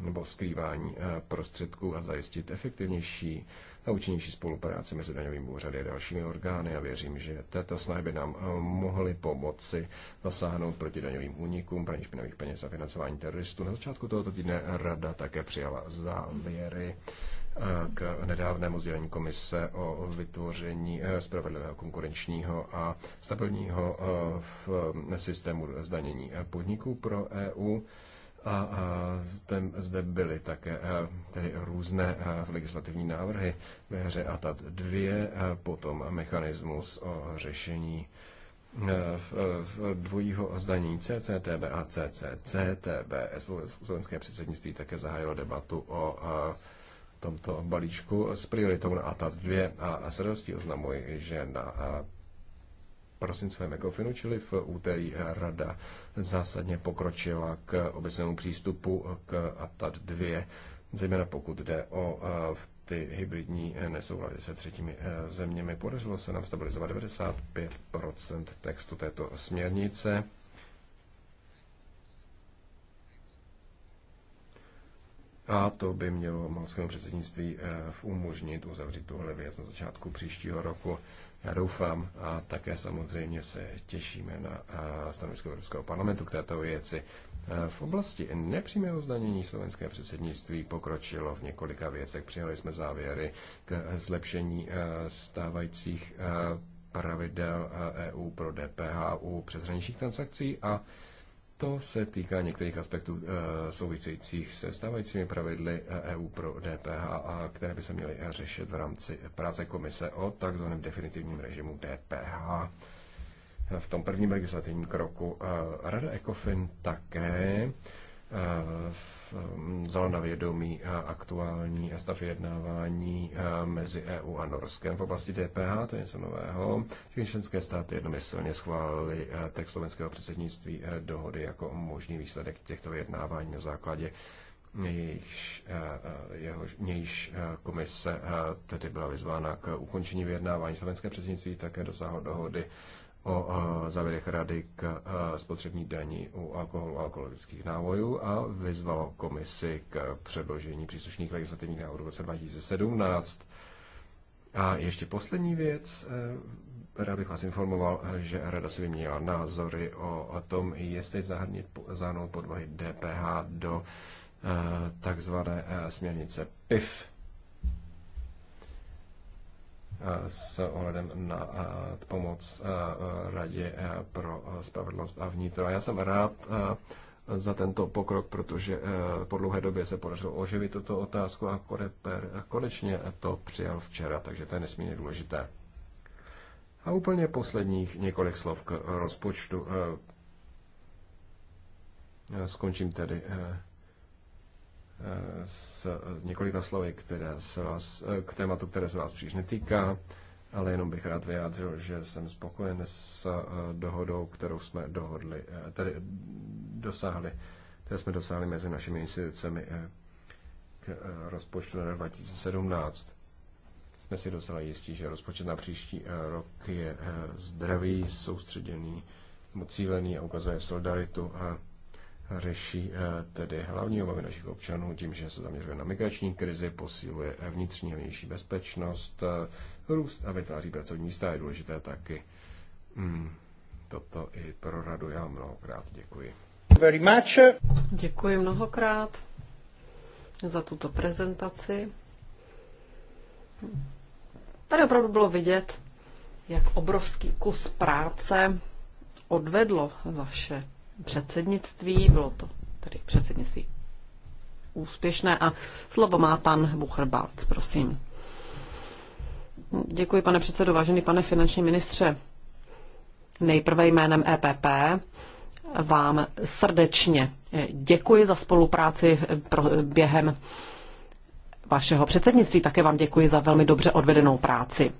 nebo skrývání a, prostředků a zajistit efektivnější a, a účinnější spolupráci mezi daňovými úřady a dalšími orgány a věřím, že této snahy by nám eh, mohly pomoci zasáhnout proti daňovým únikům, praní špinavých peněz a financování teroristů. Na začátku tohoto týdne rada také přijala závěry eh, k nedávnému sdělení komise o vytvoření eh, spravedlivého konkurenčního a stabilního systému zdanění podniků pro EU a, a zde, zde byly také tedy různé legislativní návrhy ve hře ATAT 2, potom mechanismus o řešení dvojího zdanění CCTB a CCCTB. Slovenské předsednictví také zahájilo debatu o tomto balíčku s prioritou na ATAT 2 a s radostí oznamuji, že na prosincovém ECOFINu, čili v úterý rada zásadně pokročila k obecnému přístupu k ATAD 2, zejména pokud jde o e, ty hybridní nesoulady se třetími e, zeměmi. Podařilo se nám stabilizovat 95 textu této směrnice. A to by mělo malskému předsednictví e, umožnit uzavřít tuhle věc na začátku příštího roku. Já doufám a také samozřejmě se těšíme na stanovisko Evropského parlamentu k této věci. V oblasti nepřímého zdanění slovenské předsednictví pokročilo v několika věcech. Přijali jsme závěry k zlepšení stávajících pravidel EU pro DPH u přeshraničních transakcí a to se týká některých aspektů eh, souvisejících se stávajícími pravidly EU eh, e pro DPH, a které by se měly řešit v rámci práce komise o takzvaném definitivním režimu DPH. V tom prvním legislativním kroku eh, Rada ECOFIN také Eh, vzal na vědomí eh, aktuální stav jednávání eh, mezi EU a Norskem v oblasti DPH, to je něco nového. Všechny členské státy jednomyslně schválili text slovenského předsednictví dohody jako možný výsledek těchto jednávání na základě nějž komise tedy byla vyzvána k ukončení vyjednávání slovenské předsednictví, také dosáhlo dohody o závěrech rady k spotřební daní u alkoholu a alkoholických návojů a vyzvalo komisi k předložení příslušných legislativních návrhů v roce 2017. A ještě poslední věc. E, rád bych vás informoval, že Rada si vyměnila názory o tom, jestli zahrnit, zahrnout podvahy DPH do e, takzvané e, směrnice PIF s ohledem na eh, pomoc eh, Radě eh, pro spravedlnost a vnitro. A já jsem rád za tento pokrok, protože po dlouhé době se podařilo oživit tuto otázku a konečně to přijal včera, takže to je nesmírně důležité. A úplně posledních několik slov k rozpočtu. Skončím tedy s několika slovy, které se vás, eh, k tématu, které se vás příliš netýká, ale jenom bych rád vyjádřil, že jsem spokojen s eh, dohodou, kterou jsme dohodli, eh, tedy dosáhli, které jsme dosáhli mezi našimi institucemi k rozpočtu na 2017. Jsme si docela jistí, že rozpočet na příští rok je zdravý, soustředěný, cílený a ukazuje solidaritu a řeší eh, tedy hlavní obavy našich občanů tím, že se zaměřuje na migrační krizi, posiluje vnitřní a vnější bezpečnost, eh, růst a vytváří pracovní místa. Je důležité taky hmm, toto i pro radu. Já mnohokrát děkuji. Very much. Děkuji mnohokrát za tuto prezentaci. Tady opravdu bylo vidět, jak obrovský kus práce odvedlo vaše předsednictví, bylo to tedy předsednictví úspěšné a slovo má pan Bucher Balc, prosím. Děkuji, pane předsedo, vážený pane finanční ministře. Nejprve jménem EPP vám srdečně děkuji za spolupráci během vašeho předsednictví. Také vám děkuji za velmi dobře odvedenou práci.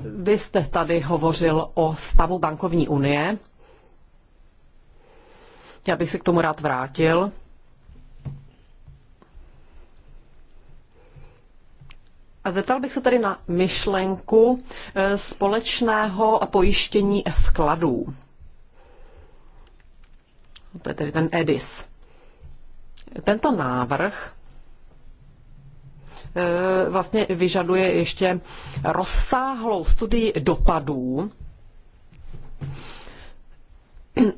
Vy jste tady hovořil o stavu bankovní unie. Já bych se k tomu rád vrátil. A zeptal bych se tady na myšlenku eh, společného pojištění vkladů. To je tedy ten EDIS. Tento návrh E, vlastně vyžaduje ještě rozsáhlou studii dopadů,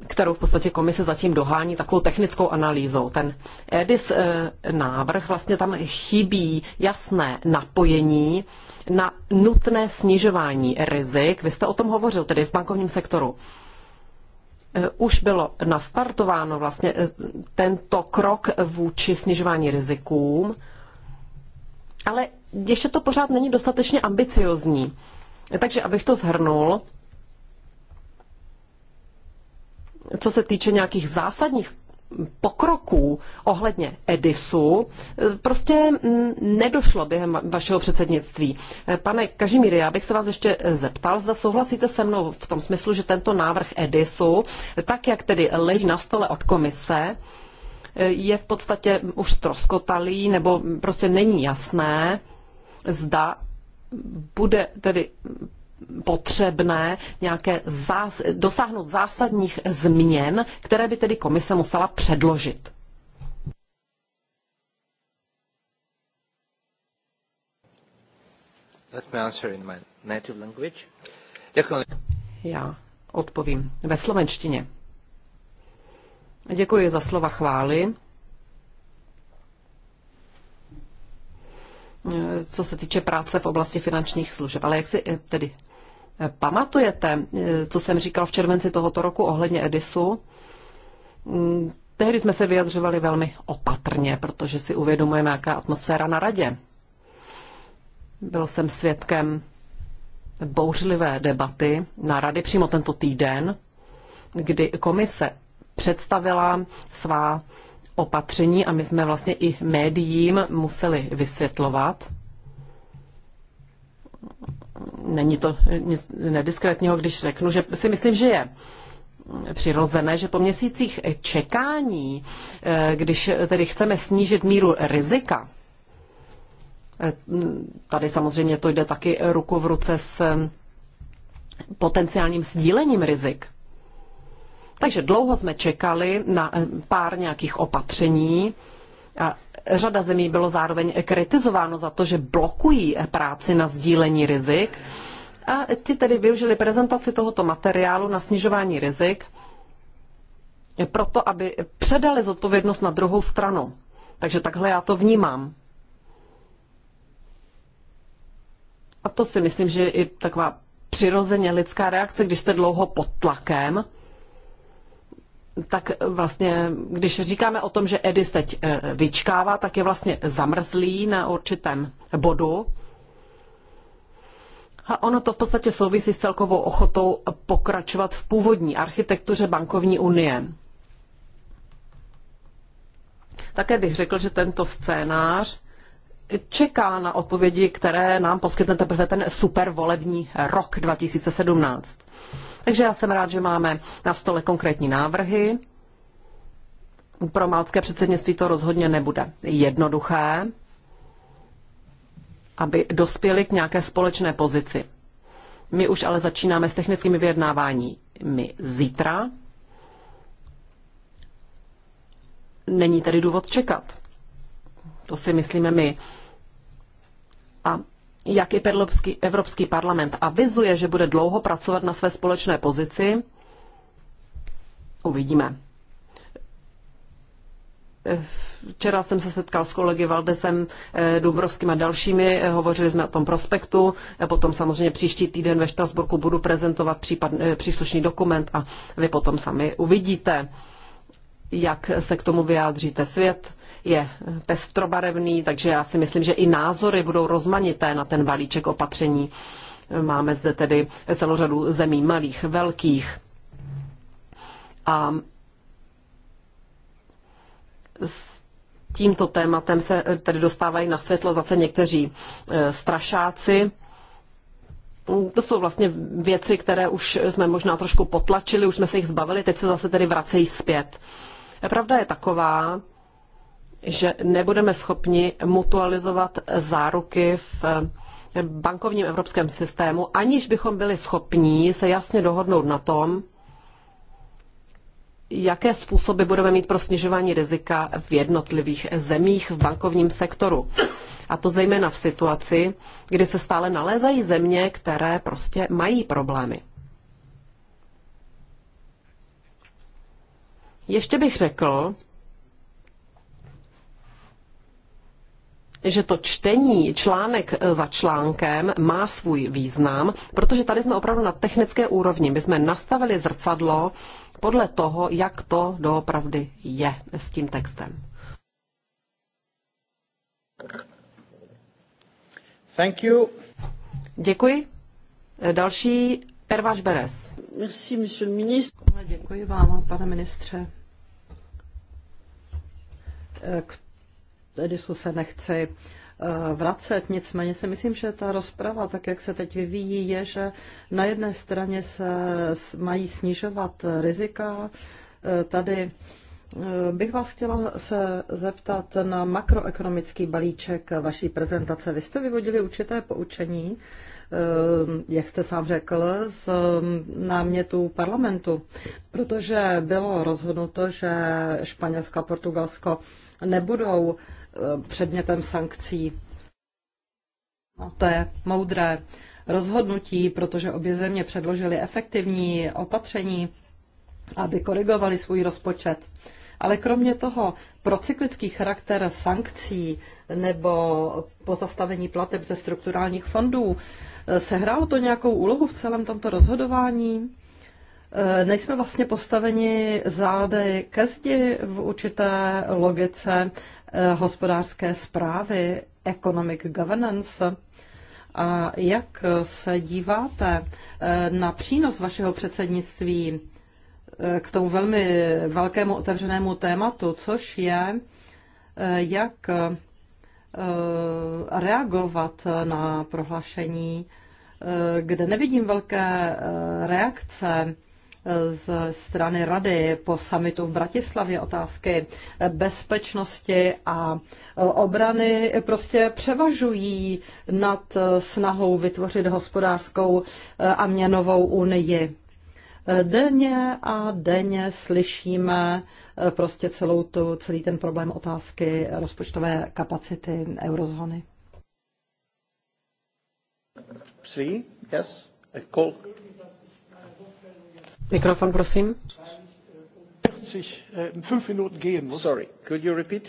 kterou v podstatě komise zatím dohání takovou technickou analýzou. Ten EDIS e, návrh vlastně tam chybí jasné napojení na nutné snižování rizik. Vy jste o tom hovořil, tedy v bankovním sektoru e, už bylo nastartováno vlastně tento krok vůči snižování rizikům ale ještě to pořád není dostatečně ambiciozní. Takže abych to zhrnul, co se týče nějakých zásadních pokroků ohledně Edisu prostě mm, nedošlo během vašeho předsednictví. Pane Kažimíry, já bych se vás ještě zeptal, zda souhlasíte se mnou v tom smyslu, že tento návrh Edisu, tak jak tedy leží na stole od komise, je v podstatě už stroskotalý, nebo prostě není jasné, zda bude tedy potřebné nějaké zás- dosáhnout zásadních změn, které by tedy komise musela předložit. Let me answer in my native language. Jako- Já odpovím ve slovenštině. Děkuji za slova chvály. co se týče práce v oblasti finančních služeb. Ale jak si eh, tedy eh, pamatujete, eh, co jsem říkal v červenci tohoto roku ohledně Edisu? Mm, tehdy jsme se vyjadřovali velmi opatrně, protože si uvědomujeme, jaká atmosféra na radě. Byl jsem svědkem bouřlivé debaty na rady přímo tento týden, kdy komise představila svá opatření a my jsme vlastně i médiím museli vysvětlovat. Není to nic nediskretního, když řeknu, že si myslím, že je přirozené, že po měsících čekání, eh, když tedy chceme snížit míru rizika, eh, tady samozřejmě to jde taky ruku v ruce s potenciálním sdílením rizik, takže dlouho jsme čekali na eh, pár nějakých opatření. A řada zemí bylo zároveň kritizováno za to, že blokují eh, práci na sdílení rizik. A ti tedy využili prezentaci tohoto materiálu na snižování rizik proto, aby předali zodpovědnost na druhou stranu. Takže takhle já to vnímám. A to si myslím, že je i taková přirozeně lidská reakce, když jste dlouho pod tlakem, tak vlastně, když říkáme o tom, že Edis teď eh, vyčkává, tak je vlastně zamrzlý na určitém bodu. A ono to v podstatě souvisí s celkovou ochotou pokračovat v původní architektuře bankovní unie. Také bych řekl, že tento scénář čeká na odpovědi, které nám poskytne teprve ten super volební rok 2017. Takže já jsem rád, že máme na stole konkrétní návrhy. Pro malcké předsednictví to rozhodně nebude jednoduché, aby dospěli k nějaké společné pozici. My už ale začínáme s technickými vyjednáváními zítra. Není tedy důvod čekat. To si myslíme my. A jak i Evropský parlament avizuje, že bude dlouho pracovat na své společné pozici, uvidíme. Včera jsem se setkal s kolegy Valdesem eh, Dubrovským a dalšími, eh, hovořili jsme o tom prospektu, potom samozřejmě příští týden ve Štrasburku budu prezentovat případ, eh, příslušný dokument a vy potom sami uvidíte, jak se k tomu vyjádříte svět je pestrobarevný, takže já si myslím, že i názory budou rozmanité na ten balíček opatření. Máme zde tedy celou řadu zemí malých, velkých. A tímto tématem se tedy dostávají na světlo zase někteří e, strašáci. To jsou vlastně věci, které už jsme možná trošku potlačili, už jsme se jich zbavili, teď se zase tedy vracejí zpět. Pravda je taková, že nebudeme schopni mutualizovat záruky v eh, bankovním evropském systému, aniž bychom byli schopni se jasně dohodnout na tom, jaké způsoby budeme mít pro snižování rizika v jednotlivých zemích v bankovním sektoru. A to zejména v situaci, kdy se stále nalézají země, které prostě mají problémy. Ještě bych řekl, že to čtení článek e, za článkem má svůj význam, protože tady jsme opravdu na technické úrovni. My jsme nastavili zrcadlo podle toho, jak to doopravdy je s tím textem. Thank you. Děkuji. E, další Perváš Beres. Merci, monsieur le ministre. Děkuji vám, pane ministře. E, k Edisu se nechci eh, vracet, nicméně si myslím, že ta rozprava, tak jak se teď vyvíjí, je, že na jedné straně se mají snižovat rizika. Eh, tady eh, bych vás chtěla se zeptat na makroekonomický balíček vaší prezentace. Vy jste vyvodili určité poučení, jak jste sám řekl, z mm, námětu parlamentu, protože bylo rozhodnuto, že Španělsko a Portugalsko nebudou předmětem sankcí. No, to je moudré rozhodnutí, protože obě země předložily efektivní opatření, aby korigovali svůj rozpočet. Ale kromě toho, procyklický charakter sankcí nebo pozastavení plateb ze strukturálních fondů, eh, sehrálo to nějakou úlohu v celém tomto rozhodování? Eh, nejsme vlastně postaveni zády ke zdi v určité logice Eh, hospodářské zprávy, economic governance. A jak se díváte eh, na přínos vašeho předsednictví eh, k tomu velmi velkému otevřenému tématu, což je, jak reagovat na prohlášení, kde nevidím velké reakce z strany Rady po samitu v Bratislavě otázky bezpečnosti a obrany prostě převažují nad snahou vytvořit hospodářskou a měnovou unii. Denně a denně slyšíme prostě celou tu, celý ten problém otázky rozpočtové kapacity eurozóny. Three, yes, a call. Mikrofon, prosím. Äh, sorry, could you repeat?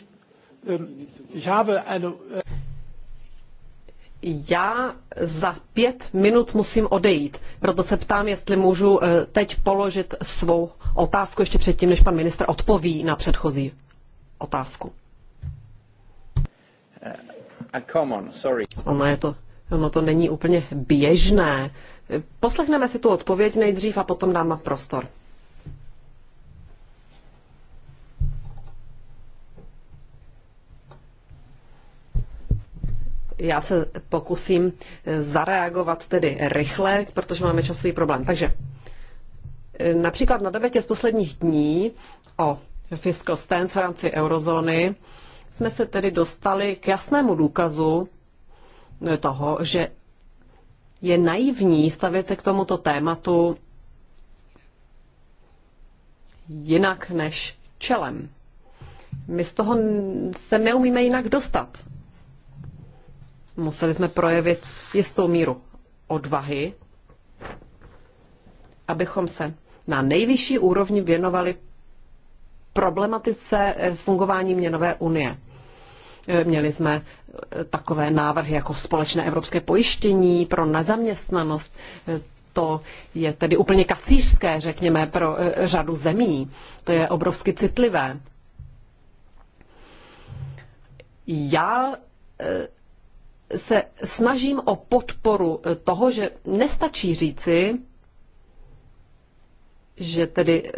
Ähm, ich habe eine... Äh, Já za pět minut musím odejít, proto se ptám, jestli můžu äh, teď položit svou otázku ještě předtím, než pan minister odpoví na předchozí otázku. A uh, uh, sorry. Ono, je to, ono to není úplně běžné Poslechneme si tu odpověď nejdřív a potom dám prostor. Já se pokusím eh, zareagovat tedy rychle, protože máme časový problém. Takže eh, například na debatě z posledních dní o fiscal stance v rámci eurozóny jsme se tedy dostali k jasnému důkazu eh, toho, že je naivní stavět se k tomuto tématu jinak než čelem. My z toho se neumíme jinak dostat. Museli jsme projevit jistou míru odvahy, abychom se na nejvyšší úrovni věnovali problematice fungování měnové unie. Měli jsme takové návrhy jako společné evropské pojištění pro nezaměstnanost. To je tedy úplně kacířské, řekněme, pro eh, řadu zemí. To je obrovsky citlivé. Já eh, se snažím o podporu eh, toho, že nestačí říci, že tedy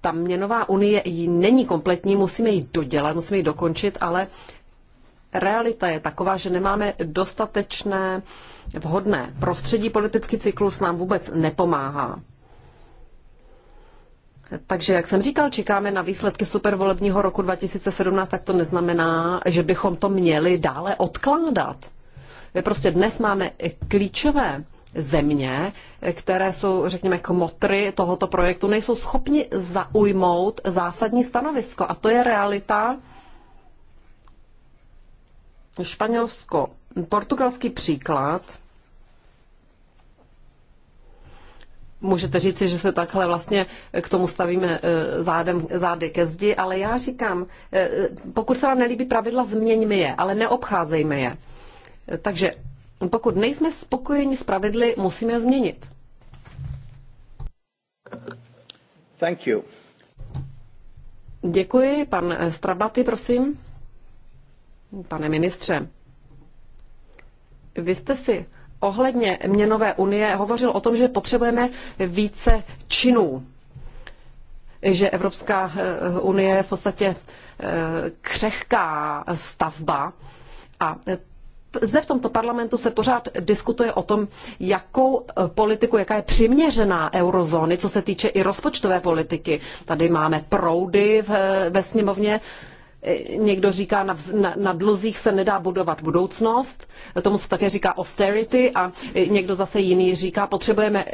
ta měnová unie není kompletní, musíme ji dodělat, musíme ji dokončit, ale realita je taková, že nemáme dostatečné vhodné prostředí, politický cyklus nám vůbec nepomáhá. Takže, jak jsem říkal, čekáme na výsledky supervolebního roku 2017, tak to neznamená, že bychom to měli dále odkládat. My prostě dnes máme klíčové země, které jsou, řekněme, kmotry tohoto projektu, nejsou schopni zaujmout zásadní stanovisko. A to je realita, Španělsko, portugalský příklad. Můžete říci, že se takhle vlastně k tomu stavíme eh, zádem, zády ke zdi, ale já říkám, eh, pokud se vám nelíbí pravidla, změňme je, ale neobcházejme je. Takže pokud nejsme spokojeni s pravidly, musíme je změnit. Thank you. Děkuji. Pan Strabaty, prosím. Pane ministře, vy jste si ohledně měnové unie hovořil o tom, že potřebujeme více činů že Evropská eh, unie je v podstatě eh, křehká stavba a eh, zde v tomto parlamentu se pořád diskutuje o tom, jakou politiku, jaká je přiměřená eurozóny, co se týče i rozpočtové politiky. Tady máme proudy ve sněmovně, Eh, někdo říká, na, na, na dluzích se nedá budovat budoucnost, tomu se také říká austerity a eh, někdo zase jiný říká, potřebujeme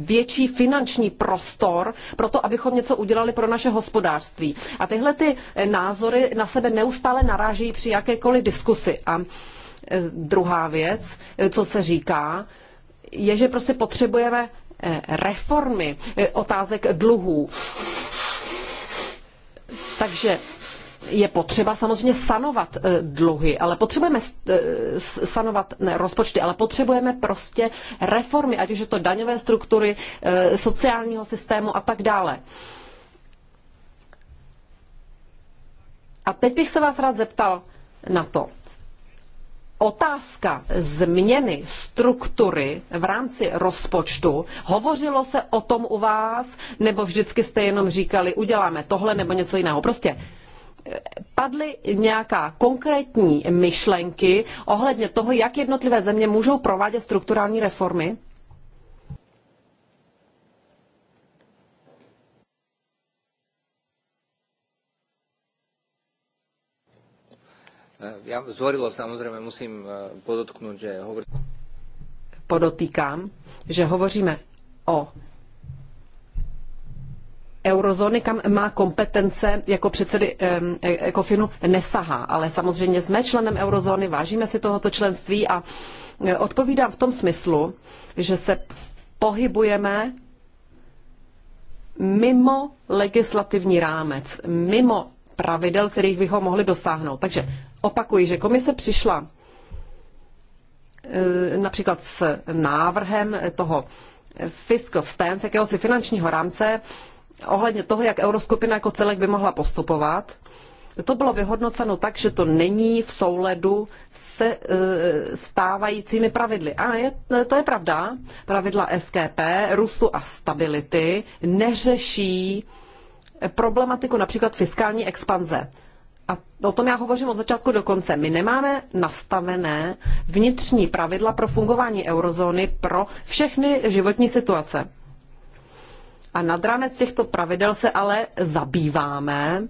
větší finanční prostor pro to, abychom něco udělali pro naše hospodářství. A tyhle ty eh, názory na sebe neustále narážejí při jakékoliv diskusi. A druhá věc, co se říká, je, že prostě potřebujeme reformy otázek dluhů. Takže je potřeba samozřejmě sanovat eh, dluhy, ale potřebujeme eh, sanovat ne, rozpočty, ale potřebujeme prostě reformy, ať už je to daňové struktury, eh, sociálního systému a tak dále. A teď bych se vás rád zeptal na to. Otázka změny struktury v rámci rozpočtu, hovořilo se o tom u vás, nebo vždycky jste jenom říkali, uděláme tohle nebo něco jiného. Prostě padly nějaká konkrétní myšlenky ohledně toho, jak jednotlivé země můžou provádět strukturální reformy? Eh, já zvorilo samozřejmě musím eh, podotknout, že hovoří... Podotýkám, že hovoříme o eurozóny, kam má kompetence jako předsedy Ekofinu, e- nesahá. Ale samozřejmě jsme členem eurozóny, vážíme si tohoto členství a e, odpovídám v tom smyslu, že se pohybujeme mimo legislativní rámec, mimo pravidel, kterých bychom mohli dosáhnout. Takže opakuji, že komise přišla e, například s návrhem toho fiscal stance, jakéhosi finančního rámce, ohledně toho, jak euroskupina jako celek by mohla postupovat, to bylo vyhodnoceno tak, že to není v souledu se e, stávajícími pravidly. A je, e, to je pravda. Pravidla SKP, Rusu a stability neřeší problematiku například fiskální expanze. A o tom já hovořím od začátku do konce. My nemáme nastavené vnitřní pravidla pro fungování eurozóny pro všechny životní situace. A nad ranec těchto pravidel se ale zabýváme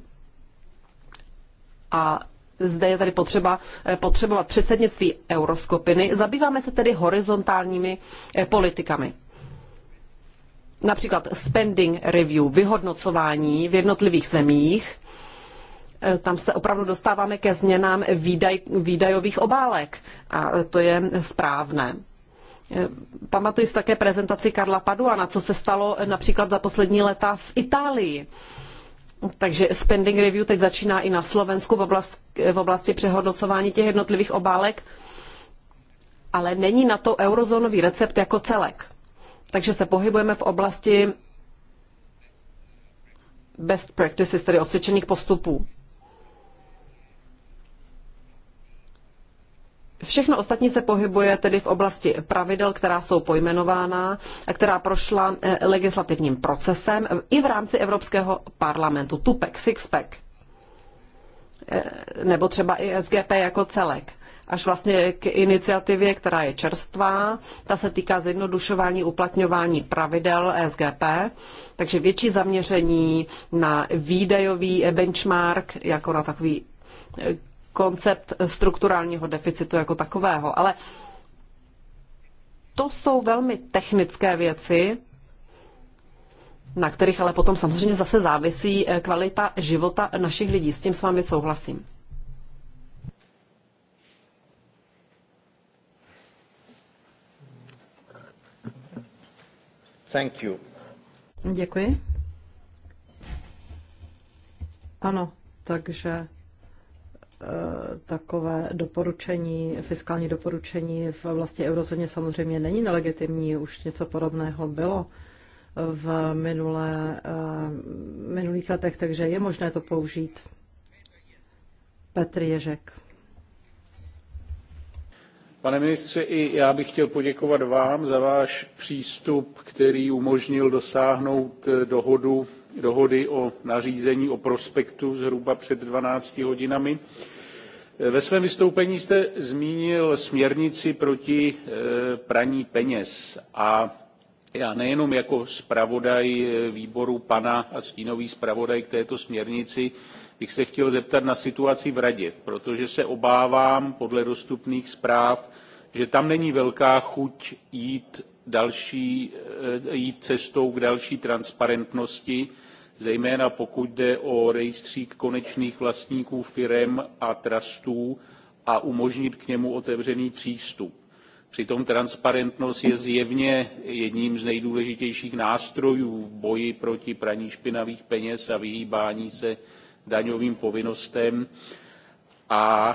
a zde je tady potřeba eh, potřebovat předsednictví euroskopiny. Zabýváme se tedy horizontálními eh, politikami. Například spending review, vyhodnocování v jednotlivých zemích. Eh, tam se opravdu dostáváme ke změnám výdaj, výdajových obálek a to je správné. Eh, pamatuji si také prezentaci Karla Paduana, co se stalo například za poslední léta v Itálii. Takže spending review teď začíná i na Slovensku v, v oblasti přehodnocování těch jednotlivých obálek, ale není na to eurozónový recept jako celek. Takže se pohybujeme v oblasti best practices, tedy osvědčených postupů. Všechno ostatní se pohybuje tedy v oblasti pravidel, která jsou pojmenována a která prošla eh, legislativním procesem i v rámci Evropského parlamentu. Tupek, sixpack, eh, nebo třeba i SGP jako celek. Až vlastně k iniciativě, která je čerstvá, ta se týká zjednodušování uplatňování pravidel SGP, takže větší zaměření na výdajový benchmark, jako na takový eh, koncept strukturálního deficitu jako takového, ale to jsou velmi technické věci, na kterých ale potom samozřejmě zase závisí eh, kvalita života našich lidí. S tím s vámi souhlasím. Thank you. Děkuji. Ano, takže takové doporučení, fiskální doporučení v vlastně eurozóně samozřejmě není nelegitimní, už něco podobného bylo v minulé, eh, minulých letech, takže je možné to použít. Petr Ježek. Pane ministře, i já bych chtěl poděkovat vám za váš přístup, který umožnil dosáhnout eh, dohodu, dohody o nařízení o prospektu zhruba před 12 hodinami. Ve svém vystoupení jste zmínil směrnici proti e, praní peněz a já nejenom jako zpravodaj e, výboru pana a stínový zpravodaj k této směrnici bych se chtěl zeptat na situaci v radě, protože se obávám podle dostupných zpráv, že tam není velká chuť jít, další, e, jít cestou k další transparentnosti zejména pokud jde o rejstřík konečných vlastníků firem a trustů a umožnit k němu otevřený přístup. Přitom transparentnost je zjevně jedním z nejdůležitějších nástrojů v boji proti praní špinavých peněz a vyhýbání se daňovým povinnostem a e,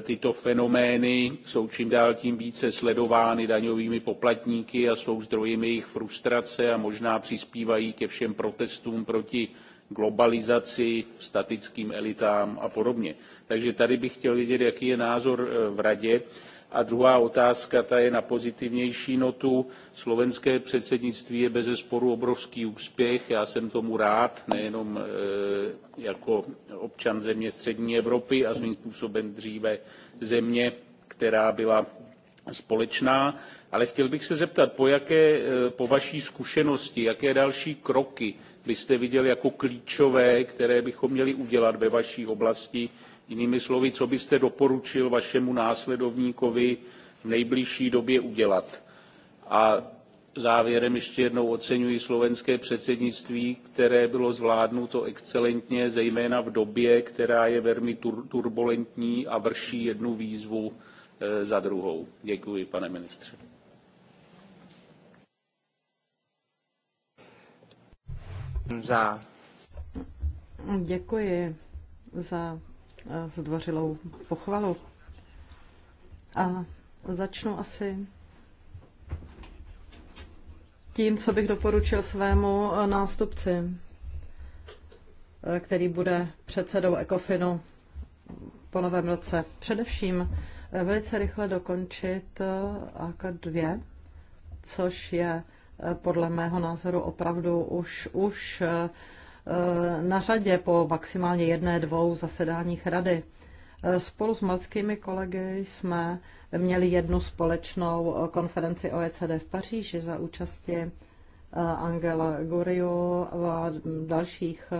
tyto fenomény jsou čím dál tím více sledovány daňovými poplatníky a jsou zdrojem jejich frustrace a možná přispívají ke všem protestům proti globalizaci, statickým elitám a podobně. Takže tady bych chtěl vědět, jaký je názor e, v radě a druhá otázka, ta je na pozitivnější notu. Slovenské předsednictví je bezesporu obrovský úspěch. Já jsem tomu rád, nejenom e, jako občan země střední Evropy a svým způsobem dříve země, která byla společná. Ale chtěl bych se zeptat, po jaké, e, po vaší zkušenosti, jaké další kroky byste viděl jako klíčové, které bychom měli udělat ve vaší oblasti, Jinými slovy, co byste doporučil vašemu následovníkovi v nejbližší době udělat? A závěrem ještě jednou oceňuji slovenské předsednictví, které bylo zvládnuto excelentně, zejména v době, která je velmi turbulentní a vrší jednu výzvu eh, za druhou. Děkuji, pane ministře. Za. Děkuji za zdvořilou pochvalu. A začnu asi tím, co bych doporučil svému nástupci, který bude předsedou Ekofinu po novém roce. Především velice rychle dokončit AK2, což je podle mého názoru opravdu už, už Eh, na řadě po maximálně jedné, dvou zasedáních rady. Eh, spolu s malskými kolegy jsme měli jednu společnou eh, konferenci OECD v Paříži za účasti Angela Guriu a dalších,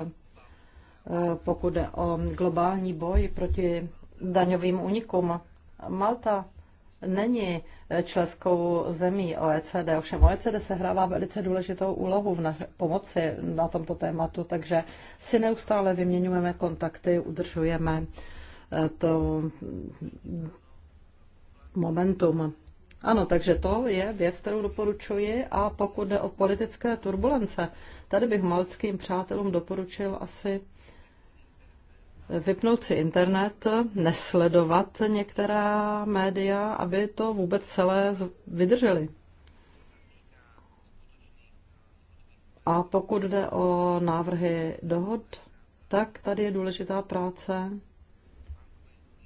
pokud jde o globální boj proti daňovým unikům. Malta není členskou zemí OECD. Ovšem OECD se hrává velice důležitou úlohu v na, pomoci na tomto tématu, takže si neustále vyměňujeme kontakty, udržujeme eh, to momentum. Ano, takže to je věc, kterou doporučuji a pokud jde o politické turbulence, tady bych malckým přátelům doporučil asi vypnout si internet, nesledovat některá média, aby to vůbec celé vydrželi. A pokud jde o návrhy dohod, tak tady je důležitá práce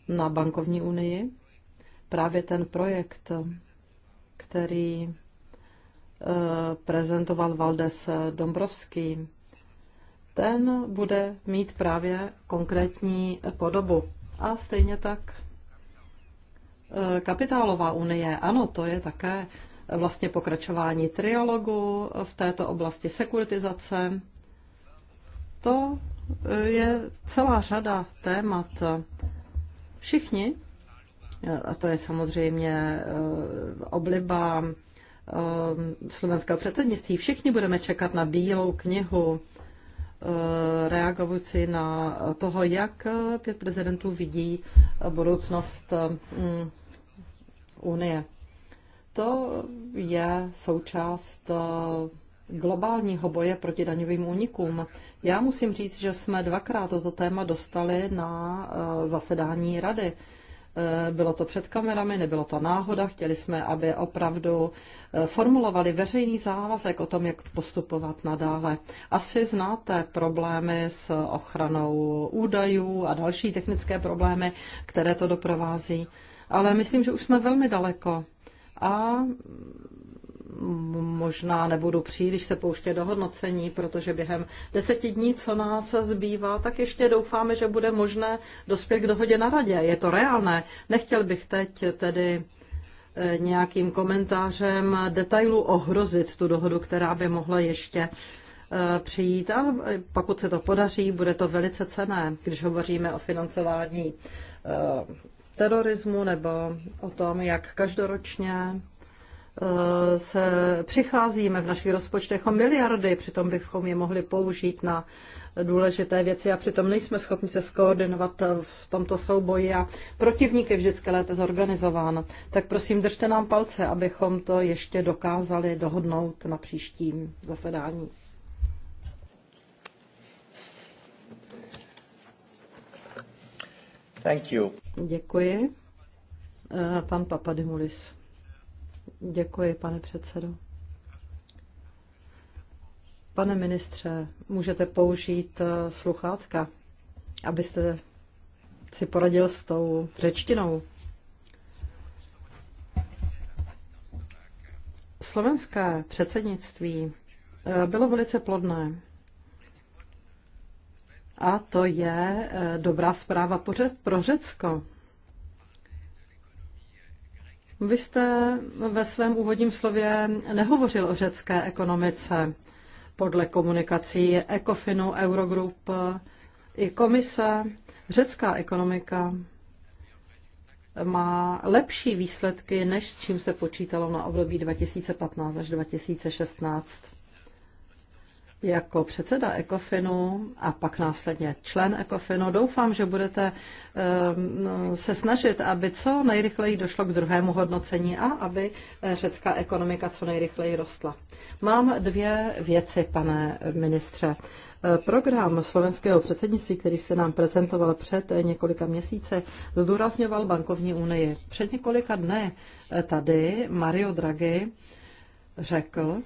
na bankovní unii. Právě ten projekt, který eh, prezentoval Valdes Dombrovský, ten bude mít právě konkrétní podobu. A stejně tak e, kapitálová unie, ano, to je také vlastně pokračování triologu v této oblasti sekuritizace. To e, je celá řada témat. Všichni, e, a to je samozřejmě obliba slovenského předsednictví, všichni budeme čekat na bílou knihu Eh, reagující na toho, jak eh, pět prezidentů vidí eh, budoucnost mm, Unie. To je součást globálního boje proti daňovým únikům. Já musím říct, že jsme dvakrát toto téma dostali na zasedání rady. Eh, bylo to před kamerami, nebylo to náhoda. Chtěli jsme, aby opravdu eh, formulovali veřejný závazek o tom, jak postupovat nadále. Asi znáte problémy s ochranou údajů a další technické problémy, které to doprovází. Ale myslím, že už jsme velmi daleko. A možná nebudu příliš se pouštět do hodnocení, protože během deseti dní, co nás zbývá, tak ještě doufáme, že bude možné dospět k dohodě na radě. Je to reálné. Nechtěl bych teď tedy eh, nějakým komentářem detailu ohrozit tu dohodu, která by mohla ještě eh, přijít a pokud se to podaří, bude to velice cené, když hovoříme o financování eh, terorismu nebo o tom, jak každoročně Eh, se přicházíme v našich rozpočtech o miliardy, přitom bychom je mohli použít na důležité věci a přitom nejsme schopni se skoordinovat v tomto souboji a protivník je vždycky lépe zorganizován. Tak prosím, držte nám palce, abychom to ještě dokázali dohodnout na příštím zasedání. Thank you. Děkuji. Eh, pan Papadimulis. Děkuji, pane předsedo. Pane ministře, můžete použít eh, sluchátka, abyste si poradil s tou řečtinou. Slovenské předsednictví eh, bylo velice plodné. A to je eh, dobrá zpráva pro Řecko. Vy jste ve svém úvodním slově nehovořil o řecké ekonomice. Podle komunikací Ecofinu, Eurogroup i komise, řecká ekonomika má lepší výsledky, než s čím se počítalo na období 2015 až 2016 jako předseda ECOFINu a pak následně člen ECOFINu. Doufám, že budete ehm, se snažit, aby co nejrychleji došlo k druhému hodnocení a aby eh, řecká ekonomika co nejrychleji rostla. Mám dvě věci, pane ministře. Eh, program slovenského předsednictví, který se nám prezentoval před eh, několika měsíce, zdůrazňoval bankovní unii. Před několika dny tady Mario Draghi řekl,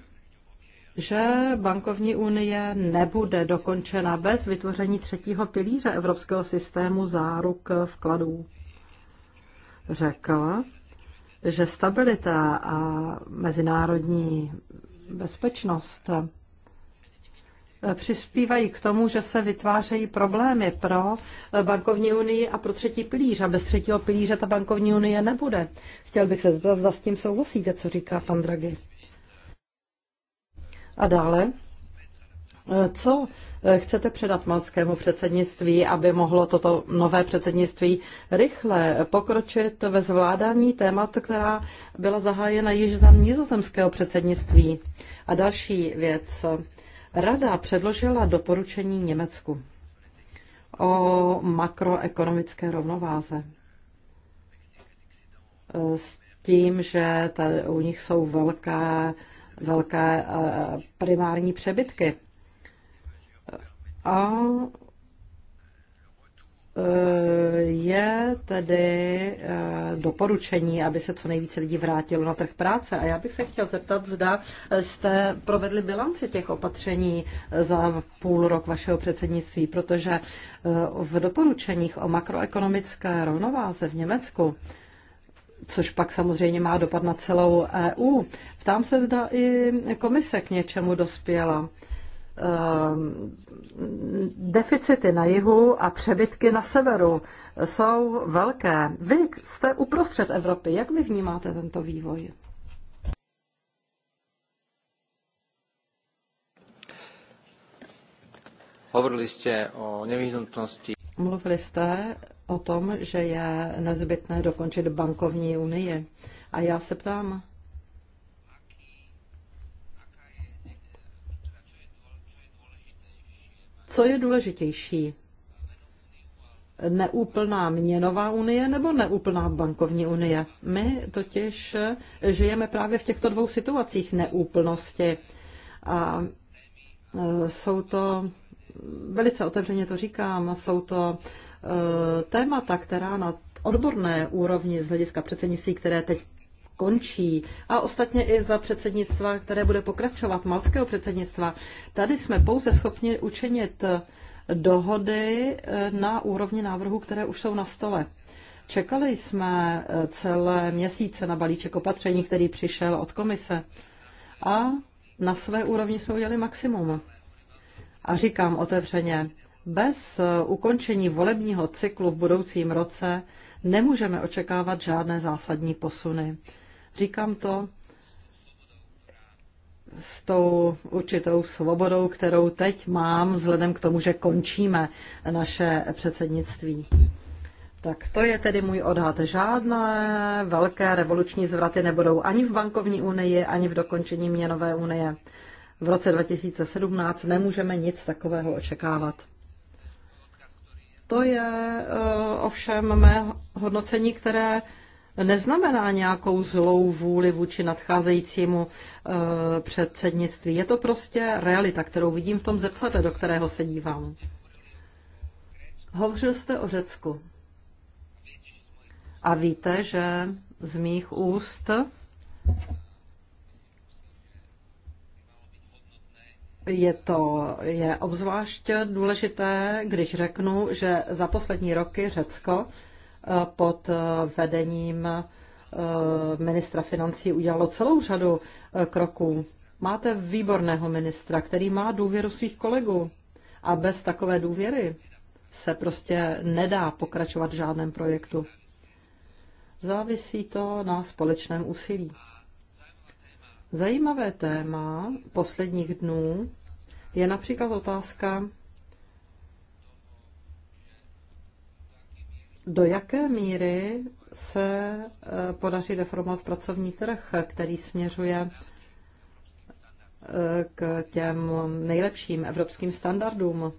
že bankovní unie nebude dokončena bez vytvoření třetího pilíře Evropského systému záruk vkladů. Řekl, že stabilita a mezinárodní bezpečnost eh, přispívají k tomu, že se vytvářejí problémy pro eh, bankovní unii a pro třetí pilíř. A bez třetího pilíře ta bankovní unie nebude. Chtěl bych se zda s tím souhlasíte, co říká pan Draghi. A dále, eh, co eh, chcete předat malskému předsednictví, aby mohlo toto nové předsednictví rychle pokročit ve zvládání témat, která byla zahájena již za nizozemského předsednictví? A další věc. Rada předložila doporučení Německu o makroekonomické rovnováze. Eh, s tím, že tady u nich jsou velké velké eh, primární přebytky. A eh, je tedy eh, doporučení, aby se co nejvíce lidí vrátilo na trh práce. A já bych se chtěl zeptat, zda jste provedli bilanci těch opatření za půl rok vašeho předsednictví, protože v doporučeních o makroekonomické rovnováze v Německu což pak samozřejmě má dopad na celou EU. Ptám se, zda i komise k něčemu dospěla. Ehm, deficity na jihu a přebytky na severu jsou velké. Vy jste uprostřed Evropy. Jak vy vnímáte tento vývoj? Hovorili jste o nevyhnutnosti. Mluvili jste o tom, že je nezbytné dokončit bankovní unii. A já se ptám, co je důležitější? Neúplná měnová unie nebo neúplná bankovní unie? My totiž žijeme právě v těchto dvou situacích neúplnosti. A e, jsou to, velice otevřeně to říkám, jsou to Eh, témata, která na odborné úrovni z hlediska předsednictví, které teď končí a ostatně i za předsednictva, které bude pokračovat, malského předsednictva. Tady jsme pouze schopni učinit dohody eh, na úrovni návrhu, které už jsou na stole. Čekali jsme eh, celé měsíce na balíček opatření, který přišel od komise a na své úrovni jsme udělali maximum. A říkám otevřeně, bez eh, ukončení volebního cyklu v budoucím roce nemůžeme očekávat žádné zásadní posuny. Říkám to s tou určitou svobodou, kterou teď mám, vzhledem k tomu, že končíme naše předsednictví. Tak to je tedy můj odhad. Žádné velké revoluční zvraty nebudou ani v bankovní unii, ani v dokončení měnové unie. V roce 2017 nemůžeme nic takového očekávat. To je e, ovšem mé hodnocení, které neznamená nějakou zlou vůli vůči nadcházejícímu e, předsednictví. Je to prostě realita, kterou vidím v tom zrcadle, do kterého se dívám. Hovořil jste o Řecku. A víte, že z mých úst Je to je obzvlášť důležité, když řeknu, že za poslední roky Řecko eh, pod eh, vedením eh, ministra financí udělalo celou řadu kroků. Máte výborného ministra, který má důvěru svých kolegů. A bez takové důvěry se prostě nedá pokračovat v žádném projektu. Závisí to na společném úsilí. Zajímavé téma posledních dnů je například otázka, do jaké míry se eh, podaří reformovat pracovní trh, který směřuje eh, k těm nejlepším evropským standardům.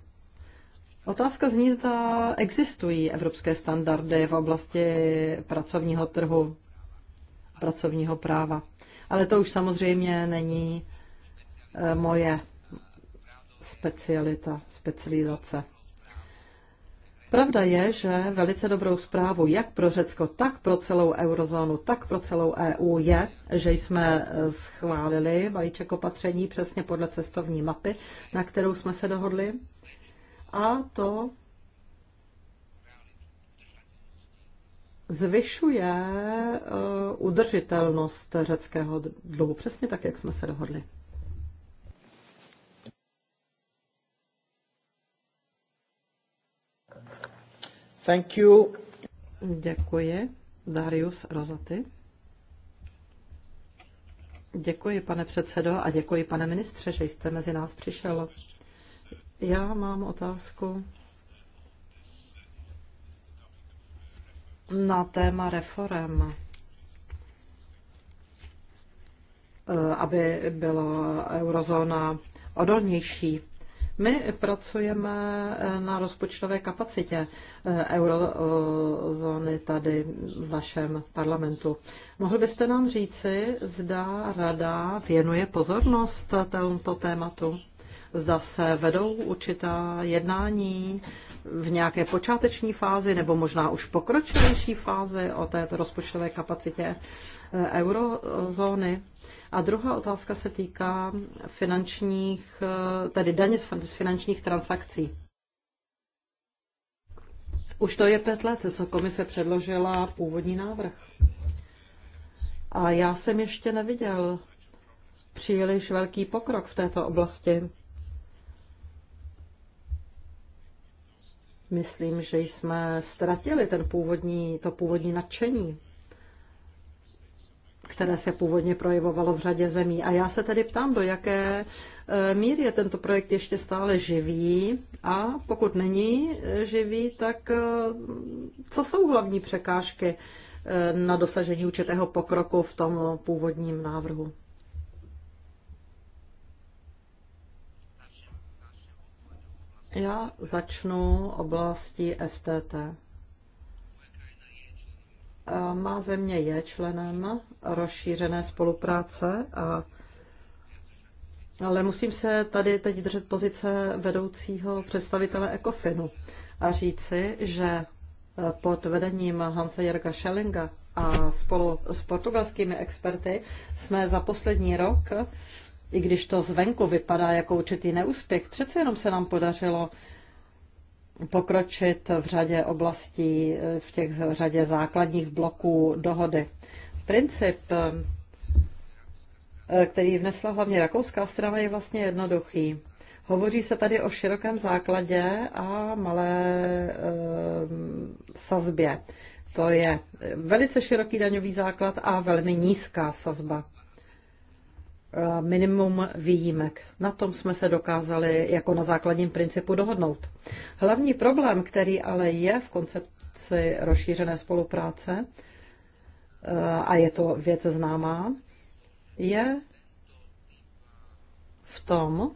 Otázka zní, zda existují evropské standardy v oblasti pracovního trhu, pracovního práva ale to už samozřejmě není eh, moje specialita, specializace. Pravda je, že velice dobrou zprávu jak pro Řecko, tak pro celou eurozónu, tak pro celou EU je, že jsme eh, schválili balíček opatření přesně podle cestovní mapy, na kterou jsme se dohodli. A to zvyšuje eh, udržitelnost řeckého dluhu, přesně tak, jak jsme se dohodli. Thank you. Děkuji. Darius Rozaty. Děkuji, pane předsedo, a děkuji, pane ministře, že jste mezi nás přišel. Já mám otázku na téma reform. E, aby byla eurozóna odolnější. My pracujeme e, na rozpočtové kapacitě e, eurozóny tady v našem parlamentu. Mohl byste nám říci, zda rada věnuje pozornost tomuto tématu? Zda se vedou určitá jednání v nějaké počáteční fázi nebo možná už pokročilejší fázi o této rozpočtové kapacitě eh, eurozóny? A druhá otázka se týká finančních, eh, tedy daně z finančních transakcí. Už to je pět let, co komise předložila původní návrh. A já jsem ještě neviděl příliš velký pokrok v této oblasti. Myslím, že jsme ztratili ten původní, to původní nadšení, které se původně projevovalo v řadě zemí. A já se tedy ptám, do jaké e, míry je tento projekt ještě stále živý a pokud není e, živý, tak e, co jsou hlavní překážky na dosažení určitého pokroku v tom původním návrhu? Já začnu oblastí FTT. E, má země je členem rozšířené spolupráce, a, ale musím se tady teď držet pozice vedoucího představitele ECOFINu a říci, že e, pod vedením Hansa Jerga Schellinga a spolu s portugalskými experty jsme za poslední rok i když to zvenku vypadá jako určitý neúspěch, přece jenom se nám podařilo pokročit v řadě oblastí, v těch řadě základních bloků dohody. Princip, který vnesla hlavně rakouská strana, je vlastně jednoduchý. Hovoří se tady o širokém základě a malé e, sazbě. To je velice široký daňový základ a velmi nízká sazba. Eh, minimum výjimek. Na tom jsme se dokázali jako na základním principu dohodnout. Hlavní problém, který ale je v koncepci rozšířené spolupráce, eh, a je to věc známá, je v tom,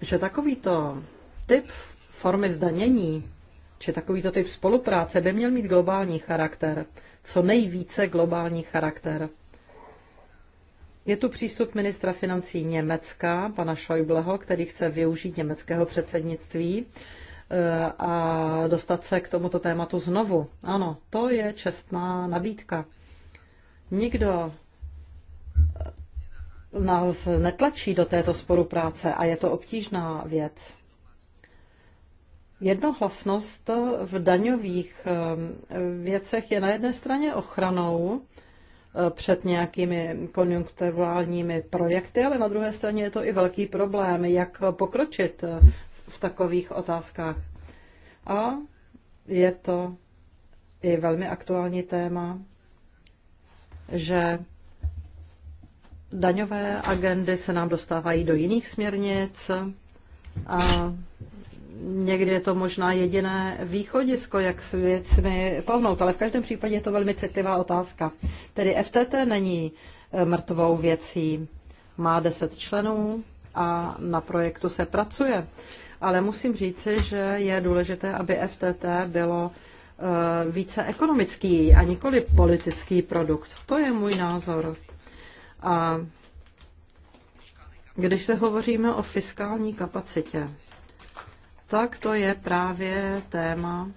že takovýto typ formy zdanění či takovýto typ spolupráce by měl mít globální charakter, co nejvíce globální charakter. Je tu přístup ministra financí Německa, pana Schäubleho, který chce využít německého předsednictví eh, a dostat se k tomuto tématu znovu. Ano, to je čestná nabídka. Nikdo eh, nás netlačí do této spolupráce a je to obtížná věc. Jednohlasnost v daňových eh, věcech je na jedné straně ochranou, Eh, před nějakými konjunkturálními projekty, ale na druhé straně je to i velký problém, jak pokročit eh, v takových otázkách. A je to i velmi aktuální téma, že daňové agendy se nám dostávají do jiných směrnic a Někdy je to možná jediné východisko, jak s věcmi pohnout, ale v každém případě je to velmi citlivá otázka. Tedy FTT není eh, mrtvou věcí. Má deset členů a na projektu se pracuje. Ale musím říci, že je důležité, aby FTT bylo eh, více ekonomický a nikoli politický produkt. To je můj názor. A když se hovoříme o fiskální kapacitě, tak to je právě téma, eh,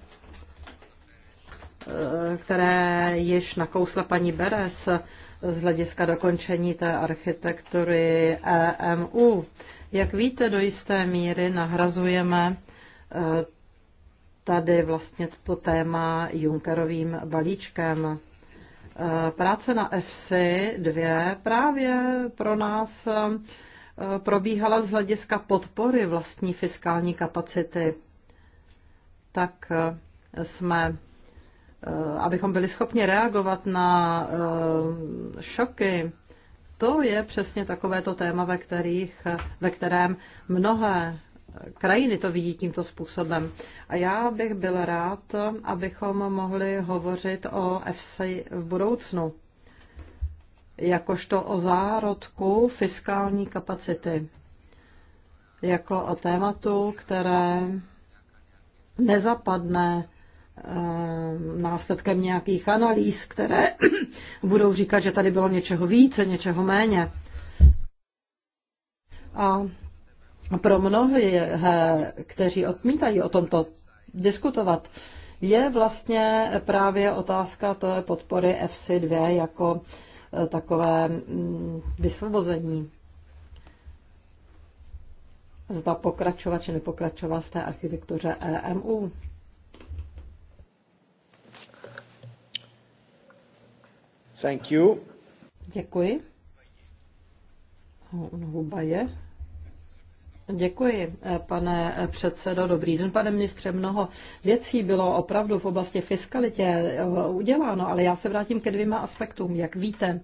které již nakousla paní Beres z hlediska dokončení té architektury EMU. Jak víte, do jisté míry nahrazujeme eh, tady vlastně toto téma Junkerovým balíčkem. Eh, práce na FC2 právě pro nás Eh, probíhala z hlediska podpory vlastní fiskální kapacity, tak eh, jsme, eh, abychom byli schopni reagovat na šoky, to je přesně takovéto téma, ve, kterých, ve kterém mnohé krajiny to vidí tímto způsobem. A já bych byl rád, abychom mohli hovořit o EFSA v budoucnu jakožto o zárodku fiskální kapacity, jako o tématu, které nezapadne eh, následkem nějakých analýz, které budou říkat, že tady bylo něčeho více, něčeho méně. A pro mnohé, eh, kteří odmítají o tomto diskutovat, je vlastně právě otázka té podpory FC2 jako Eh, takové mm, vysvobození. Zda pokračovat či nepokračovat v té architektuře EMU. Thank you. Děkuji. Hubaje. Děkuji, eh, pane eh, předsedo. Dobrý den, pane ministře. Mnoho věcí bylo opravdu v oblasti fiskalitě eh, uděláno, ale já se vrátím ke dvěma aspektům. Jak víte,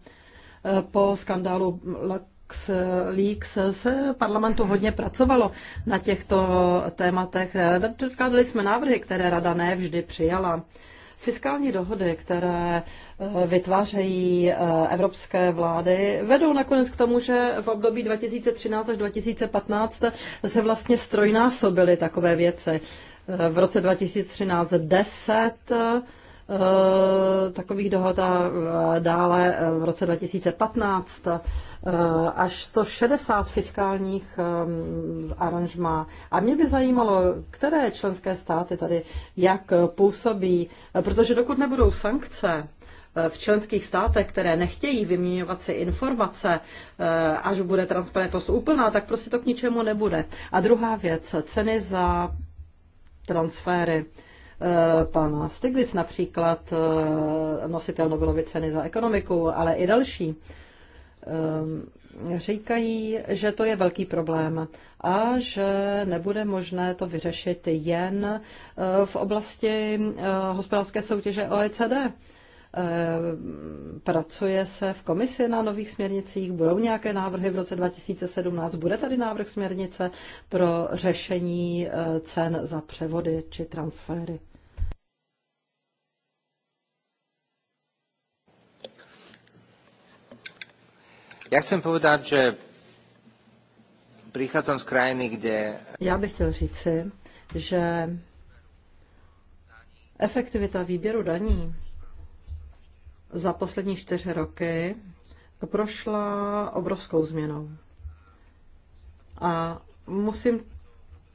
po skandálu LuxLeaks se parlamentu hodně pracovalo na těchto tématech. Předkládali jsme návrhy, které rada ne vždy přijala. Fiskální dohody, které eh, vytvářejí eh, evropské vlády, vedou nakonec k tomu, že v období 2013 až 2015 se vlastně strojnásobily takové věci. Eh, v roce 2013 10 Eh, takových dohod a eh, dále eh, v roce 2015 až 160 fiskálních aranžmá. A mě by zajímalo, které členské státy tady jak působí, protože dokud nebudou sankce, v členských státech, které nechtějí vyměňovat si informace, až bude transparentnost úplná, tak prostě to k ničemu nebude. A druhá věc, ceny za transfery. Eh, pan Stiglitz například, eh, nositel Nobelovy ceny za ekonomiku, ale i další, eh, říkají, že to je velký problém a že nebude možné to vyřešit jen v oblasti hospodářské soutěže OECD Eh, pracuje se v komisi na nových směrnicích, budou nějaké návrhy v roce 2017, bude tady návrh směrnice pro řešení eh, cen za převody či transfery. Já chcem povedat, že přicházím z krajiny, kde... Já bych chtěl říci, že efektivita výběru daní za poslední čtyři roky prošla obrovskou změnou. A musím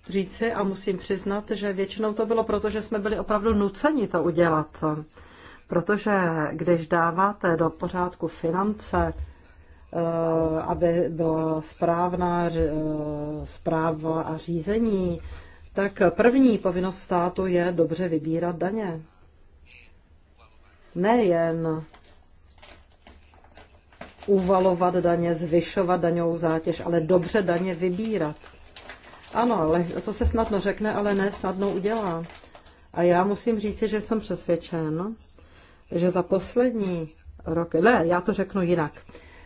říci a musím přiznat, že většinou to bylo proto, že jsme byli opravdu nuceni to udělat. Protože když dáváte do pořádku finance, eh, aby byla správná zpráva eh, a řízení, tak první povinnost státu je dobře vybírat daně nejen uvalovat daně, zvyšovat daňovou zátěž, ale dobře daně vybírat. Ano, ale co se snadno řekne, ale ne snadno udělá. A já musím říci, že jsem přesvědčen, že za poslední roky, ne, já to řeknu jinak,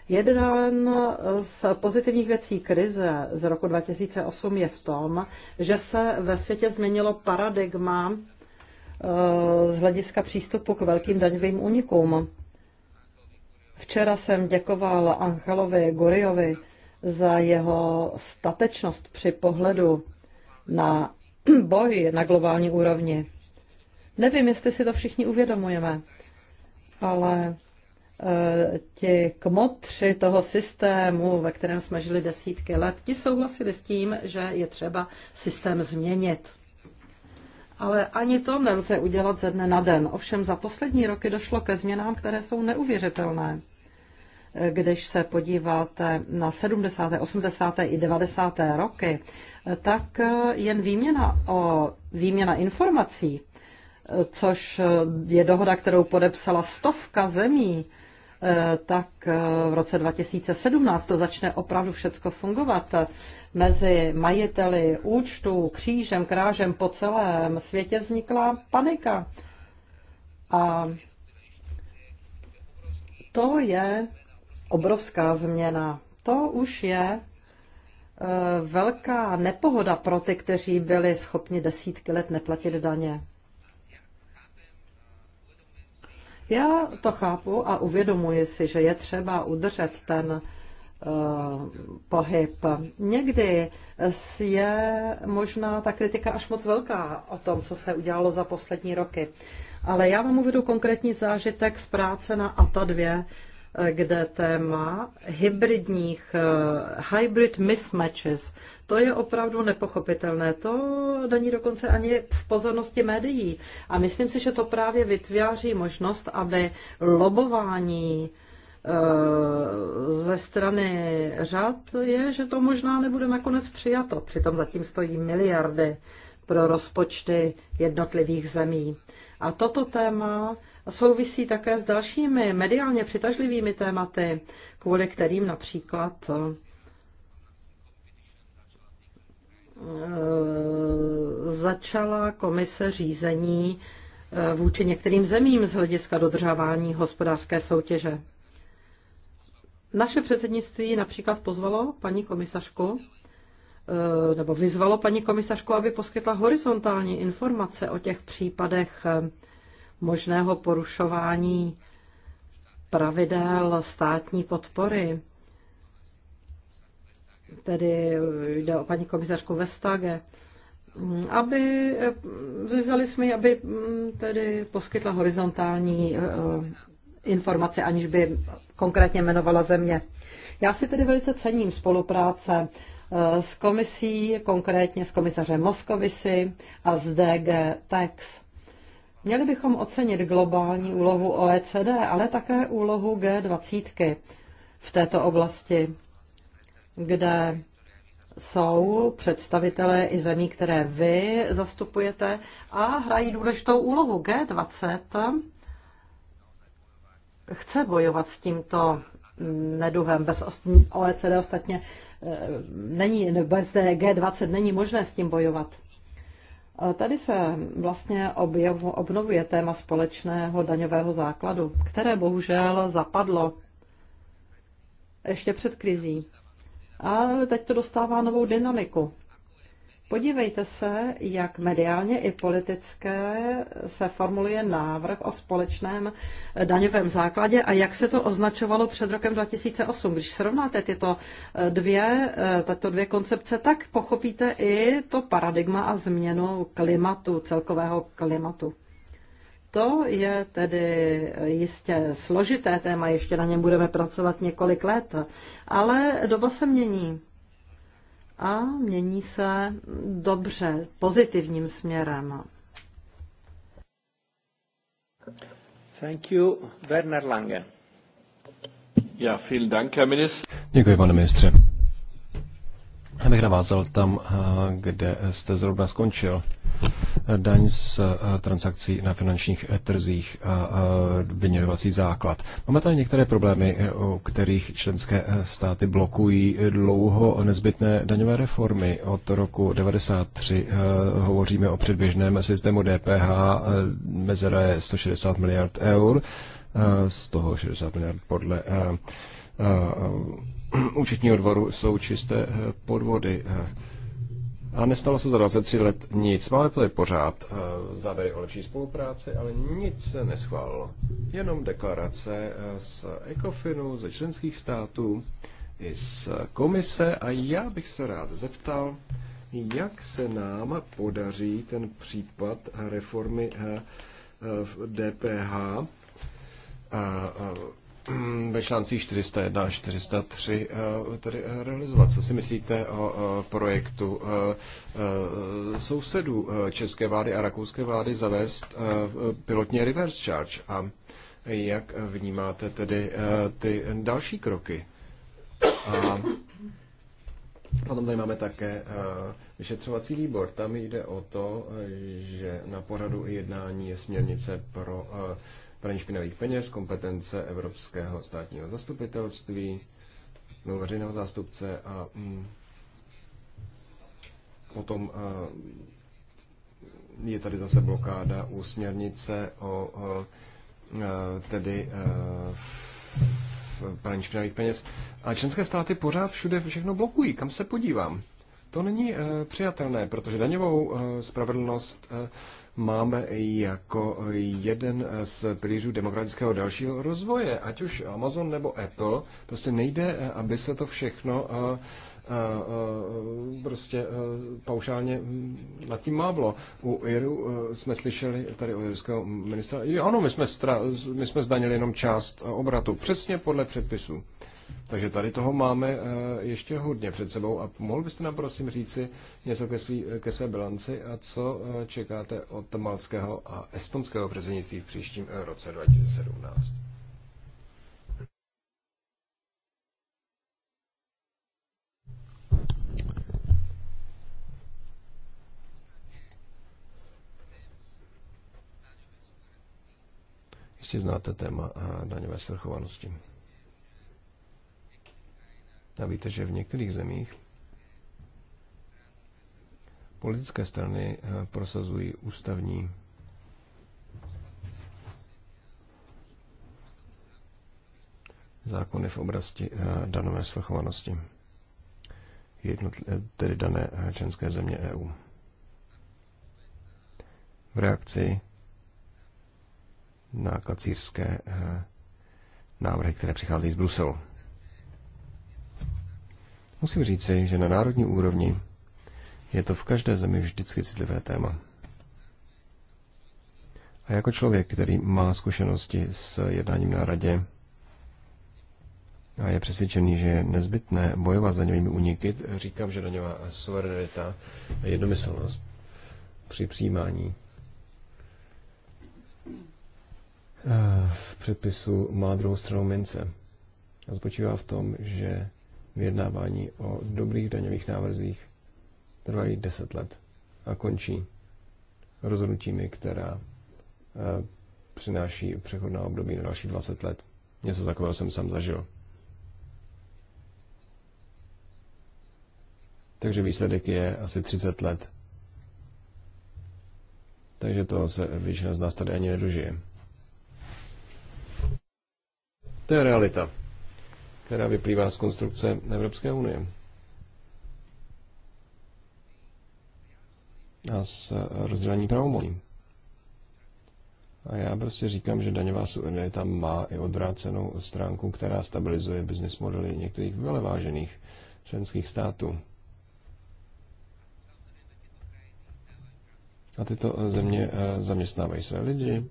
Jeden z pozitivních věcí krize z roku 2008 je v tom, že se ve světě změnilo paradigma Eh, z hlediska přístupu k velkým daňovým únikům. Včera jsem děkoval Angelovi Goriovi za jeho statečnost při pohledu na boj na globální úrovni. Nevím, jestli si to všichni uvědomujeme, ale e, ti kmotři toho systému, ve kterém jsme žili desítky let, ti souhlasili s tím, že je třeba systém změnit. Ale ani to nelze udělat ze dne na den. Ovšem za poslední roky došlo ke změnám, které jsou neuvěřitelné. Když se podíváte na 70., 80. i 90. roky, tak jen výměna, o, výměna informací, což je dohoda, kterou podepsala stovka zemí, Eh, tak eh, v roce 2017 to začne opravdu všecko fungovat. Mezi majiteli účtu, křížem, krážem po celém světě vznikla panika. A to je obrovská změna. To už je eh, velká nepohoda pro ty, kteří byli schopni desítky let neplatit daně. Já to chápu a uvědomuji si, že je třeba udržet ten eh, pohyb. Někdy je možná ta kritika až moc velká o tom, co se udělalo za poslední roky. Ale já vám uvedu konkrétní zážitek z práce na ATA 2 kde téma hybridních eh, hybrid mismatches, to je opravdu nepochopitelné. To není dokonce ani v pozornosti médií. A myslím si, že to právě vytváří možnost, aby lobování eh, ze strany řad je, že to možná nebude nakonec přijato. Přitom zatím stojí miliardy pro rozpočty jednotlivých zemí. A toto téma souvisí také s dalšími mediálně přitažlivými tématy, kvůli kterým například eh, začala komise řízení eh, vůči některým zemím z hlediska dodržávání hospodářské soutěže. Naše předsednictví například pozvalo paní komisařku, eh, nebo vyzvalo paní komisařku, aby poskytla horizontální informace o těch případech možného porušování pravidel státní podpory. Tedy jde o paní komisařku Vestage, aby eh, vzali jsme aby mm, tedy poskytla horizontální eh, eh, informace, aniž by konkrétně jmenovala země. Já si tedy velice cením spolupráce s komisí, konkrétně s komisařem Moskovisy a s DG Tex. Měli bychom ocenit globální úlohu OECD, ale také úlohu G20 v této oblasti, kde jsou představitelé i zemí, které vy zastupujete a hrají důležitou úlohu. G20 chce bojovat s tímto neduhem. Bez OECD ostatně eh, není, bez G20 není možné s tím bojovat. Tady se vlastně obnovuje téma společného daňového základu, které bohužel zapadlo ještě před krizí. Ale teď to dostává novou dynamiku. Podívejte se, jak mediálně i politické se formuluje návrh o společném daňovém základě a jak se to označovalo před rokem 2008. Když srovnáte tyto dvě, tato dvě koncepce, tak pochopíte i to paradigma a změnu klimatu, celkového klimatu. To je tedy jistě složité téma, ještě na něm budeme pracovat několik let, ale doba se mění a mění se dobře, pozitivním směrem. Thank you, Werner Lange. Ja, vielen Dank, Herr Minister. Děkuji, pane ministře. Abych navázal tam, eh, kde jste zrovna skončil daň z eh, transakcí na finančních eh, trzích a vyměňovací základ. Máme tady některé problémy, eh, o kterých členské státy blokují dlouho nezbytné daňové reformy. Od roku 1993 hovoříme o předběžném systému DPH, mezera je 160 miliard eur, z toho 60 miliard podle účetního dvoru jsou čisté podvody. A nestalo se za 23 let nic. Máme tady pořád eh, závěry o lepší spolupráci, ale nic se neschválilo. Jenom deklarace eh, z ECOFINu, ze členských států, i z komise a já bych se rád zeptal, jak se nám podaří ten případ reformy DPH eh, Mm, ve článcích 401 a 403 eh, tedy eh, realizovat. Co si myslíte o projektu eh, sousedů české vlády a rakouské vlády zavést pilotně reverse charge a jak vnímáte tedy ty další kroky? A Potom tady máme také vyšetřovací výbor. Tam jde o to, že na poradu jednání je směrnice pro praní špinavých peněz, kompetence Evropského státního zastupitelství, nebo veřejného zástupce a mm, potom uh, je tady zase blokáda u směrnice o uh, tedy uh, praní špinavých peněz. A členské státy pořád všude všechno blokují. Kam se podívám? To není uh, přijatelné, protože daňovou uh, spravedlnost uh, máme jako jeden z pilířů demokratického dalšího rozvoje, ať už Amazon nebo Apple. Prostě nejde, aby se to všechno eh, eh, eh, prostě paušálně hm, nad tím mávlo. U Iru jsme slyšeli tady u irského ministra, ano, my jsme, stra, my jsme zdanili jenom část obratu, přesně podle předpisů. Takže tady toho máme eh, ještě hodně před sebou a mohl byste nám prosím říci něco ke, svý, eh, ke své bilanci a co eh, čekáte od malského a estonského předsednictví v příštím roce 2017? Jestli znáte téma daňové svrchovanosti. A víte, že v některých zemích politické strany eh, prosazují ústavní zákony v oblasti eh, danové svrchovanosti, eh, tedy dané členské země EU. V reakci na kacířské návrhy, které přichází z Bruselu. Musím říci, že na národní úrovni je to v každé zemi vždycky citlivé téma. A jako člověk, který má zkušenosti s jednáním na radě a je přesvědčený, že je nezbytné bojovat za němi uniky, říkám, že daňová suverenita a jednomyslnost při přijímání eh, v předpisu má druhou stranu mince. A spočívá v tom, že vyjednávání o dobrých daňových návrzích trvají 10 let a končí rozhodnutími, která eh, přináší přechodná období na další 20 let. Něco takového jsem sám zažil. Takže výsledek je asi 30 let. Takže to se většina z nás tady ani nedožije. To je realita která vyplývá z konstrukce Evropské unie. A z eh, rozdělení pravomocí. A já prostě říkám, že daňová suverenita má i odvrácenou stránku, která stabilizuje business modely některých velevážených členských států. A tyto eh, země eh, zaměstnávají své lidi,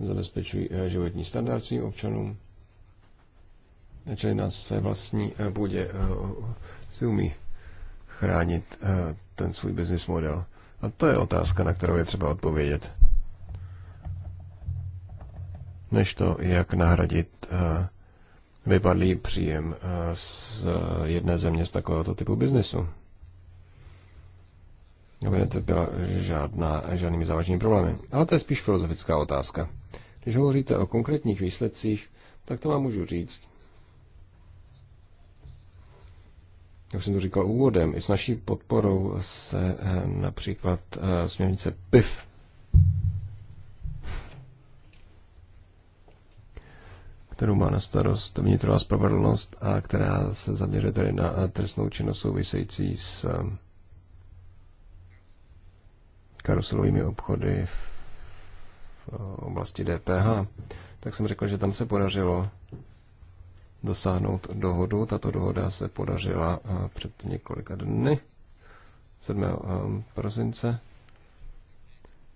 zabezpečují životní standard svým občanům čili na své vlastní eh, půdě eh, si umí chránit eh, ten svůj business model? A to je otázka, na kterou je třeba odpovědět. Než to, jak nahradit vypadlý příjem z jedné země z takovéhoto typu biznesu. Aby netrpěla žádná, žádnými závažnými problémy. Ale to je spíš filozofická otázka. Když hovoříte o konkrétních výsledcích, tak to vám můžu říct. jak jsem to říkal úvodem, i s naší podporou se eh, například eh, směrnice PIF, kterou má na starost vnitrová spravedlnost a která se zaměřuje tedy na eh, trestnou činnost související s karuselovými obchody v oblasti DPH, tak jsem řekl, že tam se podařilo dosáhnout dohodu. Tato dohoda se podařila eh, před několika dny, 7. Eh, prosince,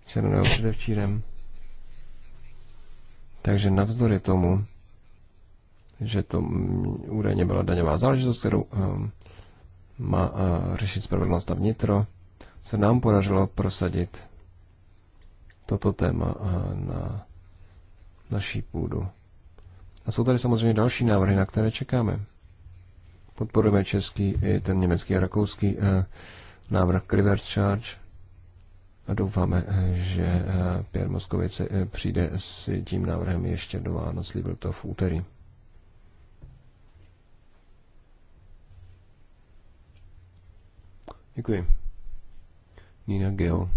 včera nebo předevčírem. Takže navzdory tomu, že to mm, údajně byla daňová záležitost, kterou eh, má řešit spravedlnost a vnitro, se nám podařilo prosadit toto téma na naší půdu. A jsou tady samozřejmě další návrhy, na které čekáme. Podporujeme český i ten německý a rakouský eh, návrh k reverse charge a doufáme, eh, že eh, Pierre Moskovice přijde s tím návrhem ještě do Vánoc, slíbil to v úterý. Děkuji. Nina Gill.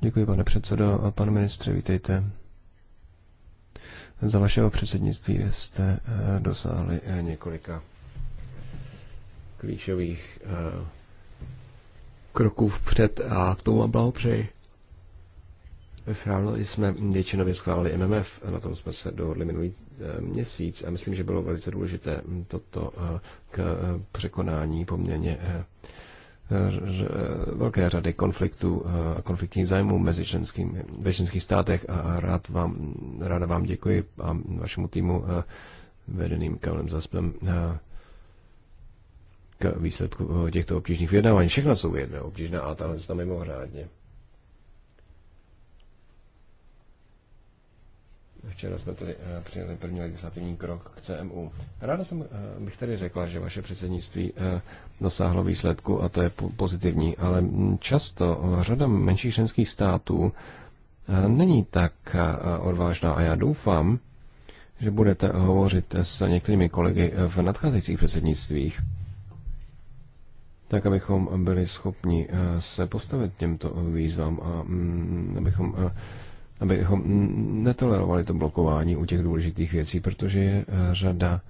Děkuji, pane předsedo a pane ministře, vítejte. Za vašeho předsednictví jste eh, dosáhli eh, několika klíčových eh, kroků vpřed a k tomu vám blahopřeji. Ráno jsme většinově schválili MMF, na tom jsme se dohodli minulý měsíc a myslím, že bylo velice důležité toto k překonání poměrně velké řady konfliktů eh, a konfliktních zájmů mezi členskými, ve ženských státech a rád vám, ráda vám děkuji a vašemu týmu eh, vedeným Karlem Zaspem eh, k výsledku těchto obtížných vyjednávání. Všechna jsou jedné obtížné, ale tahle tam mimořádně. Včera jsme tedy eh, přijeli první legislativní krok k CMU. Ráda jsem, eh, bych tady řekla, že vaše předsednictví eh, dosáhlo výsledku a to je pozitivní, ale často řada menších členských států není tak odvážná a já doufám, že budete hovořit s některými kolegy v nadcházejících předsednictvích, tak abychom byli schopni se postavit těmto výzvám a mm, abychom abychom netolerovali to blokování u těch důležitých věcí, protože je eh, řada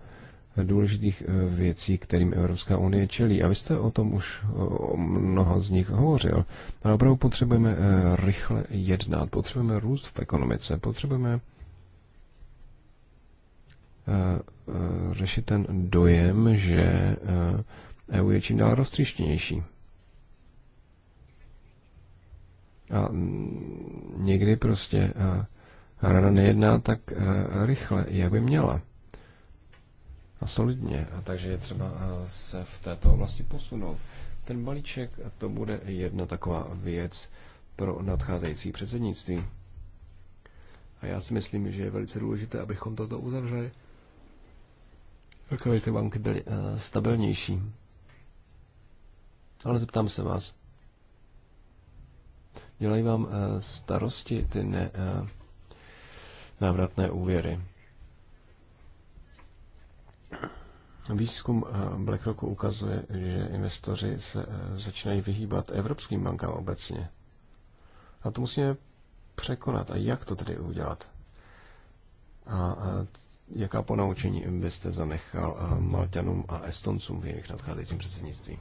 eh, důležitých eh, věcí, kterým Evropská unie čelí. A vy jste o tom už o mnoho z nich hovořil. Ale opravdu potřebujeme rychle jednat, potřebujeme růst v ekonomice, potřebujeme řešit ten dojem, že EU e je čím dál roztřištěnější. A mm, někdy prostě rada nejedná tak rychle, jak by měla. A solidně. A takže je třeba se v této oblasti posunout. Ten balíček, to bude jedna taková věc pro nadcházející předsednictví. A já si myslím, že je velice důležité, abychom toto uzavřeli. Takové ty banky byly uh, stabilnější. Ale zeptám se vás. Dělají vám eh, starosti ty ne, eh, návratné úvěry. Výzkum eh, BlackRocku ukazuje, že investoři se začínají vyhýbat evropským bankám obecně. A to musíme překonat. A jak to tedy udělat? A jaká ponaučení byste zanechal Malťanům a Estoncům v jejich nadcházejícím předsednictví?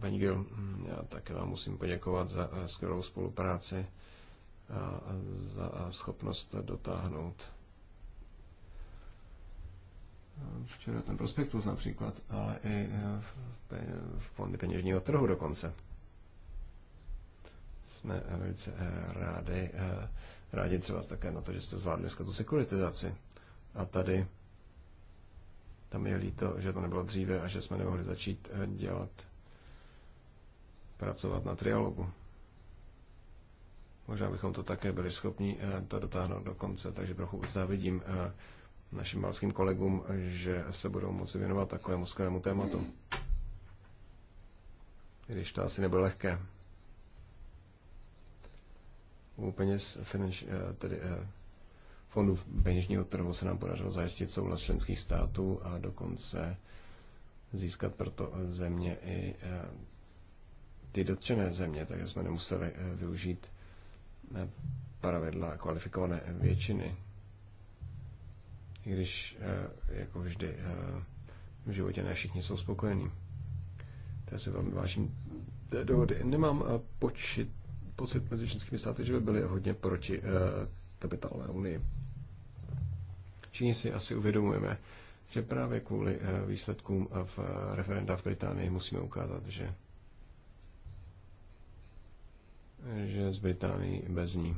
Paní Gil, já také vám musím poděkovat za eh, skvělou spolupráci a za eh, schopnost dotáhnout eh, včera ten prospektus například, ale i v fondy peněžního trhu dokonce. Jsme velice rádi, rádi třeba také na to, že jste zvládli tu sekuritizaci. A tady tam je líto, že to nebylo dříve a že jsme nemohli začít eh, dělat, pracovat na trialogu. Možná bychom to také byli schopni eh, to dotáhnout do konce, takže trochu závidím eh, našim malským kolegům, že se budou moci věnovat takovému skvělému tématu. Když to asi nebylo lehké. U peněz finanční, tedy fondů peněžního trhu se nám podařilo zajistit souhlas členských států a dokonce získat proto země i eh, ty dotčené země, takže jsme nemuseli eh, využít eh, pravidla kvalifikované většiny. I když, jako vždy, v životě ne všichni jsou spokojení. To si velmi vážím té dohody. Nemám počit, pocit mezi členskými státy, že by byli hodně proti kapitálové unii. Všichni si asi uvědomujeme, že právě kvůli eh, výsledkům v eh, referenda v Británii musíme ukázat, že, že z Británii bez ní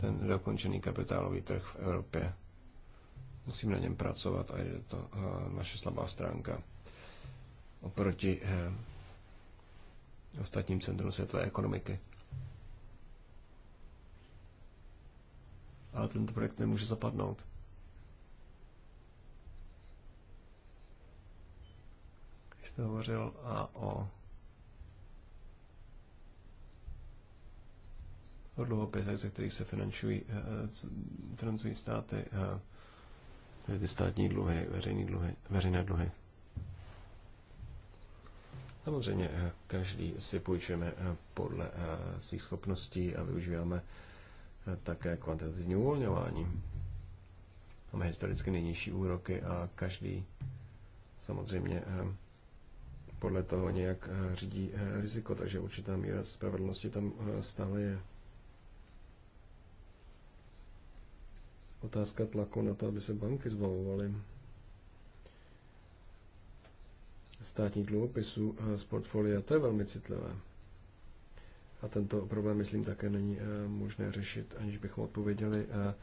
ten dokončený kapitálový trh v Evropě musím na něm pracovat a je to eh, naše slabá stránka oproti ostatním centrum světové ekonomiky. ale tento projekt nemůže zapadnout. Když jste hovořil a o o dluhopisech, ze kterých se financují, eh, eh, financují státy, eh, ty státní dluhy, veřejné dluhy, veřejné dluhy. Samozřejmě, každý si půjčujeme podle svých schopností a využíváme také kvantitativní uvolňování. Máme historicky nejnižší úroky a každý samozřejmě eh, podle toho nějak eh, řídí eh, riziko, takže určitá míra spravedlnosti tam stále je. Otázka tlaku na to, aby se banky zbavovaly státních dluhopisů z portfolia, to je velmi citlivé. A tento problém, myslím, také není eh, možné řešit, aniž bychom odpověděli eh,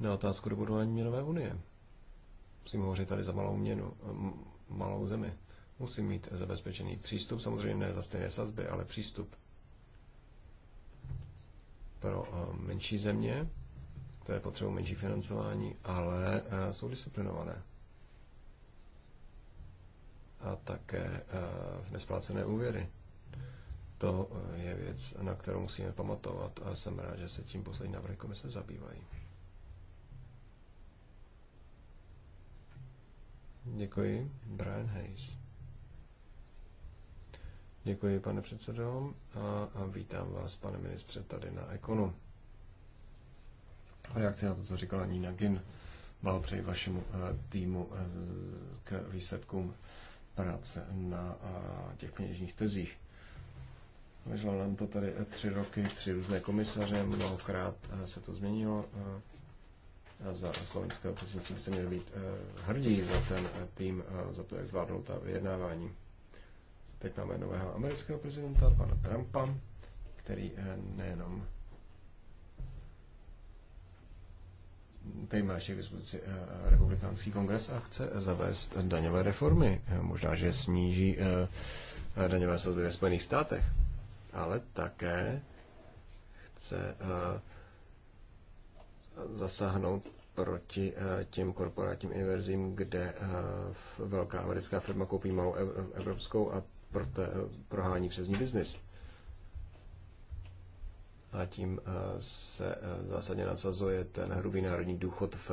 na otázku dobudování měnové unie. Musím hovořit tady za malou měnu, malou zemi. Musí mít zabezpečený přístup, samozřejmě ne za stejné sazby, ale přístup pro eh, menší země, které potřebují menší financování, ale jsou disciplinované. A také v nesplácené úvěry. To je věc, na kterou musíme pamatovat a jsem rád, že se tím poslední návrhy komise zabývají. Děkuji. Brian Hayes. Děkuji, pane předsedo, a, a vítám vás, pane ministře, tady na Ekonu. Reakce na to, co říkala Nina Gin, blahopřeji vašemu e, týmu e, k výsledkům práce na těch peněžních tezích. Leželo nám to tady tři roky, tři různé komisaře, mnohokrát se to změnilo. A za slovenského předsednictví byste měli být eh, hrdí za ten eh, tým, eh, za to, jak zvládnou ta vyjednávání. Teď máme nového amerického prezidenta, pana Trumpa, který nejenom tady má ještě k dispozici republikánský kongres a chce zavést daňové reformy. Možná, že sníží daňové sazby ve Spojených státech ale také chce eh, zasáhnout proti eh, těm korporátním inverzím, kde eh, velká americká firma koupí malou evropskou a prohání přes ní biznis. A tím se zásadně nasazuje ten hrubý národní důchod v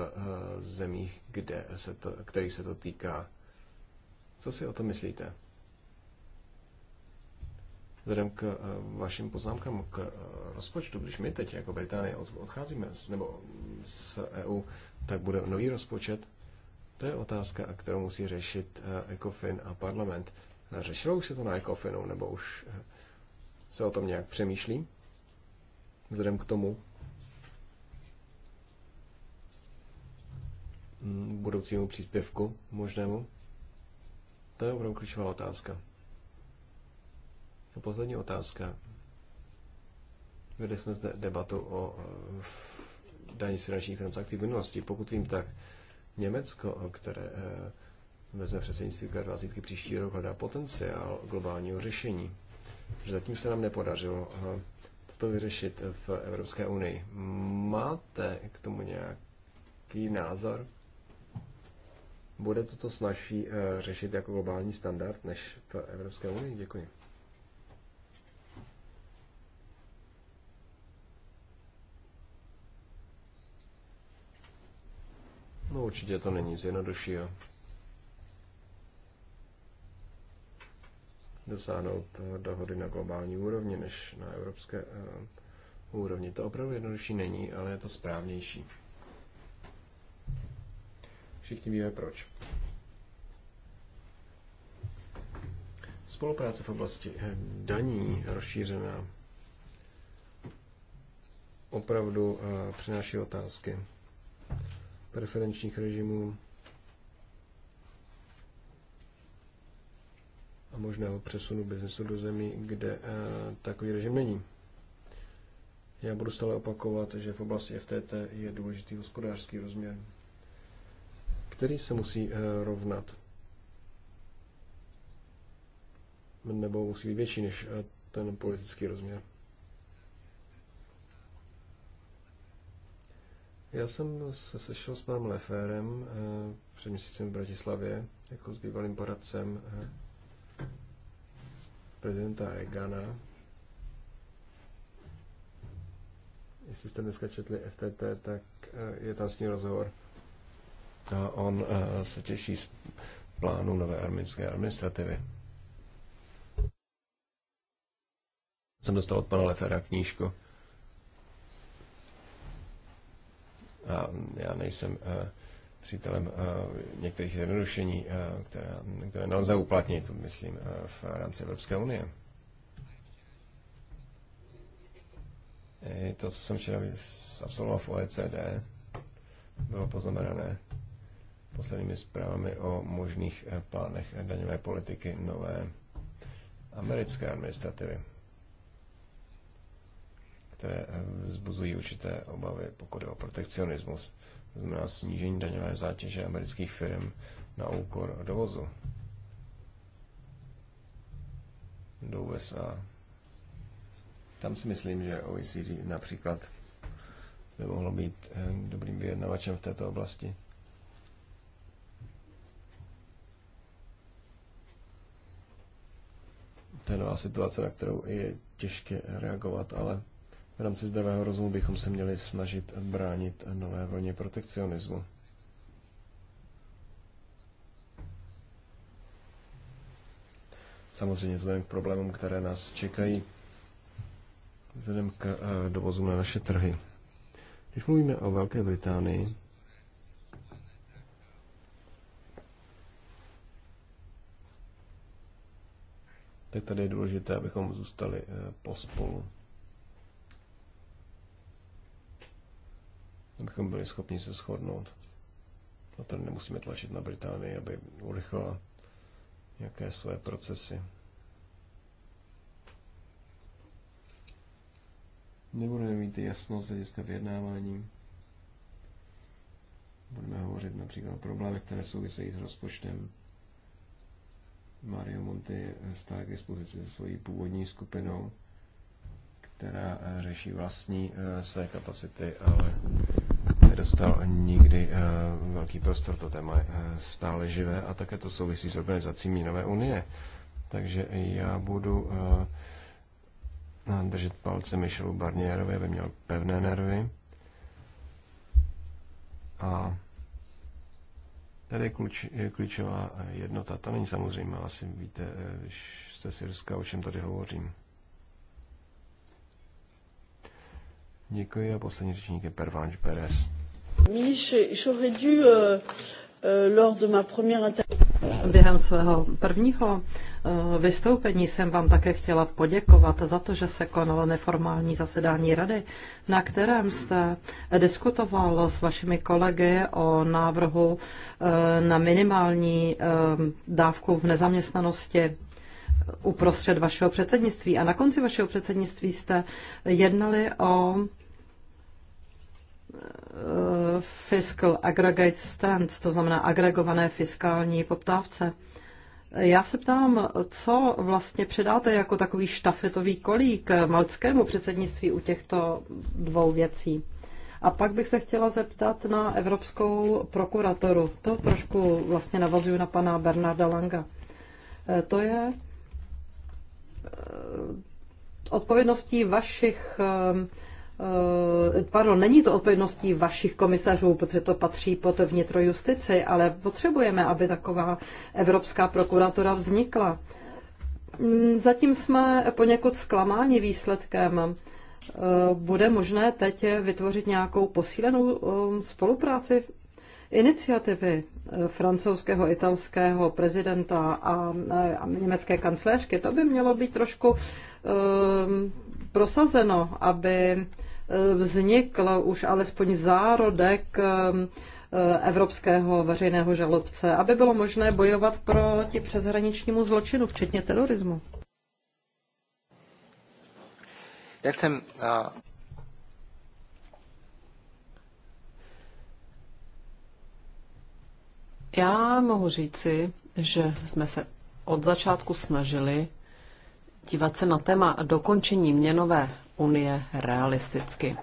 zemích, kde se to, který se to týká. Co si o to myslíte? vzhledem k eh, vašim poznámkám k eh, rozpočtu, když my teď jako Británie odcházíme z, nebo z EU, tak bude nový rozpočet. To je otázka, kterou musí řešit eh, ECOFIN a parlament. Řešilo už se to na ECOFINu, nebo už se o tom nějak přemýšlí? Vzhledem k tomu, mm, budoucímu příspěvku možnému? To je opravdu klíčová otázka. A jako poslední otázka. Vedli jsme zde debatu o eh, daní z finančních transakcí v minulosti. Pokud vím, tak Německo, které eh, vezme předsednictví k 20 příští rok, hledá potenciál globálního řešení. Že zatím se nám nepodařilo eh, to vyřešit v Evropské unii. Máte k tomu nějaký názor? Bude toto snažší řešit jako globální standard než v Evropské unii? Děkuji. No určitě to není nic jednoduššího. Dosáhnout dohody na globální úrovni než na evropské uh, úrovni. To opravdu jednodušší není, ale je to správnější. Všichni víme proč. Spolupráce v oblasti eh, daní rozšířená opravdu eh, přináší otázky preferenčních režimů a možného přesunu biznesu do zemí, kde eh, takový režim není. Já budu stále opakovat, že v oblasti FTT je důležitý hospodářský rozměr, který se musí eh, rovnat nebo musí být větší než eh, ten politický rozměr. Já jsem se sešel s panem Leférem eh, před měsícem v Bratislavě jako s bývalým poradcem eh, prezidenta Reagana. Jestli jste dneska četli FTT, tak eh, je tam s ním rozhovor. A on se těší z plánu nové arménské administrativy. Jsem dostal od pana Lefera knížku. A já nejsem eh, přítelem eh, některých zjednodušení, eh, které, které nelze uplatnit, myslím, v rámci Evropské unie. I to, co jsem včera absolvoval v OECD, bylo poznamenané posledními zprávami o možných plánech daňové politiky nové americké administrativy které eh, vzbuzují určité obavy, pokud je o protekcionismus. To znamená snížení daňové zátěže amerických firm na úkor dovozu do USA. Tam si myslím, že OECD například by mohlo být eh, dobrým vyjednavačem v této oblasti. To je nová situace, na kterou je těžké reagovat, ale v rámci zdravého rozumu bychom se měli snažit bránit nové vlně protekcionismu. Samozřejmě vzhledem k problémům, které nás čekají, vzhledem k eh, dovozu na naše trhy. Když mluvíme o Velké Británii, tak tady je důležité, abychom zůstali eh, pospolu. abychom byli schopni se shodnout. A tady nemusíme tlačit na Británii, aby urychlila nějaké své procesy. Nebudeme mít jasnost z hlediska vyjednávání. Budeme hovořit například o problémech, které souvisejí s rozpočtem. Mario Monti stále k dispozici se svojí původní skupinou která eh, řeší vlastní eh, své kapacity, ale nedostal nikdy eh, velký prostor. To téma je stále živé a také to souvisí s organizací Mínové unie. Takže já budu držet palce Michelu Barnierovi, aby měl pevné nervy. A tady je, kluč, je klíčová jednota. To není samozřejmě, asi víte, když jste si o čem tady hovořím. Děkuji a poslední řečník je Pervanč Perez. Euh, euh, Během svého prvního eh, vystoupení jsem vám také chtěla poděkovat za to, že se konalo neformální zasedání rady, na kterém jste diskutoval s vašimi kolegy o návrhu eh, na minimální eh, dávku v nezaměstnanosti uprostřed vašeho předsednictví. A na konci vašeho předsednictví jste jednali o Eh, fiscal aggregate stance, to znamená agregované fiskální poptávce. Já se ptám, co vlastně předáte jako takový štafetový kolík malckému předsednictví u těchto dvou věcí? A pak bych se chtěla zeptat na evropskou prokuratoru. To trošku vlastně navazuju na pana Bernarda Langa. Eh, to je eh, odpovědností vašich Eh, pardon, není to odpovědností vašich komisařů, protože to patří pod justici, ale potřebujeme, aby taková Evropská prokuratura vznikla. Mm, zatím jsme poněkud zklamáni výsledkem. Eh, bude možné teď vytvořit nějakou posílenou eh, spolupráci iniciativy francouzského, italského prezidenta a, a německé kancléřky, to by mělo být trošku prosazeno, aby uh, Eh, vznikl už alespoň zárodek eh, evropského veřejného žalobce, aby bylo možné bojovat proti přeshraničnímu zločinu, včetně terorismu. Jak jsem... a... Já mohu říci, že jsme se od začátku snažili dívat se na téma dokončení měnové unie realisticky.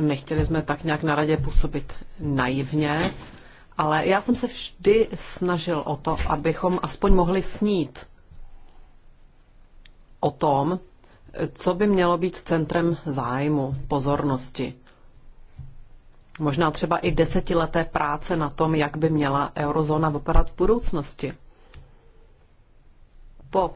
Nechtěli jsme tak nějak na radě působit naivně, ale já jsem se vždy snažil o to, abychom aspoň mohli snít o tom, co by mělo být centrem zájmu, pozornosti. Možná třeba i desetileté práce na tom, jak by měla eurozóna vypadat v budoucnosti. Po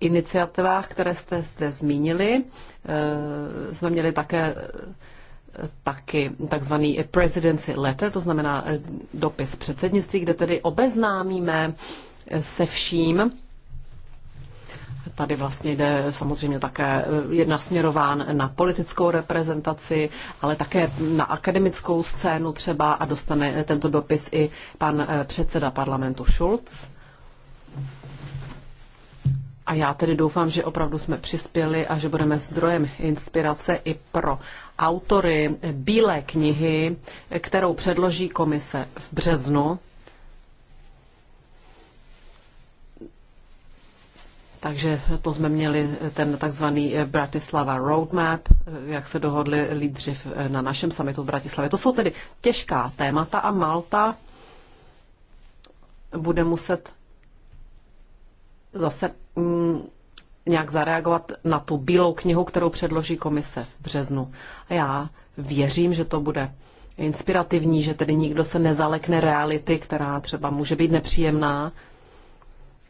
iniciativách, které jste zde zmínili. Eh, jsme měli také eh, taky takzvaný presidency letter, to znamená eh, dopis předsednictví, kde tedy obeznámíme se vším. Tady vlastně jde samozřejmě také, jedna směrován na politickou reprezentaci, ale také na akademickou scénu třeba a dostane tento dopis i pan předseda parlamentu Schulz. A já tedy doufám, že opravdu jsme přispěli a že budeme zdrojem inspirace i pro autory Bílé knihy, kterou předloží komise v březnu. Takže to jsme měli ten takzvaný Bratislava Roadmap, jak se dohodli lídři na našem summitu v Bratislavě. To jsou tedy těžká témata a Malta bude muset zase Mm, nějak zareagovat na tu bílou knihu, kterou předloží komise v březnu. A já věřím, že to bude inspirativní, že tedy nikdo se nezalekne reality, která třeba může být nepříjemná,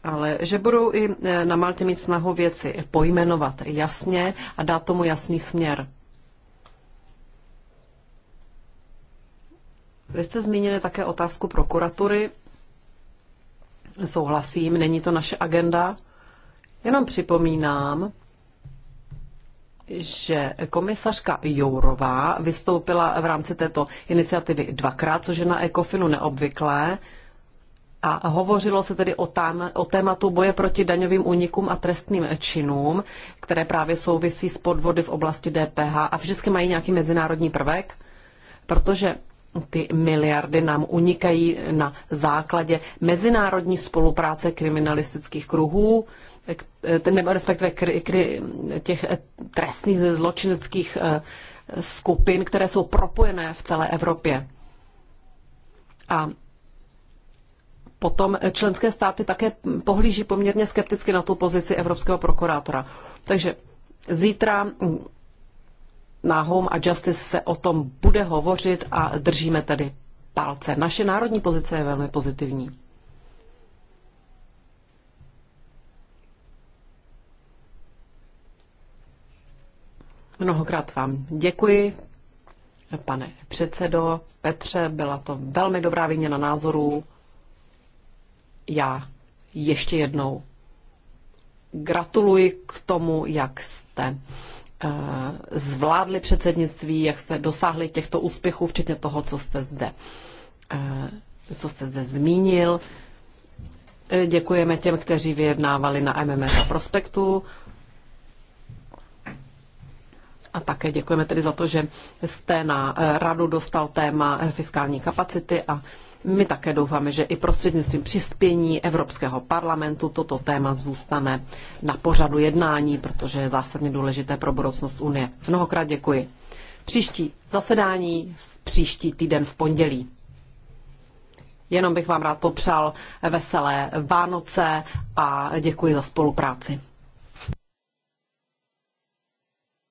ale že budou i e, na Maltě mít snahu věci pojmenovat jasně a dát tomu jasný směr. Vy jste zmínili také otázku prokuratury. Souhlasím, není to naše agenda. Jenom připomínám, že komisařka Jourová vystoupila v rámci této iniciativy dvakrát, což je na Ekofinu neobvyklé. A hovořilo se tedy o, tam, o tématu boje proti daňovým únikům a trestným činům, které právě souvisí s podvody v oblasti DPH a vždycky mají nějaký mezinárodní prvek, protože ty miliardy nám unikají na základě mezinárodní spolupráce kriminalistických kruhů, Eh, nebo respektive kry, kry, těch eh, trestných zločineckých eh, skupin, které jsou propojené v celé Evropě. A potom členské státy také pohlíží poměrně skepticky na tu pozici evropského prokurátora. Takže zítra mm, na Home a Justice se o tom bude hovořit a držíme tedy palce. Naše národní pozice je velmi pozitivní. Mnohokrát vám děkuji, pane předsedo Petře, byla to velmi dobrá výměna názorů. Já ještě jednou gratuluji k tomu, jak jste eh, zvládli předsednictví, jak jste dosáhli těchto úspěchů, včetně toho, co jste zde, eh, co jste zde zmínil. Eh, děkujeme těm, kteří vyjednávali na MMS a prospektu. A také děkujeme tedy za to, že jste na eh, radu dostal téma eh, fiskální kapacity a my také doufáme, že i prostřednictvím přispění Evropského parlamentu toto téma zůstane na pořadu jednání, protože je zásadně důležité pro budoucnost Unie. Mnohokrát děkuji. Příští zasedání v příští týden v pondělí. Jenom bych vám rád popřál veselé Vánoce a děkuji za spolupráci.